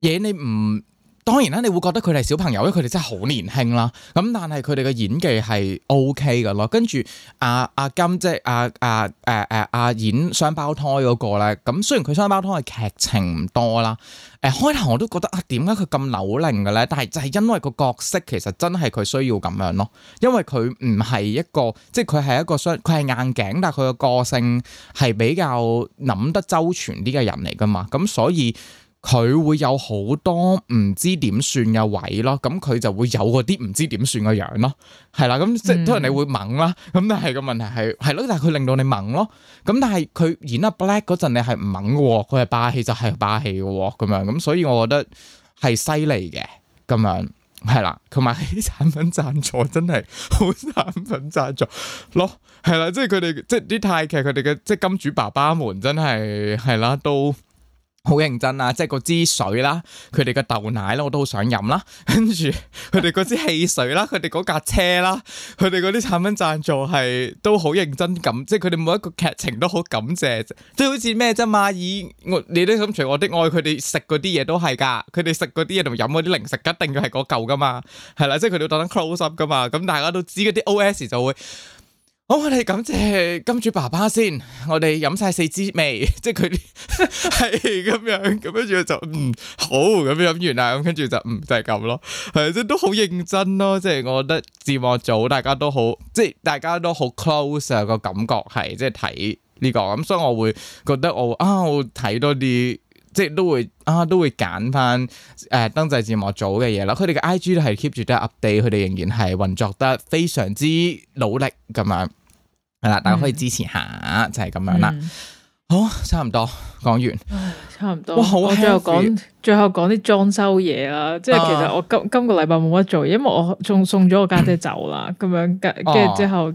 嘢你唔。當然啦，你會覺得佢哋係小朋友，因為佢哋真係好年輕啦。咁但係佢哋嘅演技係 O K 嘅咯。跟住阿阿金即係阿阿誒誒阿演雙胞胎嗰個咧。咁雖然佢雙胞胎嘅劇情唔多啦，誒、啊、開頭我都覺得啊，點解佢咁扭擰嘅咧？但係就係因為個角色其實真係佢需要咁樣咯，因為佢唔係一個即係佢係一個雙佢係硬頸，但係佢個個性係比較諗得周全啲嘅人嚟噶嘛。咁、啊、所以。佢會有好多唔知點算嘅位咯，咁佢就會有嗰啲唔知點算嘅樣咯，係啦，咁即係都係你會猛啦，咁但係個問題係係咯，但係佢令到你猛咯，咁但係佢演阿 Black 嗰陣，你係唔猛嘅喎，佢係霸氣就係霸氣嘅喎，咁樣咁，所以我覺得係犀利嘅，咁樣係啦，同埋啲產品贊助真係好產品贊助咯，係啦，即係佢哋即係啲泰劇佢哋嘅即係金主爸爸們真係係啦都。好認真啊！即係嗰支水啦，佢哋嘅豆奶啦，我都好想飲啦。跟住佢哋嗰支汽水啦，佢哋嗰架車啦，佢哋嗰啲產品贊助係都好認真咁，即係佢哋每一個劇情都好感謝。即係好似咩啫嘛？以我你都諗除我的愛，佢哋食嗰啲嘢都係噶，佢哋食嗰啲嘢同埋飲嗰啲零食，一定要係嗰嚿噶嘛，係啦，即係佢哋特登 close up 噶嘛。咁大家都知嗰啲 O.S. 就會。好，我哋感謝金主爸爸先。我哋飲晒四支味，即係佢係咁樣，咁跟住就嗯好咁樣飲完啦。咁跟住就唔、嗯、就係咁咯，係即都好認真咯、哦。即係我覺得字幕組大家都好，即係大家都好 close 個、啊、感覺係，即係睇呢個咁，所以我會覺得我啊，我睇多啲，即係都會啊，都會揀翻誒，燈制字幕組嘅嘢啦。佢哋嘅 I G 都係 keep 住都 update，佢哋仍然係運作得非常之努力咁樣。係啦，大家可以支持下，嗯、就係咁樣啦。好、嗯哦，差唔多講完，差唔多。我最後講，最後講啲裝修嘢啦。啊、即係其實我今今個禮拜冇乜做，因為我仲送咗我家姐，姐走啦，咁、嗯、樣跟跟住之後。啊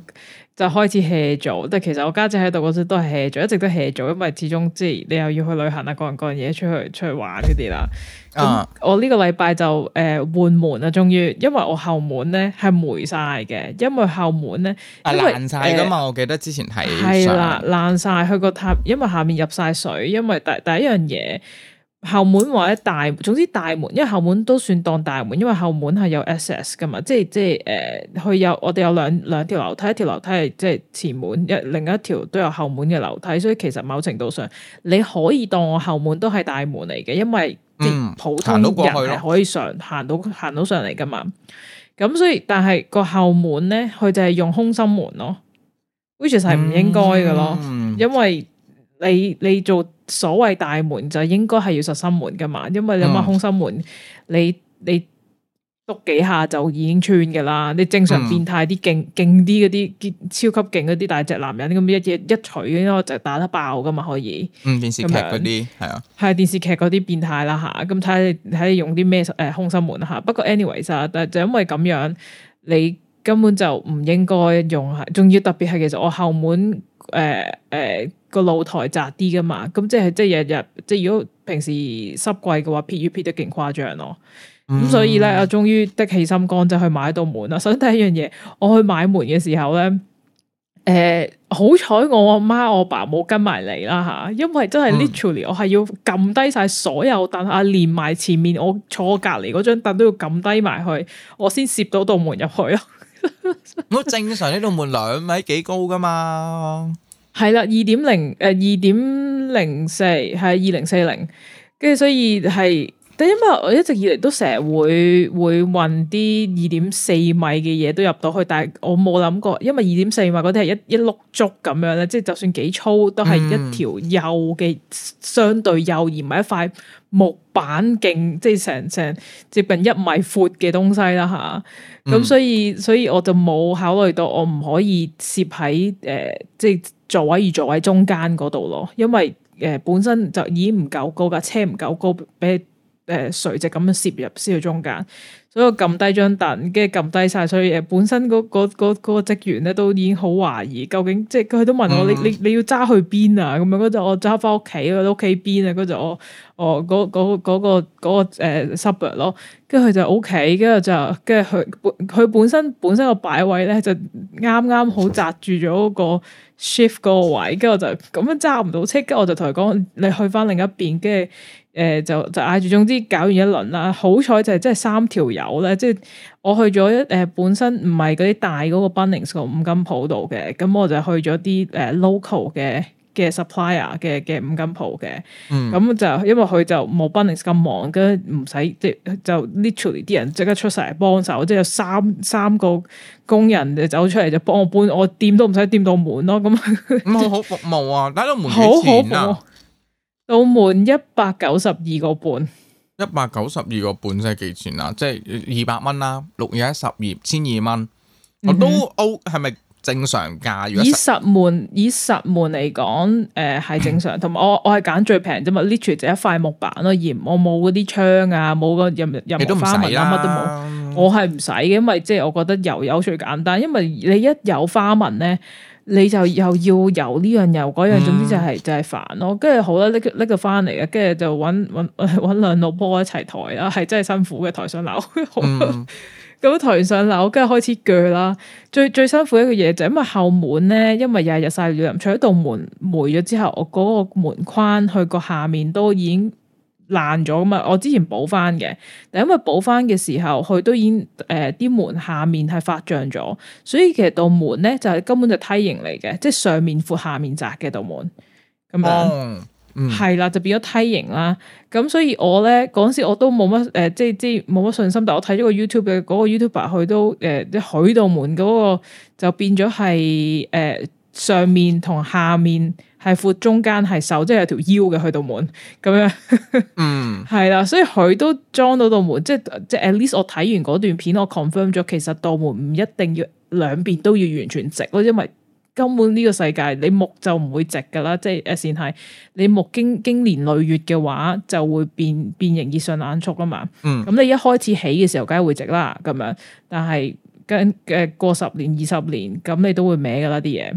就開始 hea 咗，但其實我家姐喺度嗰陣都係 hea 咗，一直都 hea 咗，因為始終即係你又要去旅行啊，各樣各樣嘢出去出去玩呢啲啦。 啊！我我呢個禮拜就誒換門啦，終於，因為我後門咧係霉晒嘅，因為後門咧啊爛晒啊嘛！呃、我記得之前係係啦爛晒，去個塔，因為下面入晒水，因為第第一樣嘢。後門或者大，總之大門，因為後門都算當大門，因為後門係有 access 噶嘛，即係即係誒，佢、呃、有我哋有兩兩條樓梯，一條樓梯係即係前門，一另一條都有後門嘅樓梯，所以其實某程度上你可以當我後門都係大門嚟嘅，因為啲普通人係可以上行到行到上嚟噶嘛咁所以，但係個後門咧，佢就係用空心門咯，which 係唔、嗯、應該噶咯，因為。你你做所謂大門就應該係要實心門㗎嘛，因為你諗下空心門，嗯、你你篤幾下就已經穿㗎啦。你正常變態啲勁勁啲嗰啲，超級勁嗰啲大隻男人咁一嘢一捶，因就打得爆㗎嘛，可以。嗯，電視劇嗰啲係啊，係電視劇嗰啲變態啦嚇。咁睇睇你用啲咩誒空心門嚇。不過 anyways 就因為咁樣，你根本就唔應該用，仲要特別係其實我後門誒誒。呃呃個露台窄啲噶嘛，咁即係即係日日，即係如果平時濕季嘅話，撇雨撇得勁誇張咯。咁、嗯、所以咧，我終於的起心肝就去買道門啦。想第一樣嘢，我去買門嘅時候咧，誒、呃，好彩我阿媽、我爸冇跟埋嚟啦吓，因為真係 literally、嗯、我係要撳低晒所有凳啊，連埋前面我坐隔籬嗰張凳都要撳低埋去，我先攝到道門入去咯。我 正常呢度門兩米幾高噶嘛。係啦，二點零，誒二點零四，係二零四零，跟住所以係，但因為我一直以嚟都成日會會運啲二點四米嘅嘢都入到去，但係我冇諗過，因為二點四米嗰啲係一一碌竹咁樣咧，即係就算幾粗都係一條幼嘅，嗯、相對幼而唔係一塊，木板勁，即係成成接近一米闊嘅東西啦吓，咁、啊、所以所以我就冇考慮到我唔可以攝喺誒，即係座位與座位中間嗰度咯，因為誒、呃、本身就已經唔夠高㗎，車唔夠高，俾誒、呃、垂直咁樣攝入攝去中間。所以撳低張凳，跟住撳低晒。所以誒本身嗰嗰嗰個職員咧都已經好懷疑究竟，即係佢都問我你你你要揸去邊啊？咁、呃、樣嗰陣我揸翻屋企咯，屋企邊啊？嗰陣我我嗰嗰嗰個嗰個 suburb 咯，跟住佢就 OK，跟住就跟住佢本佢本身本身個擺位咧就啱啱好閘住咗個 shift 個位，跟住我就咁樣揸唔到車，跟住我就同佢講你去翻另一邊，跟住誒就就嗌住，總之搞完一輪啦。好彩就係真係三條人。咧，即係我去咗一誒，本身唔係嗰啲大嗰個 Bunnings 個五金鋪度嘅，咁我就去咗啲誒、呃、local 嘅嘅 supplier 嘅嘅五金鋪嘅，咁、嗯、就因為佢就冇 Bunnings 咁忙，跟唔使即就，就 literally 啲人即刻出晒嚟幫手，即係有三三個工人就走出嚟就幫我搬，我掂都唔使掂到門咯。咁咁、嗯 嗯、好服務啊，拉到門好好服到門一百九十二個半。一百九十二個半即係幾錢啊？即係二百蚊啦，六頁、十頁、千二蚊，嗯、哼我都 O 係咪正常價？以實門以實門嚟講，誒、呃、係正常。同埋 我我係揀最平啫嘛，literally 就一塊木板咯，而我冇嗰啲窗啊，冇個任、任何花紋啊，乜都冇。我係唔使嘅，因為即係我覺得油油最簡單，因為你一有花紋咧。你就又要由呢樣又嗰樣，總之就係、是、就係煩咯。跟住好啦，拎個拎個翻嚟啊，跟住就揾揾揾兩老婆一齊抬啊，係真係辛苦嘅抬上樓。咁、嗯、 抬上樓，跟住開始鋸啦。最最辛苦一個嘢就係，因為後門咧，因為日日曬雨淋，除咗道門霉咗之後，我嗰個門框去個下面都已經。爛咗噶嘛？我之前補翻嘅，但係因為補翻嘅時候，佢都已經誒啲、呃、門下面係發脹咗，所以其實道門咧就係、是、根本就梯形嚟嘅，即係上面闊、下面窄嘅道門咁啊，係啦樣、嗯，就變咗梯形啦。咁所以我咧嗰陣時我都冇乜誒，即係即係冇乜信心，但我睇咗個 YouTube 嘅嗰個 YouTuber，佢都誒即係許道門嗰、那個就變咗係誒上面同下面。係闊，中間係瘦，即係有條腰嘅去到門咁樣， 嗯，係啦，所以佢都裝到度門，即係即係 at least 我睇完嗰段片，我 confirm 咗，其實度門唔一定要兩邊都要完全直咯，因為根本呢個世界你木就唔會直噶啦，即係阿善係你木經經年累月嘅話就會變變形熱脹冷縮啊嘛，嗯，咁你一開始起嘅時候梗係會直啦，咁樣，但係。跟誒過十年二十年咁你都會歪噶啦啲嘢，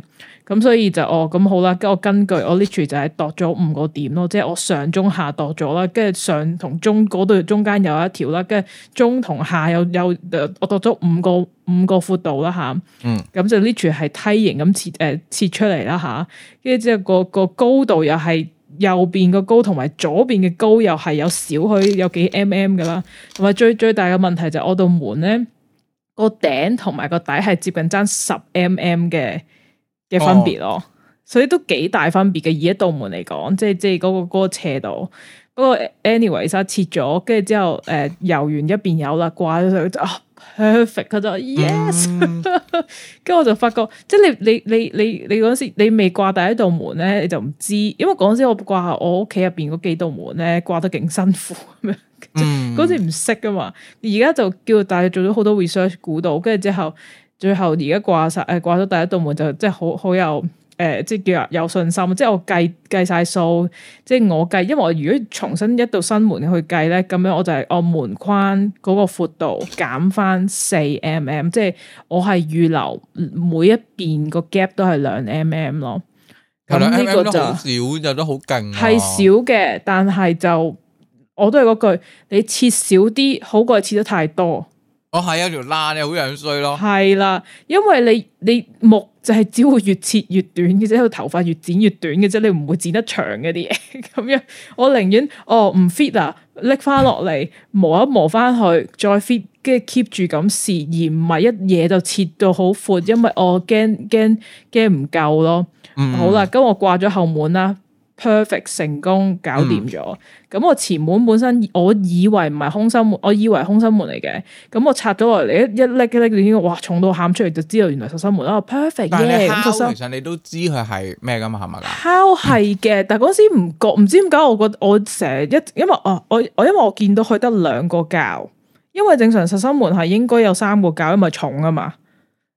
咁、啊、所以就哦咁、嗯嗯哦、好啦，跟我根據我 lift 住就係度咗五個點咯，即係我上中下度咗啦，跟住上同中嗰度中間有一條啦，跟住中同下又有有誒我度咗五個五個闊度啦嚇，嗯、啊，咁就 lift 住係梯形咁切誒、呃、切出嚟啦嚇，跟住之後、那個、這個高度又係右邊個高同埋左邊嘅高又係有少許有幾 mm 噶啦，同、啊、埋最最大嘅問題就係我度門咧。個頂同埋個底係接近爭十 mm 嘅嘅分別咯，哦、所以都幾大分別嘅。以一道門嚟講，即係即係嗰個、嗰個斜度。不過嗰個 anyways，切咗，跟住之後誒、呃，游完一邊有啦，掛咗上去就 perfect，佢就 yes。跟住、嗯、 我就發覺，即係你你你你你嗰時你未掛第一道門咧，你就唔知，因為嗰時我掛我屋企入邊嗰幾道門咧，掛得勁辛苦。 嗰、嗯、次唔識噶嘛，而家就叫，大約做咗好多 research 估到，跟住之後，最後而家掛晒，誒掛咗第一道門就即係好好有誒、呃，即係叫有信心。即係我計計計晒數，即係我計，因為我如果重新一道新門去計咧，咁樣我就係、是、按門框嗰個闊度減翻四 mm，即係我係預留每一邊個 gap 都係兩 mm 咯。兩 mm 都好少，有得好勁。係少嘅，但係就。我都係嗰句，你切少啲好過切得太多。哦，係啊，條罅你好樣衰咯。係啦，因為你你木就係只會越切越短嘅，即係頭髮越剪越短嘅啫，你唔會剪得長嗰啲嘢咁樣。我寧願哦唔 fit 啊，拎翻落嚟磨一磨翻去，再 fit 跟住 keep 住咁試，而唔係一嘢就切到好闊，因為我驚驚驚唔夠咯。嗯，好啦，咁我掛咗後門啦。perfect 成功搞掂咗，咁、嗯、我前門本身我以為唔係空心門，我以為空心門嚟嘅，咁我拆咗落嚟，一一拎一拎已經哇重到喊出嚟，就知道原來實心門啦 perfect 耶！實心門其實你都知佢係咩噶嘛係咪噶？敲係嘅，嗯、但係嗰時唔覺唔知點解我覺我成日一，因為哦我我因為我見到佢得兩個鉸，因為正常實心門係應該有三個鉸，因為重啊嘛，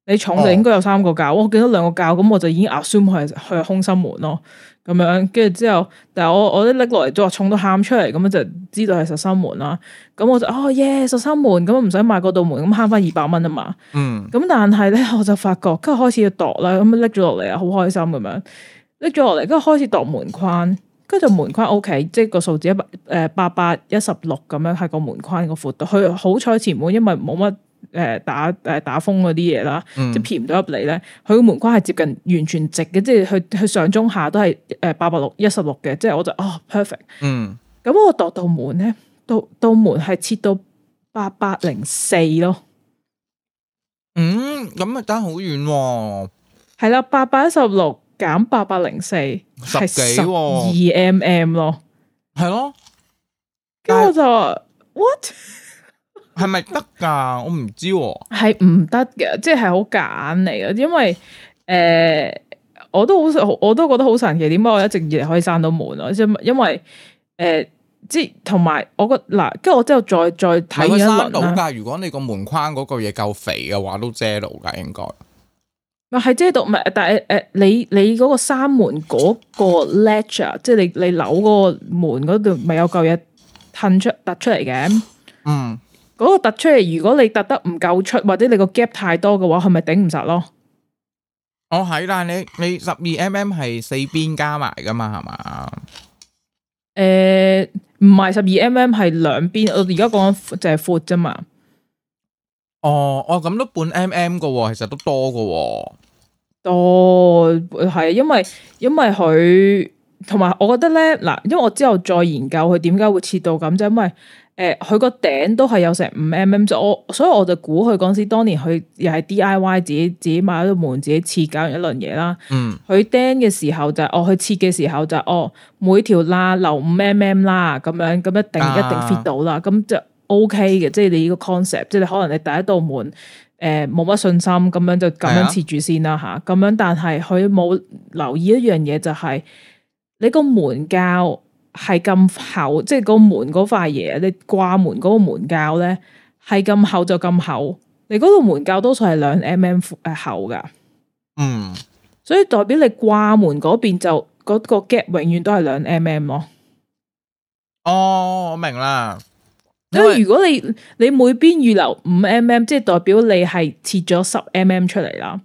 你重就應該有三個鉸。我見到兩個鉸，咁我就已經 assume 係係空心門咯。咁樣，跟住之後，但係我我咧拎落嚟，仲話，重到喊出嚟，咁樣就知道係實心門啦。咁我就哦耶，實心門，咁唔使買嗰道門，咁慳翻二百蚊啊嘛。嗯。咁但係咧，我就發覺，跟住開始要度啦，咁拎咗落嚟啊，好開心咁樣，拎咗落嚟，跟住開始度門框，跟住門框 OK，即係個數字一百，誒八百一十六咁樣，係個門框、那個闊度，佢好彩前門，因為冇乜。誒、呃，打誒、呃、打風嗰啲嘢啦，嗯、即係偏唔到入嚟咧。佢個門框係接近完全直嘅，即係佢佢上中下都係誒八百六一十六嘅。即係我就哦 perfect。嗯，咁我度到門咧，道道門係切到八百零四咯。嗯，咁咪差好遠，啊。係啦，八百一十六減八百零四，十幾二、啊、mm 咯。係咯跟住就話 what？係咪得噶？我唔知、啊，係唔得嘅，即係好揀嚟嘅。因為誒、呃，我都好，我都覺得好神奇。點解我一直以嚟可以閂到門啊？因為誒、呃，即係同埋我覺嗱，跟住我之後再再睇一輪啦。如果你個門框嗰個嘢夠肥嘅話，都遮到噶，應該唔係遮到，唔係但係誒，你你嗰個閂門嗰個 ledge，即係你你樓嗰個門嗰度咪有嚿嘢褪出突出嚟嘅，嗯。嗰個突出嚟，如果你突得唔夠出，或者你個 gap 太多嘅話，係咪頂唔實咯？哦，係但你你十二 mm 係四邊加埋噶嘛，係嘛？誒，唔係十二 mm 係兩邊，我而家講緊就係闊啫嘛。哦哦，咁都半 mm 嘅，其實都多嘅。多係、哦、因為因為佢同埋我覺得咧嗱，因為我之後再研究佢點解會切到咁就因為。誒，佢個頂都係有成五 mm，就我所以我就估佢嗰時當年佢又係 D I Y 自己自己買一道門自己切搞完一輪嘢啦。嗯，佢釘嘅時候就是、哦，佢切嘅時候就是、哦，每條罅留五 mm 啦，咁樣咁一定、啊、一定 fit 到啦，咁就 O K 嘅。即係你呢個 concept，即係你可能你第一道門誒冇乜信心，咁樣就咁樣切住先啦吓。咁樣是的、啊、但係佢冇留意一樣嘢就係、是、你個門膠。係咁厚，即係個門嗰塊嘢，你掛門嗰個門鉸咧係咁厚就咁厚，你嗰度門鉸多數係兩 M M 誒厚噶，嗯，所以代表你掛門嗰邊就嗰個 gap 永遠都係兩 M M 咯。哦，我明啦。因為如果你為你每邊預留五 M M，即係代表你係切咗十 M M 出嚟啦。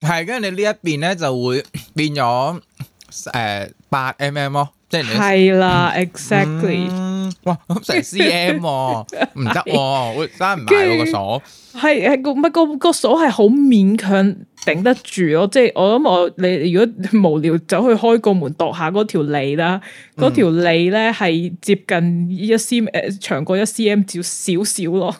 係，跟住你呢一邊咧就會變咗誒八 M M 咯。呃係啦，exactly。哇，成 C M 唔、啊、得、 啊，會閂唔埋我個鎖。係誒，個乜個個鎖係好勉強頂得住咯。即係 我諗我你如果無聊走去開個門度下嗰條脷啦，嗰條脷咧係接近一 C M 誒長過一 C M 少少少咯。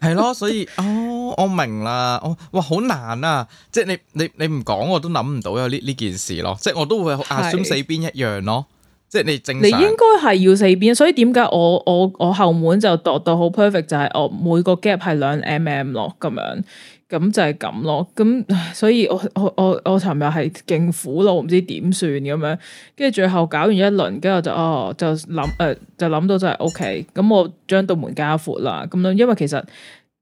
係咯， 所以哦，我明啦。我哇，好難啊！即係你你你唔講我都諗唔到有呢呢件事咯。即係我都會壓損四邊一樣咯。的 即你整，你應該係要四邊，所以點解我我我後門就度到好 perfect 就係、是、我每個 gap 係兩 mm 咯咁樣，咁就係咁咯。咁所以我我我我尋日係勁苦咯，我唔知點算咁樣，跟住最後搞完一輪，跟住就哦就諗誒、呃、就諗到就係 OK，咁我將度門加闊啦。咁樣因為其實誒、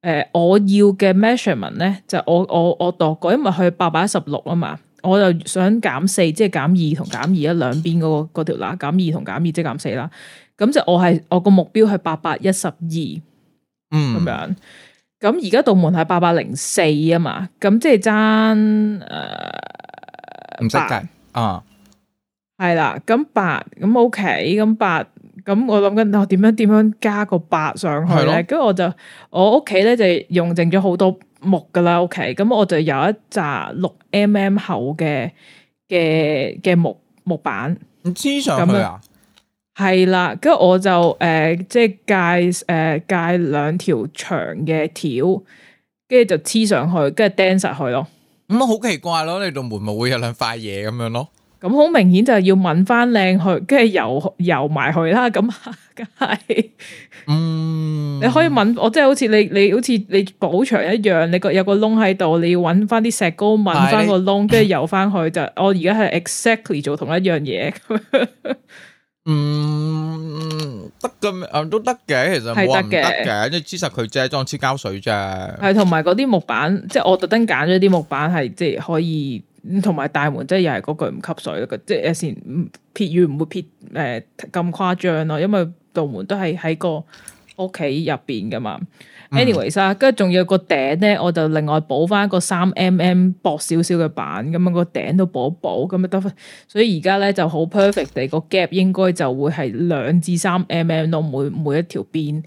呃、我要嘅 measurement 咧就是、我我我度過，因為佢八百一十六啊嘛。我就想減四，即係減二同減二一兩邊嗰個嗰條罅減二同減二，即係減四啦。咁就我係我個目標係八百一十二，嗯咁樣。咁而家道門係八百零四啊嘛，咁即係爭誒，唔使計啊。係啦，咁八咁 OK，咁八咁我諗緊，啊，我點樣點樣加個八上去咧？跟住我就我屋企咧就用剩咗好多。木㗎啦，OK，咁我就有一紮六 mm 厚嘅嘅嘅木木板，黐上去啊，係啦樣，跟住、嗯、我就誒，即、呃、係、就是、戒誒戒兩條長嘅條，跟住就黐上去，跟住釘實去咯。咁啊、嗯，好奇怪咯，你度門咪會有兩塊嘢咁樣咯。咁好明顯就係要吻翻靚去，跟住油油埋去啦。咁梗係，嗯，你可以吻我，即係好似你，你好似你補牆一樣，你個有個窿喺度，你要揾翻啲石膏吻翻個窿，跟住油翻去就。我而家係 exactly 做同一樣嘢。嗯，得嘅，啊，都得嘅，其實係得嘅，即係黐實佢啫，裝黐膠水啫。係同埋嗰啲木板，即係我特登揀咗啲木板，係即係可以。同埋大門即係又係嗰句，唔吸水咯，即係有時撇雨唔會撇誒咁誇張咯，因為道門都係喺個屋企入邊噶嘛。anyways 啊，嗯，跟住仲有個頂咧，我就另外補翻個三 mm 薄少少嘅板，咁樣個頂都補一補，咁啊得。所以而家咧就好 perfect 地個 gap 應該就會係兩至三 mm 到，每每一條邊。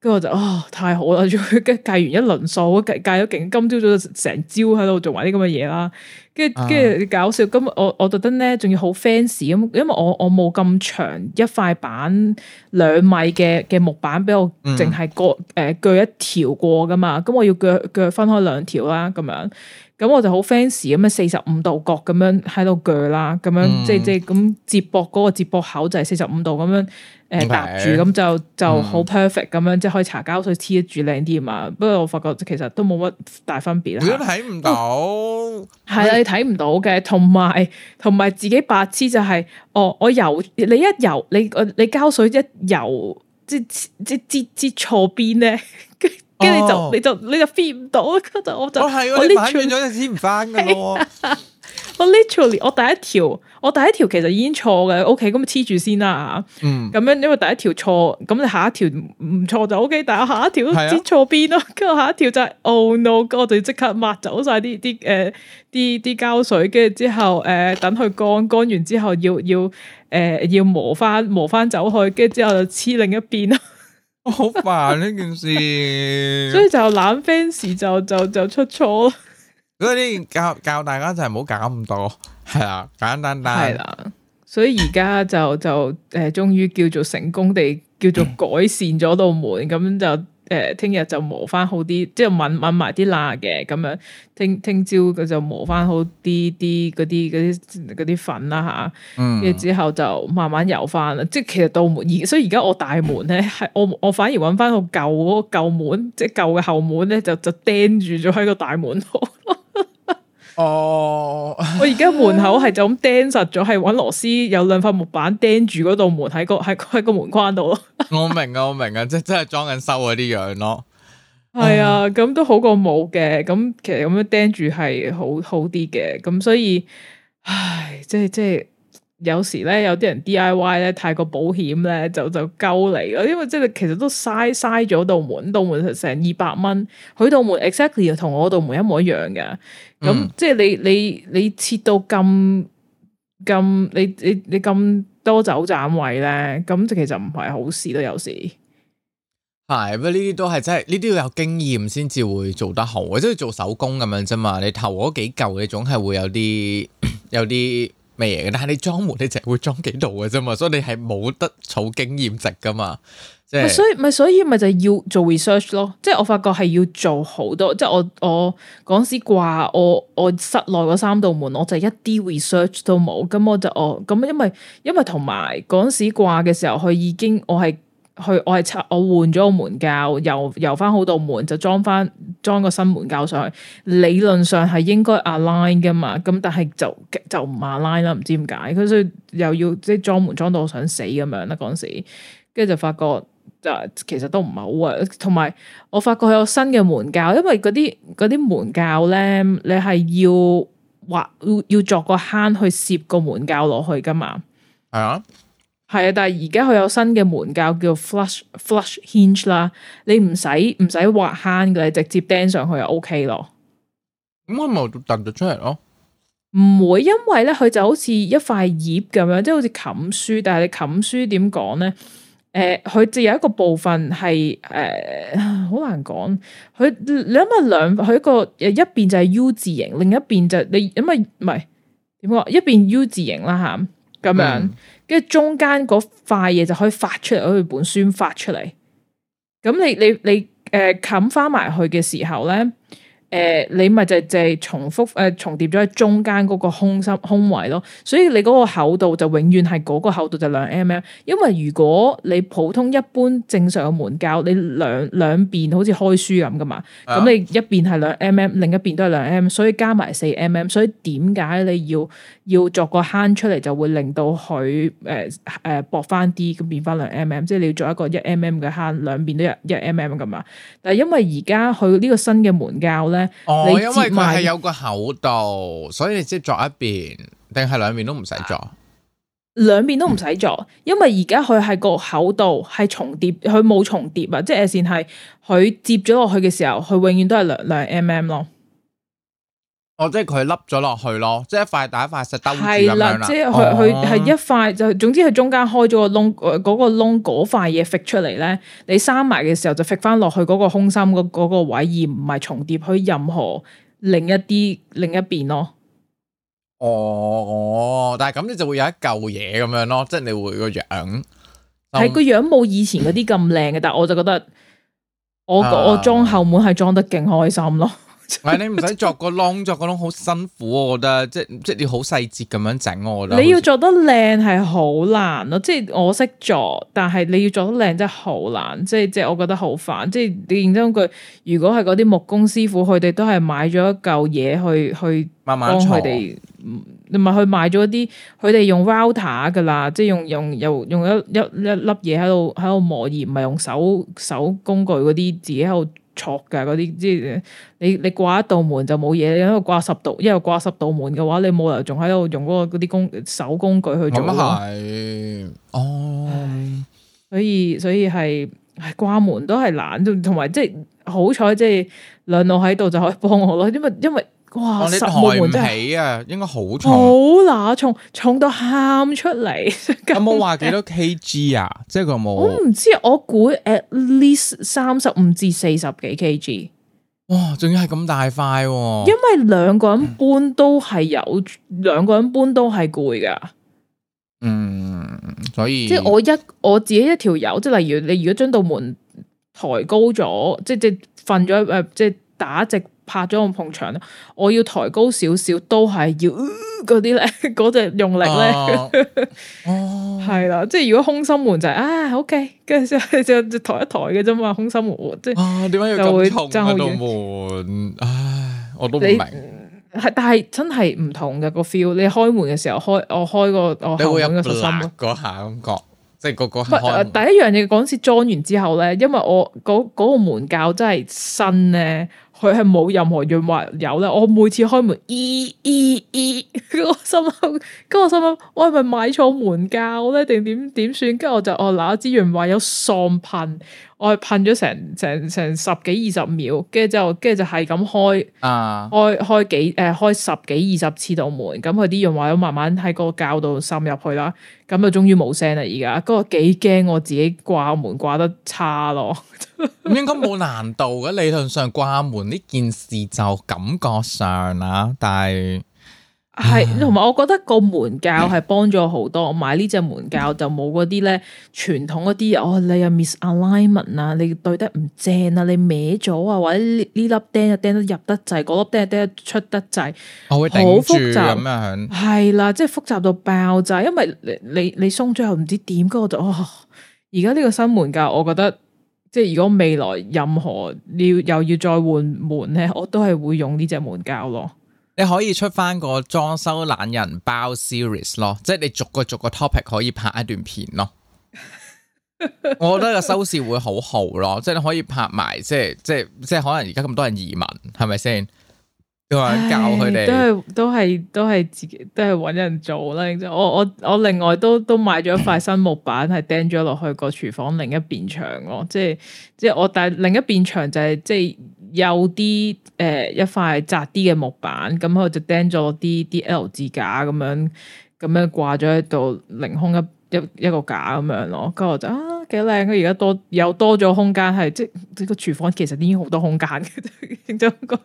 跟住我就啊、哦，太好啦！仲要計完一輪數，計計咗勁。今朝早就成朝喺度做埋啲咁嘅嘢啦。跟住跟住搞笑，今我我特登咧，仲要好 fancy 咁，因為我我冇咁長一塊板兩米嘅嘅木板，俾我淨係鋸誒鋸一條過噶嘛。咁我要鋸鋸分開兩條啦，咁樣。咁我就好 fancy 咁樣四十五度角咁樣喺度鋸啦，咁樣、嗯、即即咁接駁嗰個接駁口就係四十五度咁樣誒夾住，咁就就好 perfect 咁樣，即可以搽膠水黐得住靚啲嘛。不過我發覺其實都冇乜大分別啦。如果睇唔到，係啦、嗯我啊，你睇唔到嘅，同埋同埋自己白黐就係、是，哦，我油你一油你我你膠水一油，即即接接錯邊咧。跟住你、哦、你就，你就你就 feel 唔到，跟住我就、哦、我反串咗就黐唔翻噶咯。我 literally 我第，我第一條，我第一條其實已經錯嘅。O K，咁黐住先啦。嗯，咁樣因為第一條錯，咁你下一條唔錯就 O、okay, K，但係下一條知錯邊咯。跟住的下一條就係、是、oh no，我哋即刻抹走晒啲啲誒，啲啲、呃、膠水。跟住之後誒、呃，等佢乾乾完之後要要誒、呃、要磨翻磨翻走去。跟住之後黐另一邊咯。好煩呢件事， 所以就懶 fans 就就就出錯。 所以教教大家就係唔好搞咁多，係啦，簡單單係啦、啊。所以而家就就誒，終於叫做成功地叫做改善咗道門，咁 就。誒，聽日、呃、就磨翻好啲，即係揾揾埋啲罅嘅咁樣。聽聽朝佢就磨翻好啲啲嗰啲啲啲粉啦吓，跟住、嗯、之後就慢慢油翻啦。即係其實到門而，所以而家我大門咧係我我反而揾翻個舊嗰個舊門，即係舊嘅後門咧就就釘住咗喺個大門度。 哦，oh, 我而家門口係就咁釘實咗，係搵螺絲有兩塊木板釘住嗰道門喺、嗰個喺喺個門框度咯 。我明 啊，我明啊，即係即係裝緊修嗰啲樣咯。係啊，咁都好過冇嘅。咁其實咁樣釘住係好好啲嘅。咁所以，唉，即係即係。有時咧，有啲人 DIY 咧太過保險咧，就就鳩嚟咯。因為即係其實都嘥嘥咗道門，門道門成二百蚊，佢道門 exactly 同我道門一模一樣嘅。咁、嗯嗯、即係你你你切到咁咁，你你你咁多走盞位咧，咁其實唔係好事都有事。係不過呢啲都係真係，呢啲要有經驗先至會做得好，即係做手工咁樣啫嘛。你投嗰幾嚿，你總係會有啲 有啲。咩嘅？但係你裝門，你就係會裝幾度嘅啫嘛，所以你係冇得儲經驗值噶嘛。即係，所以咪所以咪就要做 research 咯。即係我發覺係要做好多。即係我我嗰時掛我我室內嗰三道門，我就一啲 research 都冇。咁我就哦，咁因為因為同埋嗰時掛嘅時候，佢已經我係。去我係拆我換咗個門鉸，又游翻好度門就裝翻裝個新門鉸上去，理論上係應該 align 噶嘛，咁但係就就唔 align 啦，唔知點解，佢所以又要即係裝門裝到我想死咁樣啦，嗰時，跟住就發覺就、啊、其實都唔係好啊，同埋我發覺有新嘅門鉸，因為嗰啲嗰啲門鉸咧，你係要畫要要作個坑去攝個門鉸落去噶嘛，係啊。係啊，但係而家佢有新嘅門鉸，叫 flush flush hinge 啦，你唔使唔使挖坑嘅，你直接釘上去就 OK 咯。咁係咪彈咗出嚟咯？唔、嗯嗯嗯嗯嗯、會，因為咧佢就好似一塊葉咁樣，即係好似冚書。但係你冚書點講咧？誒，佢、呃、就有一個部分係誒，好、呃、難講。佢你諗下兩佢一個一邊就係 U 字形，另一邊就是、你諗下唔係點講？一邊 U 字形啦吓。啊咁樣，跟住、嗯、中間嗰塊嘢就可以發出嚟，嗰本書發出嚟。咁你你你誒，冚翻埋去嘅時候咧，誒、呃，你咪就就，就重複誒、呃、重疊咗喺中間嗰個空心空位咯。所以你嗰個厚度就永遠係嗰個厚度就兩 m m。因為如果你普通一般正常嘅門鉸，你兩兩邊好似開書咁噶嘛，咁、啊、你一邊係兩 m m，另一邊都係兩 m m，所以加埋四 m m。所以點解你要？要作個坑出嚟就會令到佢誒誒薄翻啲，咁變翻兩 mm，即係你要做一個一 mm 嘅坑，兩邊都一一 mm 咁啊！但係因為而家佢呢個新嘅門教咧，哦，因為佢係有個厚度，所以你即係作一邊定係兩邊都唔使作，兩邊都唔使作，嗯、因為而家佢係個厚度係重疊，佢冇重疊啊！即係線係佢接咗落去嘅時候，佢永遠都係兩兩 mm 咯。哦，即係佢凹咗落去咯，即係一塊打一塊石兜子咁啦。的樣即係佢佢係一塊，就總之佢中間開咗個窿，嗰、呃嗰個窿嗰塊嘢揈出嚟咧，你閂埋嘅時候就揈翻落去嗰個空心嗰嗰個位，而唔係重疊去任何另一啲另一邊咯。哦哦，但係咁你就會有一嚿嘢咁樣咯，即係你會個樣係看、嗯、個樣冇以前嗰啲咁靚嘅， 但係我就覺得我我裝後門係裝得勁開心咯。係、 哎、你唔使作個窿，作個窿好辛苦，我覺得即即係你好細節咁樣整，我覺得你要做得靚係好難咯。即係我識做，但係你要做得靚真係好難。即係即係我覺得好煩。即係你認真句，如果係嗰啲木工師傅，佢哋都係買咗一嚿嘢去去幫佢哋，唔唔係去買咗啲，佢哋用 router 噶啦，即係用用用用一一一,一,一粒嘢喺度喺度磨，而唔係用手手工具嗰啲自己喺度。錯嘅嗰啲，即係你你掛一道門就冇嘢，喺度掛十道，因為掛十道門嘅話，你冇人仲喺度用嗰啲工手工具去做。咁係、嗯，哦，所以所以係掛門都係難，同埋即係好彩，即係兩路喺度就可以幫我咯。因為因為。哇！抬唔十起啊，應該好重，好乸重，重到喊出嚟。 那有冇話幾多 K G 啊？即係佢冇。我唔知，我估 at least 三十五至四十幾 K G。哇！仲要係咁大塊、啊，因為兩個人搬都係有，兩、嗯、個人搬都係攰㗎。嗯，所以即係我一我自己一條友，即係例如你如果將道門抬高咗，即係即係瞓咗誒，即係打直。拍咗我碰牆啦！我要抬高少少，都係要嗰啲咧，嗰隻 用力咧，係啦、啊啊。 即係如果空心門就係、是、啊，OK，跟住之後就抬一抬嘅啫嘛。空心門即係啊，點解要咁痛啊？真門唉，我都唔明，但係真係唔同嘅、嗰個 feel。你開門嘅時候開，我開個我門術術你會有落嗰下感覺，即係嗰個。第一樣嘢，嗰時裝完之後咧，因為我嗰嗰、嗰個嗰個門鉸真係新咧。 佢係冇任何潤滑油啦。我每次開門，咦咦咦，我心諗，跟住我心諗，我係咪買錯門鉸？咧，定點點算？跟住我就，哦，拿一支潤滑油喪噴。我係噴咗成成成十幾二十秒，跟住就跟住就係咁開、啊、開，開開幾誒、呃、開十幾二十次度門，咁佢啲潤滑油慢慢喺個教度滲入去啦，咁就終於冇聲啦而家，嗰個幾驚我自己掛門掛得差咯， 應該冇難度嘅，理論上掛門呢件事就感覺上啊，但係。係，同埋我覺得個門鉸係幫咗好多。我買呢隻門鉸就冇嗰啲咧傳統嗰啲，哦，你又 misalignment 啊，你對得唔正啊，你歪咗啊，或者呢粒釘又釘得入得滯，嗰粒釘釘得出得滯，好複雜咁這樣。係啦，即係複雜到爆炸，因為你你你鬆咗又唔知點，跟住我就，而家呢個新門鉸，我覺得即係如果未來任何要又要再換門咧，我都係會用呢隻門鉸咯。你可以出翻個裝修懶人包 series 咯，即係你逐個逐個 topic 可以拍一段片咯。 我覺得個收視會好好咯，即係你可以拍埋，即係即係即係可能而家咁多人移民，係咪先？都教佢哋都係都係都係自己都係搵人做啦。我我我另外都都買咗一塊新木板，係釘咗落去個廚房另一邊牆咯。即係即係我但係另一邊牆就係、是、即係。有啲誒、呃、一塊窄啲嘅木板，咁佢就釘咗啲啲 L 字架咁樣，咁樣掛咗喺度，凌空一一一個架咁樣咯。咁我就啊，幾靚佢，而家多又多咗空間，係即係呢個廚房其實已經好多空間嘅。正宗句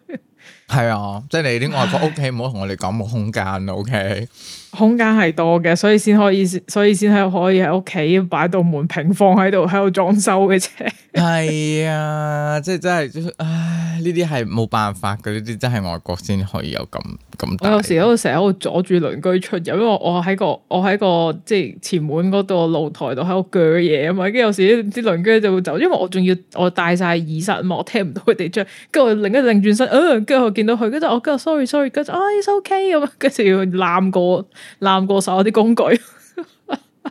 係啊，即係你啲外國屋企唔好同我哋講冇空間 OK。空間係多嘅，所以先可以，所以先喺可以喺屋企擺到門平放喺度，喺度裝修嘅啫。係 啊、哎，即係真係，唉，呢啲係冇辦法嘅，呢啲真係外國先可以有咁咁多。我有時喺成日喺度阻住鄰居出入，因為我喺個我喺個即係前門嗰度露台度喺度鋸嘢啊嘛，跟住有時啲鄰居就會走，因為我仲要我帶晒耳塞啊嘛，我聽唔到佢哋出。跟住我擰一擰轉身，跟、呃、住我見到佢，跟住我跟住 sorry sorry，跟住哎 it's okay 咁樣跟住要攬過。攬過手啲工具，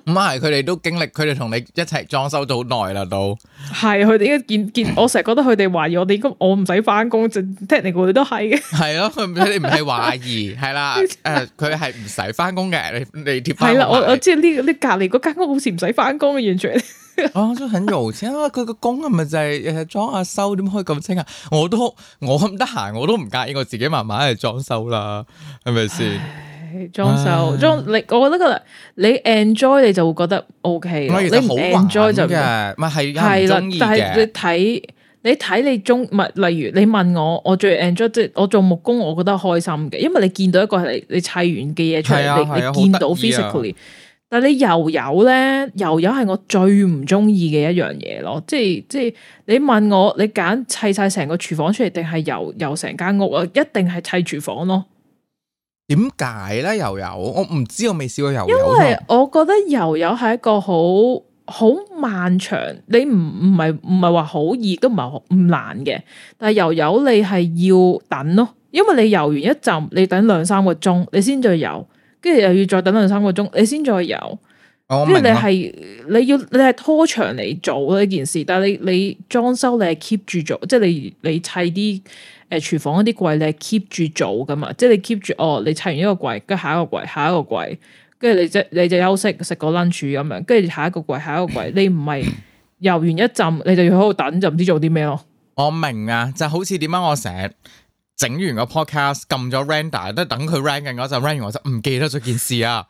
唔係佢哋都經歷，佢哋同你一齊裝修咗好耐啦，都係佢哋。而家見見，我成日覺得佢哋懷疑我哋咁，我唔使翻工就聽你佢都係嘅。係 咯、啊，佢哋唔係懷疑係啦，誒、啊，佢係唔使翻工嘅，你你貼係啦。我我即係呢呢隔籬嗰間屋，好似唔使翻工嘅，完全。我都很柔清啊！佢個工係咪就係裝啊修？點可以咁清啊？我都我咁得閒，我都唔介意，我自己慢慢嚟裝修啦，係咪先？唉裝修裝你、嗯，我都覺得你 enjoy 你就會覺得 O、OK、K。例如你唔 enjoy 就唔係係有但係你睇你睇你中唔係？例如你問我，我最 enjoy，即係我做木工，我覺得開心嘅，因為你見到一個係你砌完嘅嘢出嚟，啊、你見到 physically。但係你油油咧，油油係我最唔中意嘅一樣嘢咯。即係即係你問我，你揀砌晒成個廚房出嚟，定係油油成間屋啊？一定係砌廚房咯。點解咧？油油我唔知，我未試過油油。因為我覺得油油係一個好好漫長，你唔唔係唔係話好熱，都唔係唔難嘅。但係油油你係要等咯，因為你油完一浸，你等兩三個鐘，你先再油。跟住又要再等兩三個鐘，你先再油。因為你係你要你係拖長嚟做呢件事，但係你你裝修你係 keep 住做，即係你你砌啲。誒、呃，廚房嗰啲櫃你係 keep 住做噶嘛？即係你 keep 住哦，你砌完一個櫃，跟下，下，下一個櫃，下一個櫃，跟住你就你就休息食個 lunch 咁樣，跟住下一個櫃下一個櫃，你唔係游完一浸， 你就要喺度等就唔知做啲咩咯。我明啊，就好似點解我成日。整完個 podcast，撳咗 render，都等佢 render 嗰陣，render 完我就唔記得咗件事啊！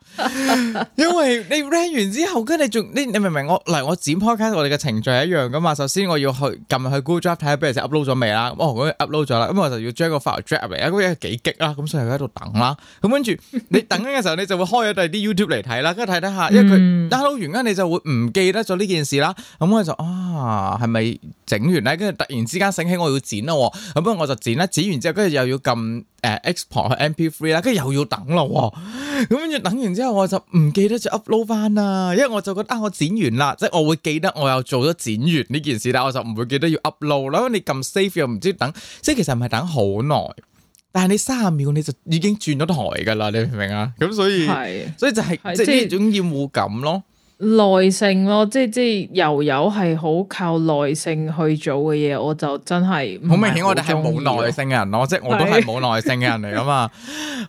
因為你 render 完之後，跟住你仲你你明唔明我？嗱，我剪 podcast，我哋嘅程序係一樣噶嘛。首先我要去撳去 Google Drive 睇下，比如上 upload 咗未啦。咁我如果 upload 咗啦，咁我就要將個 file drop 嚟。咁有幾激啊！咁所以佢喺度等啦。咁跟住你等緊嘅時候，你就會開咗第啲 YouTube 嚟睇啦。跟住睇睇下，因為佢 download 完咧，你就會唔記得咗呢件事啦。咁我就啊，係咪整完咧？跟住突然之間醒起我要剪啦喎。咁不過我就剪啦，剪完之後跟。即係又要撳誒 export 去 MP3 啦，跟住又要等咯，咁跟住等完之後我就唔記得就 upload 翻啦，因為我就覺得我剪完啦，即係我會記得我又做咗剪完呢件事，但係我就唔會記得要 upload 咯。你撳 save 又唔知等，即係其實唔係等好耐，但係你三十秒你就已經轉咗台噶啦，你明唔明啊？咁所以係所以就係即係呢種厭惡感咯。耐性咯，即係即係油油係好靠耐性去做嘅嘢，我就真係好明顯，我哋係冇耐性嘅人咯，即係我都係冇耐性嘅人嚟啊嘛，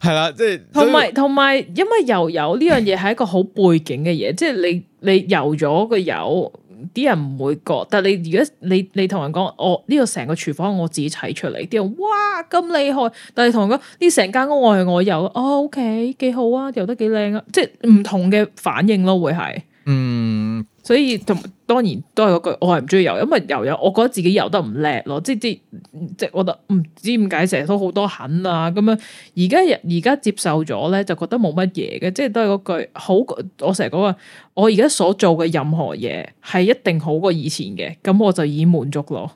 係啦有，即係同埋同埋，因為油油呢樣嘢係一個好背景嘅嘢， 即係你你油咗個油，啲人唔會覺，但係你如果你你同人講，哦，呢個成個廚房我自己砌出嚟，啲人哇咁厲害，但係同人講呢成間屋我係我油，哦 OK 幾好啊，油得幾靚啊，即係唔同嘅反應咯，會係。嗯，所以同當然都係嗰句，我係唔中意游，因為游游，我覺得自己游得唔叻咯，即係即係，即係覺得唔知點解成日都好多痕啊，咁樣。而家而家接受咗咧，就覺得冇乜嘢嘅，即係都係嗰句好。我成日講話，我而家所做嘅任何嘢係一定好過以前嘅，咁我就已經滿足咯。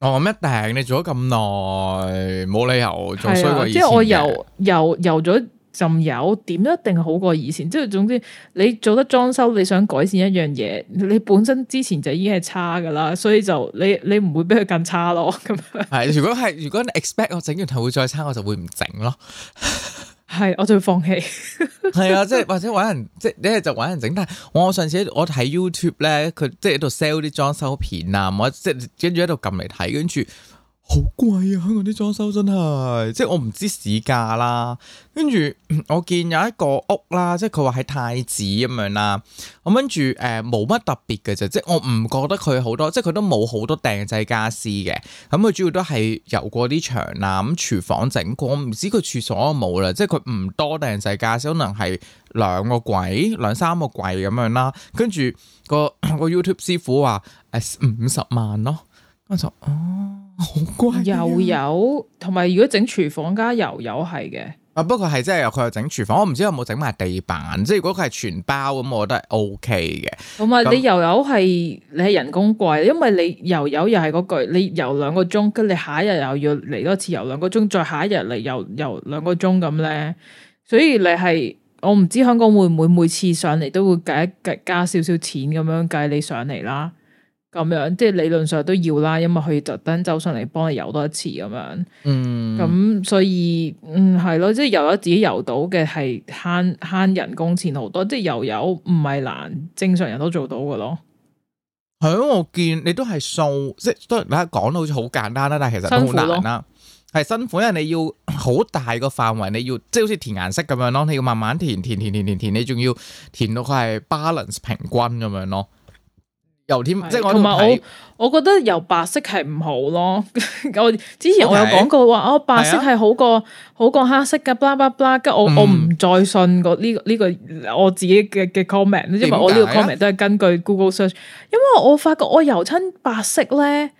哦，唔一定，你做咗咁耐，冇理由仲衰過以前嘅，啊，即係我游游游咗。就有點都一定好過以前，即係總之你做得裝修，你想改善一樣嘢，你本身之前就已經係差噶啦，所以就你你唔會比佢更差咯，咁樣。係 如果係如果你 expect 我整完後會再差，我就會唔整咯。係 我就會放棄。係 啊，即係或者搵人，即係你係就搵人整，但係我上次我睇 YouTube 咧，佢即係喺度 sell 啲裝修片啊，我即係跟住喺度撳嚟睇跟住。好貴啊！香港啲裝修真係，即係我唔知市價啦。跟住我見有一個屋啦，即係佢話喺太子咁樣啦。咁跟住誒冇乜特別嘅啫，即係我唔覺得佢好多，即係佢都冇好多訂製傢俬嘅。咁、嗯、佢主要都係油嗰啲牆啊咁、嗯、廚房整過，我唔知佢廁所有冇啦。即係佢唔多訂製傢俬，可能係兩個櫃、兩三個櫃咁樣啦。跟住、嗰個、嗰個 YouTube 師傅話誒、呃、五十萬咯。我就哦，好貴，油油同埋如果整廚房加油油係嘅，啊不過係即係佢有整廚房，我唔知有冇整埋地板，即係如果佢係全包咁，我覺得係 O K 嘅。同埋你油油係那你，油油你係人工貴，因為你油油又係嗰句，你油兩個鐘，跟你下一日又要嚟多次油兩個鐘，再下一日嚟油油兩個鐘咁咧，所以你係我唔知香港會唔會每次上嚟都會計一計加少少錢咁樣計你上嚟啦。咁樣即係理論上都要啦，因為佢特登走上嚟幫你游多一次咁樣。嗯，咁所以嗯係咯，即係游咗自己游到嘅係慳慳人工錢好多，即係游游唔係難，正常人都做到㗎咯。係咯，我見你都係數，即係雖然你講得好似好簡單啦，但係其實都好難啦。係辛苦，因為你要好大個範圍，你要即係好似填顏色咁樣咯，你要慢慢填填填填填，你仲要填到佢係 balance 平均咁樣咯。油添，是即係我同埋我，我覺得油白色係唔好咯。我 之前我有講過話，我 Okay?、哦、白色係好過好過黑色嘅，blah blah blah 我、嗯、我唔再信過、這個呢呢、這個我自己嘅嘅 comment，即係我呢個 comment 都係根據 Google search。因為我發覺我油親白色咧，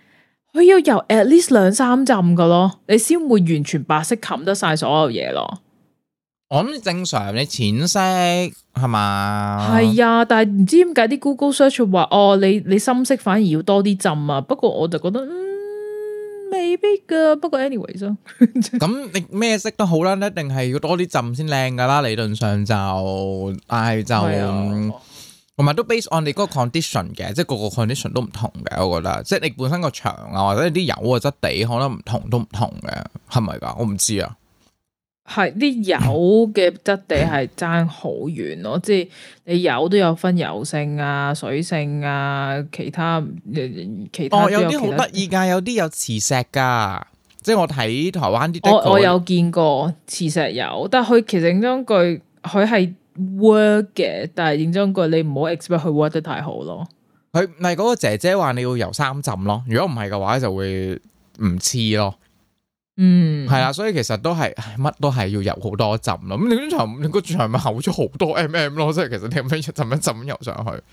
佢要油 at least 兩三浸嘅咯，你先會完全白色冚得晒所有嘢咯。我諗正常你淺色係嘛，係啊，但係唔知點解啲 Google Search 話哦，你你深色反而要多啲浸啊。不過我就覺得嗯，未必噶，不過 anyways 咯、 嗯。咁你咩色都好啦，一定係要多啲浸先靚噶啦。理論上就，但、哎、係就同埋、啊、都 based on 你嗰個 condition 嘅， 即係個個 condition 都唔同嘅。我覺得，即係你本身個牆啊或者啲油啊質地可能唔同都唔同嘅，係咪噶？我唔知啊。係啲油嘅質地係爭好遠咯，即係你油都有分油性啊、水性啊、其他其他，其他。哦，有啲好得意噶，有啲有，有，有磁石噶，即係我睇台灣啲。我有見過磁石油，但係佢其實影中句佢係 work 嘅，但係影中句你唔好 expect 佢 work 得太好咯。佢唔係嗰個姐姐話你要油三浸咯，如果唔係嘅話就會唔黐咯。嗯，係啦，所以其實都係，乜都係要入好多浸咯。咁你通常你嗰柱係咪厚咗好多 MM 咯？即係其實你咩一浸一浸入上去。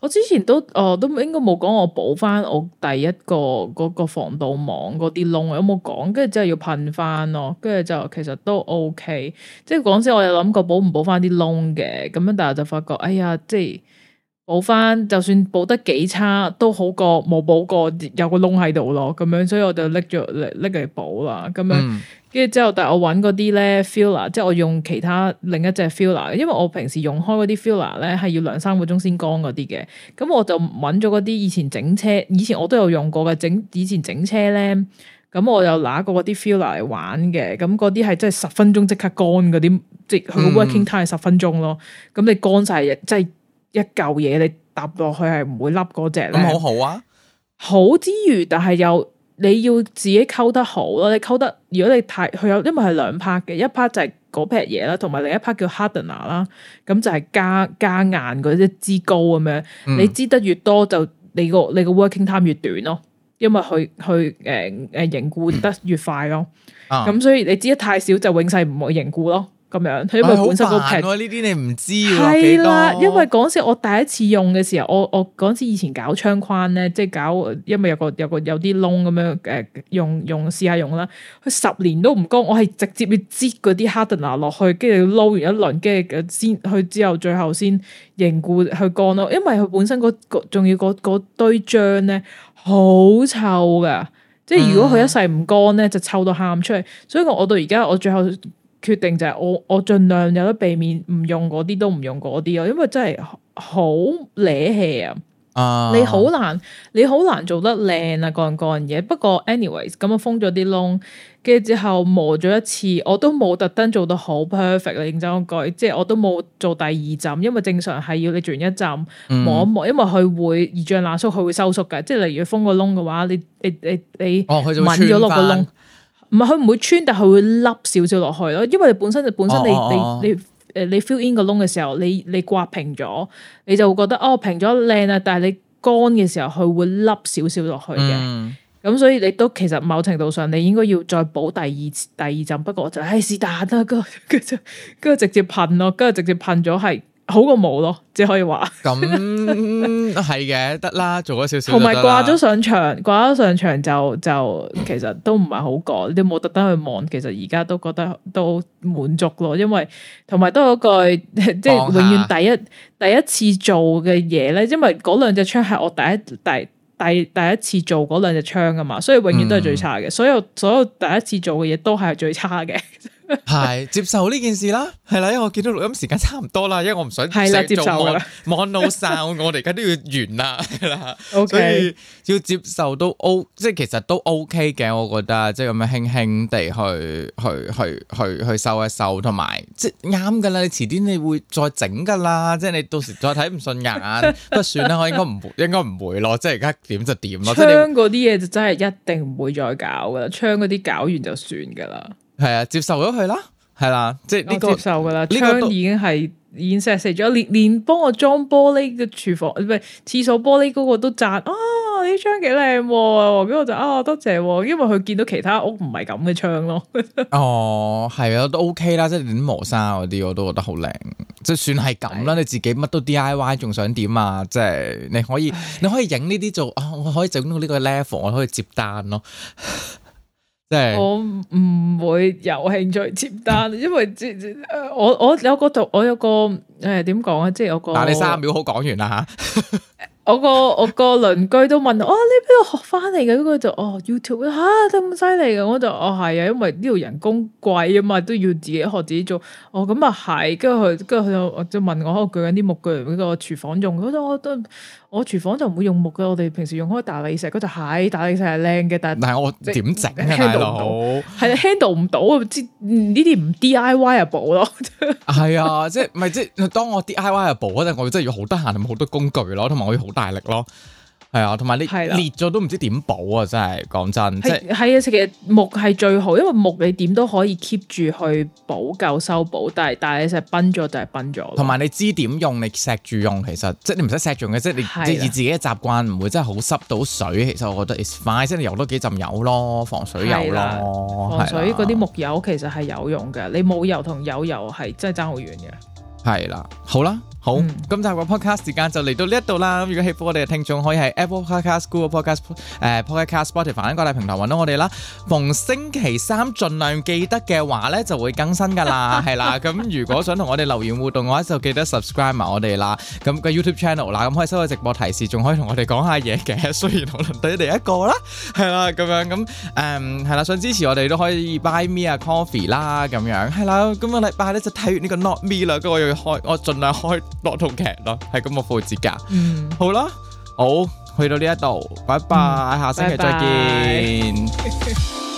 我之前都，哦，都應該冇講我補翻我第一個嗰個防盜網嗰啲窿，有冇講？跟住之後要噴翻咯，跟住就其實都 OK。即係嗰陣時我有諗過補唔補翻啲窿嘅，咁樣但係就發覺，哎呀，即係。補翻，就算補得幾差，都好過冇補過，有個窿喺度咯。咁樣，所以我就拎咗拎嚟補啦。咁樣，跟住之後，但係我搵嗰啲咧 filler，即係我用其他另一隻 filler。因為我平時用開嗰啲 filler 咧，係要兩三個鐘先乾嗰啲嘅。咁我就搵咗嗰啲以前整車，以前我都有用過嘅整。以前整車咧，咁我又拿過嗰啲 filler 嚟玩嘅。咁嗰啲係真係十分鐘即刻乾嗰啲、嗯，即佢個 working time 十分鐘咯。咁你乾晒即係、嗯。一嚿嘢你搭落去係唔會凹嗰隻咧，咁好好啊，好之馀，但係又你要自己溝得好咯。你溝得，如果你太佢有，因為係兩 part 嘅，一 part 就係嗰撇嘢啦，同埋另一 part 叫 hardener 啦，咁就係加加硬嗰啲支膏咁樣。嗯、你支得越多，就你個你個 working time 越短咯，因為佢佢誒誒凝固得越快咯。咁、嗯啊嗯、所以你支得太少就永世唔會凝固咯。咁樣，佢本身好平，呢啲你唔知喎，係啦，因為嗰陣時我第一次用嘅時候，我我嗰陣時以前搞窗框咧，即係搞，因為有個有個有啲窿咁樣，誒，用用試下用啦。佢十年都唔乾，我係直接要擠嗰啲 hardener 落去，跟住撈完一輪，跟住先去之後最後先凝固去乾咯。因為佢本身嗰仲要嗰堆漿咧，好臭噶。即係如果佢一世唔乾咧，就臭到喊出嚟。所以我到而家，我最後，決定就係我我盡量有得避免唔用嗰啲都唔用嗰啲咯，因為真係好惹氣啊！啊，你好難你好難做得靚啊！嗰樣嗰樣嘢，不過 anyways 咁啊封咗啲窿，跟住之後磨咗一次，我都冇特登做到好 perfect 認真講句，即係我都冇做第二浸，因為正常係要你轉一浸磨一磨，嗯、因為佢會熱脹冷縮，佢會收縮嘅。即係例如封個窿嘅話，你你你你哦，佢就穿翻。唔係佢唔會穿，但佢會凹少少落去咯。因為本身就本身你你你誒，你 fill in 個窿嘅時候，你你刮平咗，你就會覺得哦，平咗靚啊。但係你乾嘅時候，佢會凹少少落去嘅。咁、嗯、所以你都其實某程度上，你應該要再補第二第二浸。不過我就唉是但啦，跟跟跟住直接噴咯，跟住直接噴咗係。好過冇咯，只可以話。咁係嘅，得啦，做咗少少。同埋掛咗上場，掛咗 上場就就其實都唔係好講，你冇特登去望，其實而家都覺得都滿足咯。因為同埋都嗰句，即、就、係、是、永遠第一，一第一次做嘅嘢咧，因為嗰兩隻槍係我第一第第第一次做嗰兩隻槍噶嘛，所以永遠都係最差嘅。嗯、所有所有第一次做嘅嘢都係最差嘅。 係 接受呢件事啦，係啦，因為我見到錄音時間差唔多啦，因為網 我唔想即係做 mono sound，我哋而家都要完啦，Okay 所以要接受都 O，即係其實都 OK 嘅，我覺得即係咁樣輕輕地去去去去去收一收，同埋即係啱噶啦，你遲啲你會再整噶啦，即係你到時再睇唔順眼都 算啦，我應該唔應該唔會咯，即係而家點就點咯。槍嗰啲嘢就真係一定唔會再搞噶啦，槍嗰啲搞完就算噶啦。係啊， 接受咗佢啦，係啦，即係呢個接受噶啦，這個、窗已經係染石死咗，連連幫我裝玻璃嘅廚房唔係廁所玻璃嗰個都讚啊！呢窗幾靚，咁我就啊多謝，謝啊，因為佢見到其他屋唔係咁嘅窗咯。哦，係啊，都 OK 啦，即係啲磨砂嗰啲，我都覺得好靚，即係是的 算係咁啦。是的 你自己乜都 DIY，仲想點啊？即係你可以，唉 你可以影呢啲做啊、哦！我可以整到呢個 level，我可以接單咯。就是、我唔會有興趣接單， 因為即即 我我有個同我有個誒點講啊，即係有個。但你卅秒好講完啦吓。 我個我個鄰居都問我：你邊度學翻嚟嘅？嗰個就哦 YouTube 嚇咁犀利嘅，我就哦係啊，因為呢度人工貴啊嘛，都要自己學自己做。哦咁啊係，跟住佢跟住佢就就問我：我鋸緊啲木腳俾個廚房用。我覺得我覺得我廚房就唔會用木嘅，我哋平時用開大理石嗰度係大理石係靚嘅，但係我點整 handle 係 handle 唔到，知呢啲唔 DIY 又補咯。係啊，即係唔係即係當我 DIY 又補嗰陣，我真係要好得閒同好多工具咯，同埋我要好得。大力咯，係啊，同埋你裂咗都唔知點補啊！真係講真，即係係啊，其實木係最好，因為木你點都可以 keep 住去補救、修補，但係但係你成日崩咗就係崩咗。同埋你知點用，你錫住用，其實即係你唔使錫住嘅，即係你,你以自己嘅習慣，唔會真係好濕到水。其實我覺得，快即係油多幾浸油咯，防水油咯，防水嗰啲木油其實係有用嘅。你冇油同有油係真係爭好遠嘅。係啦，好啦。好，咁就個 podcast 時間就嚟到呢一度啦。咁如果喜歡我哋嘅聽眾，可以喺 Apple Podcast、Google Podcast、誒 Podcast Spotify 凡間各大平台揾到我哋啦。逢星期三盡量記得嘅話咧，就會更新噶啦，係啦。咁如果想同我哋留言互動嘅話，就記得 subscribe 埋我哋啦。咁個 YouTube Channel 嗱，咁可以收到直播提示，仲可以同我哋講下嘢嘅。雖然可能得你一個啦，係啦咁樣咁，誒係啦，想支持我哋都可以 buy me a coffee 啦，咁樣係啦。今日禮拜咧就睇完呢個 Not Me 啦，咁我要開，我盡量開。洛同劇咯，係咁個副字噶，好啦，好去到呢一度，拜拜，嗯、下星期再見。拜拜